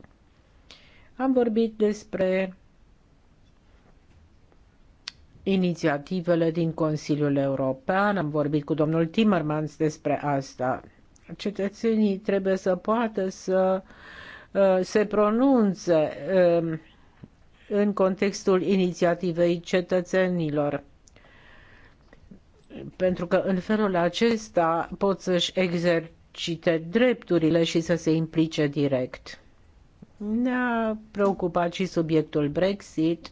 am vorbit despre inițiativele din Consiliul European. Am vorbit cu domnul Timmermans despre asta. Cetățenii trebuie să poată să uh, se pronunțe um, în contextul inițiativei cetățenilor pentru că în felul acesta pot să-și exercite drepturile și să se implice direct. Ne-a preocupat și subiectul Brexit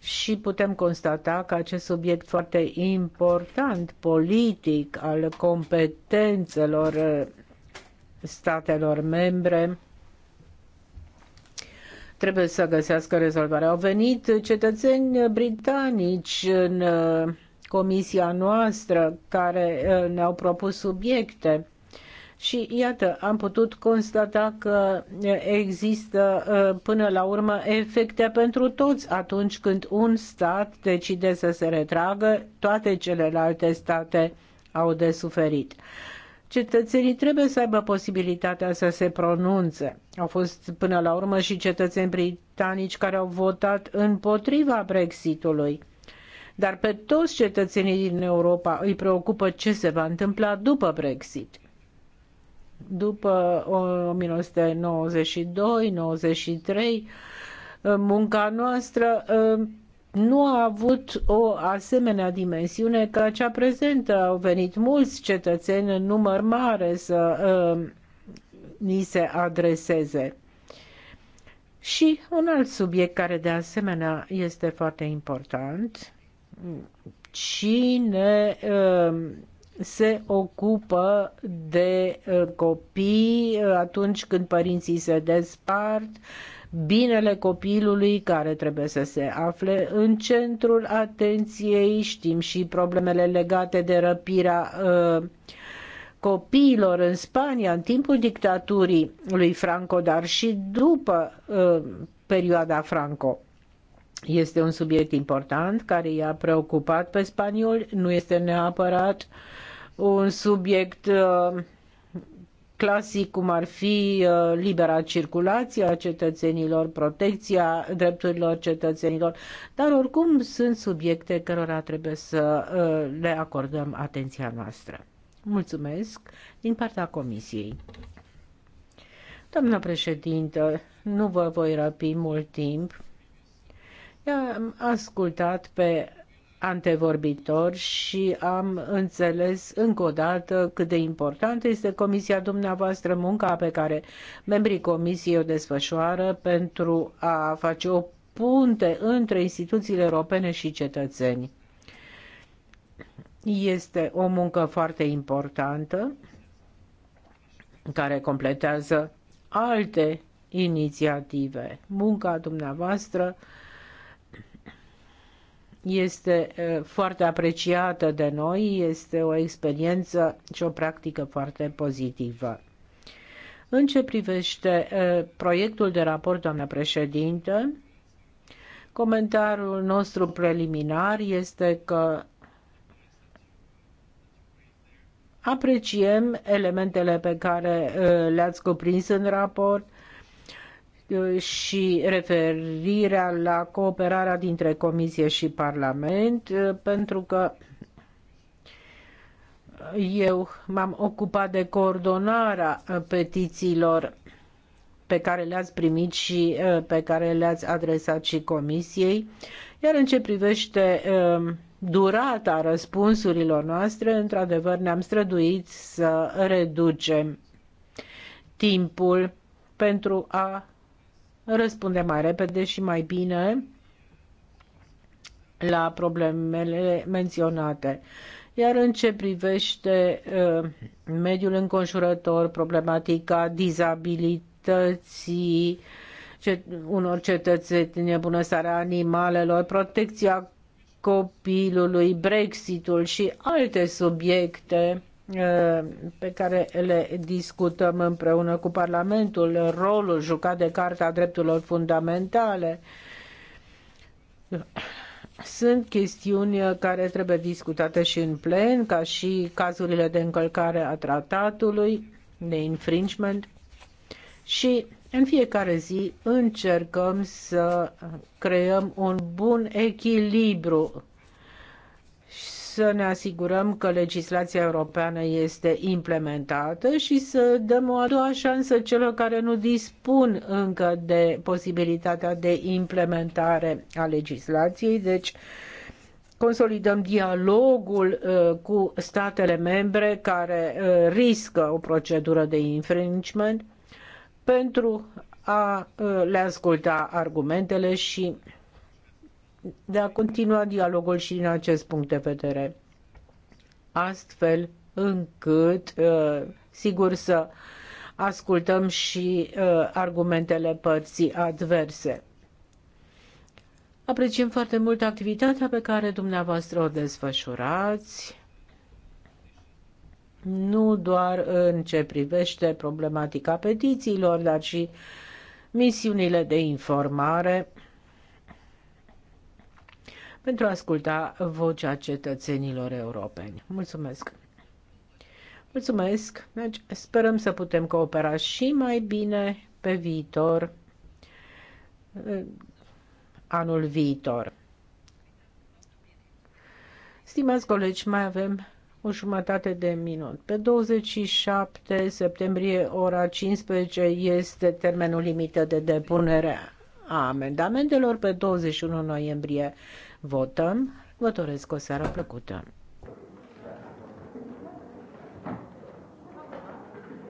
și putem constata că acest subiect foarte important politic al competențelor uh, statelor membre trebuie să găsească rezolvare. Au venit cetățeni britanici în uh, comisia noastră care uh, ne-au propus subiecte și iată, am putut constata că există ă, până la urmă efecte pentru toți atunci când un stat decide să se retragă, toate celelalte state au de suferit. Cetățenii trebuie să aibă posibilitatea să se pronunțe. Au fost până la urmă și cetățeni britanici care au votat împotriva Brexitului dar pe toți cetățenii din Europa îi preocupă ce se va întâmpla după Brexit. După 1992-93, munca noastră uh, nu a avut o asemenea dimensiune ca cea prezentă. Au venit mulți cetățeni în număr mare să uh, ni se adreseze. Și un alt subiect care de asemenea este foarte important, cine uh, se ocupă de uh, copii uh, atunci când părinții se despart, binele copilului care trebuie să se afle în centrul atenției, știm și problemele legate de răpirea uh, copiilor în Spania în timpul dictaturii lui Franco, dar și după perioada Franco. Este un subiect important care i-a preocupat pe spaniol nu este neapărat uh, un subiect uh, clasic cum ar fi uh, libera circulație a cetățenilor, protecția drepturilor cetățenilor, dar oricum sunt subiecte cărora trebuie să uh, le acordăm atenția noastră. Mulțumesc din partea Comisiei. Doamna președintă, nu vă voi răpi mult timp. I Am ascultat pe antevorbitori și am înțeles încă o dată cât de importantă este comisia dumneavoastră, munca pe care membrii comisiei o desfășoară pentru a face o punte între instituțiile europene și cetățeni. Este o muncă foarte importantă care completează alte inițiative. Munca dumneavoastră este foarte apreciată de noi, este o experiență și o practică foarte pozitivă. În ce privește proiectul de raport, doamna președinte, comentarul nostru preliminar este că apreciem elementele pe care le-ați cuprins în raport, și referirea la cooperarea dintre Comisie și Parlament, pentru că eu m-am ocupat de coordonarea petițiilor pe care le-ați primit și uh, pe care le-ați adresat și Comisiei. Iar în ce privește um, durata răspunsurilor noastre, într-adevăr ne-am străduit să reducem timpul pentru a răspunde mai repede și mai bine la problemele menționate. Iar în ce privește uh, mediul înconjurător, problematica dizabilității, unor cetățeni, bunăstarea animalelor, protecția copilului, Brexitul și alte subiecte Uh, pe care le discutăm împreună cu Parlamentul, rolul jucat de Carta Drepturilor Fundamentale. Sunt chestiuni care trebuie discutate și în plen, ca și cazurile de încălcare a tratatului, de infringement. Și în fiecare zi încercăm să creăm un bun echilibru să ne asigurăm că legislația europeană este implementată și să dăm o a doua șansă celor care nu dispun încă de posibilitatea de implementare a legislației. Deci, consolidăm dialogul uh, cu statele membre care uh, riscă o procedură de infringement pentru a uh, le asculta argumentele și de a continua dialogul și din acest punct de vedere. Astfel încât, uh, sigur, să ascultăm și uh, argumentele părții adverse. Apreciem foarte mult activitatea pe care dumneavoastră o desfășurați, nu doar în ce privește problematica petițiilor, dar și misiunile de informare pentru a asculta vocea cetățenilor europeni. Mulțumesc! Mulțumesc! Deci, sperăm să putem coopera și mai bine pe viitor, anul viitor. Stimați colegi, mai avem o jumătate de minut. Pe 27 septembrie, ora 15, este termenul limită de depunere a amendamentelor. Pe 21 noiembrie Votăm. Vă doresc o seară plăcută.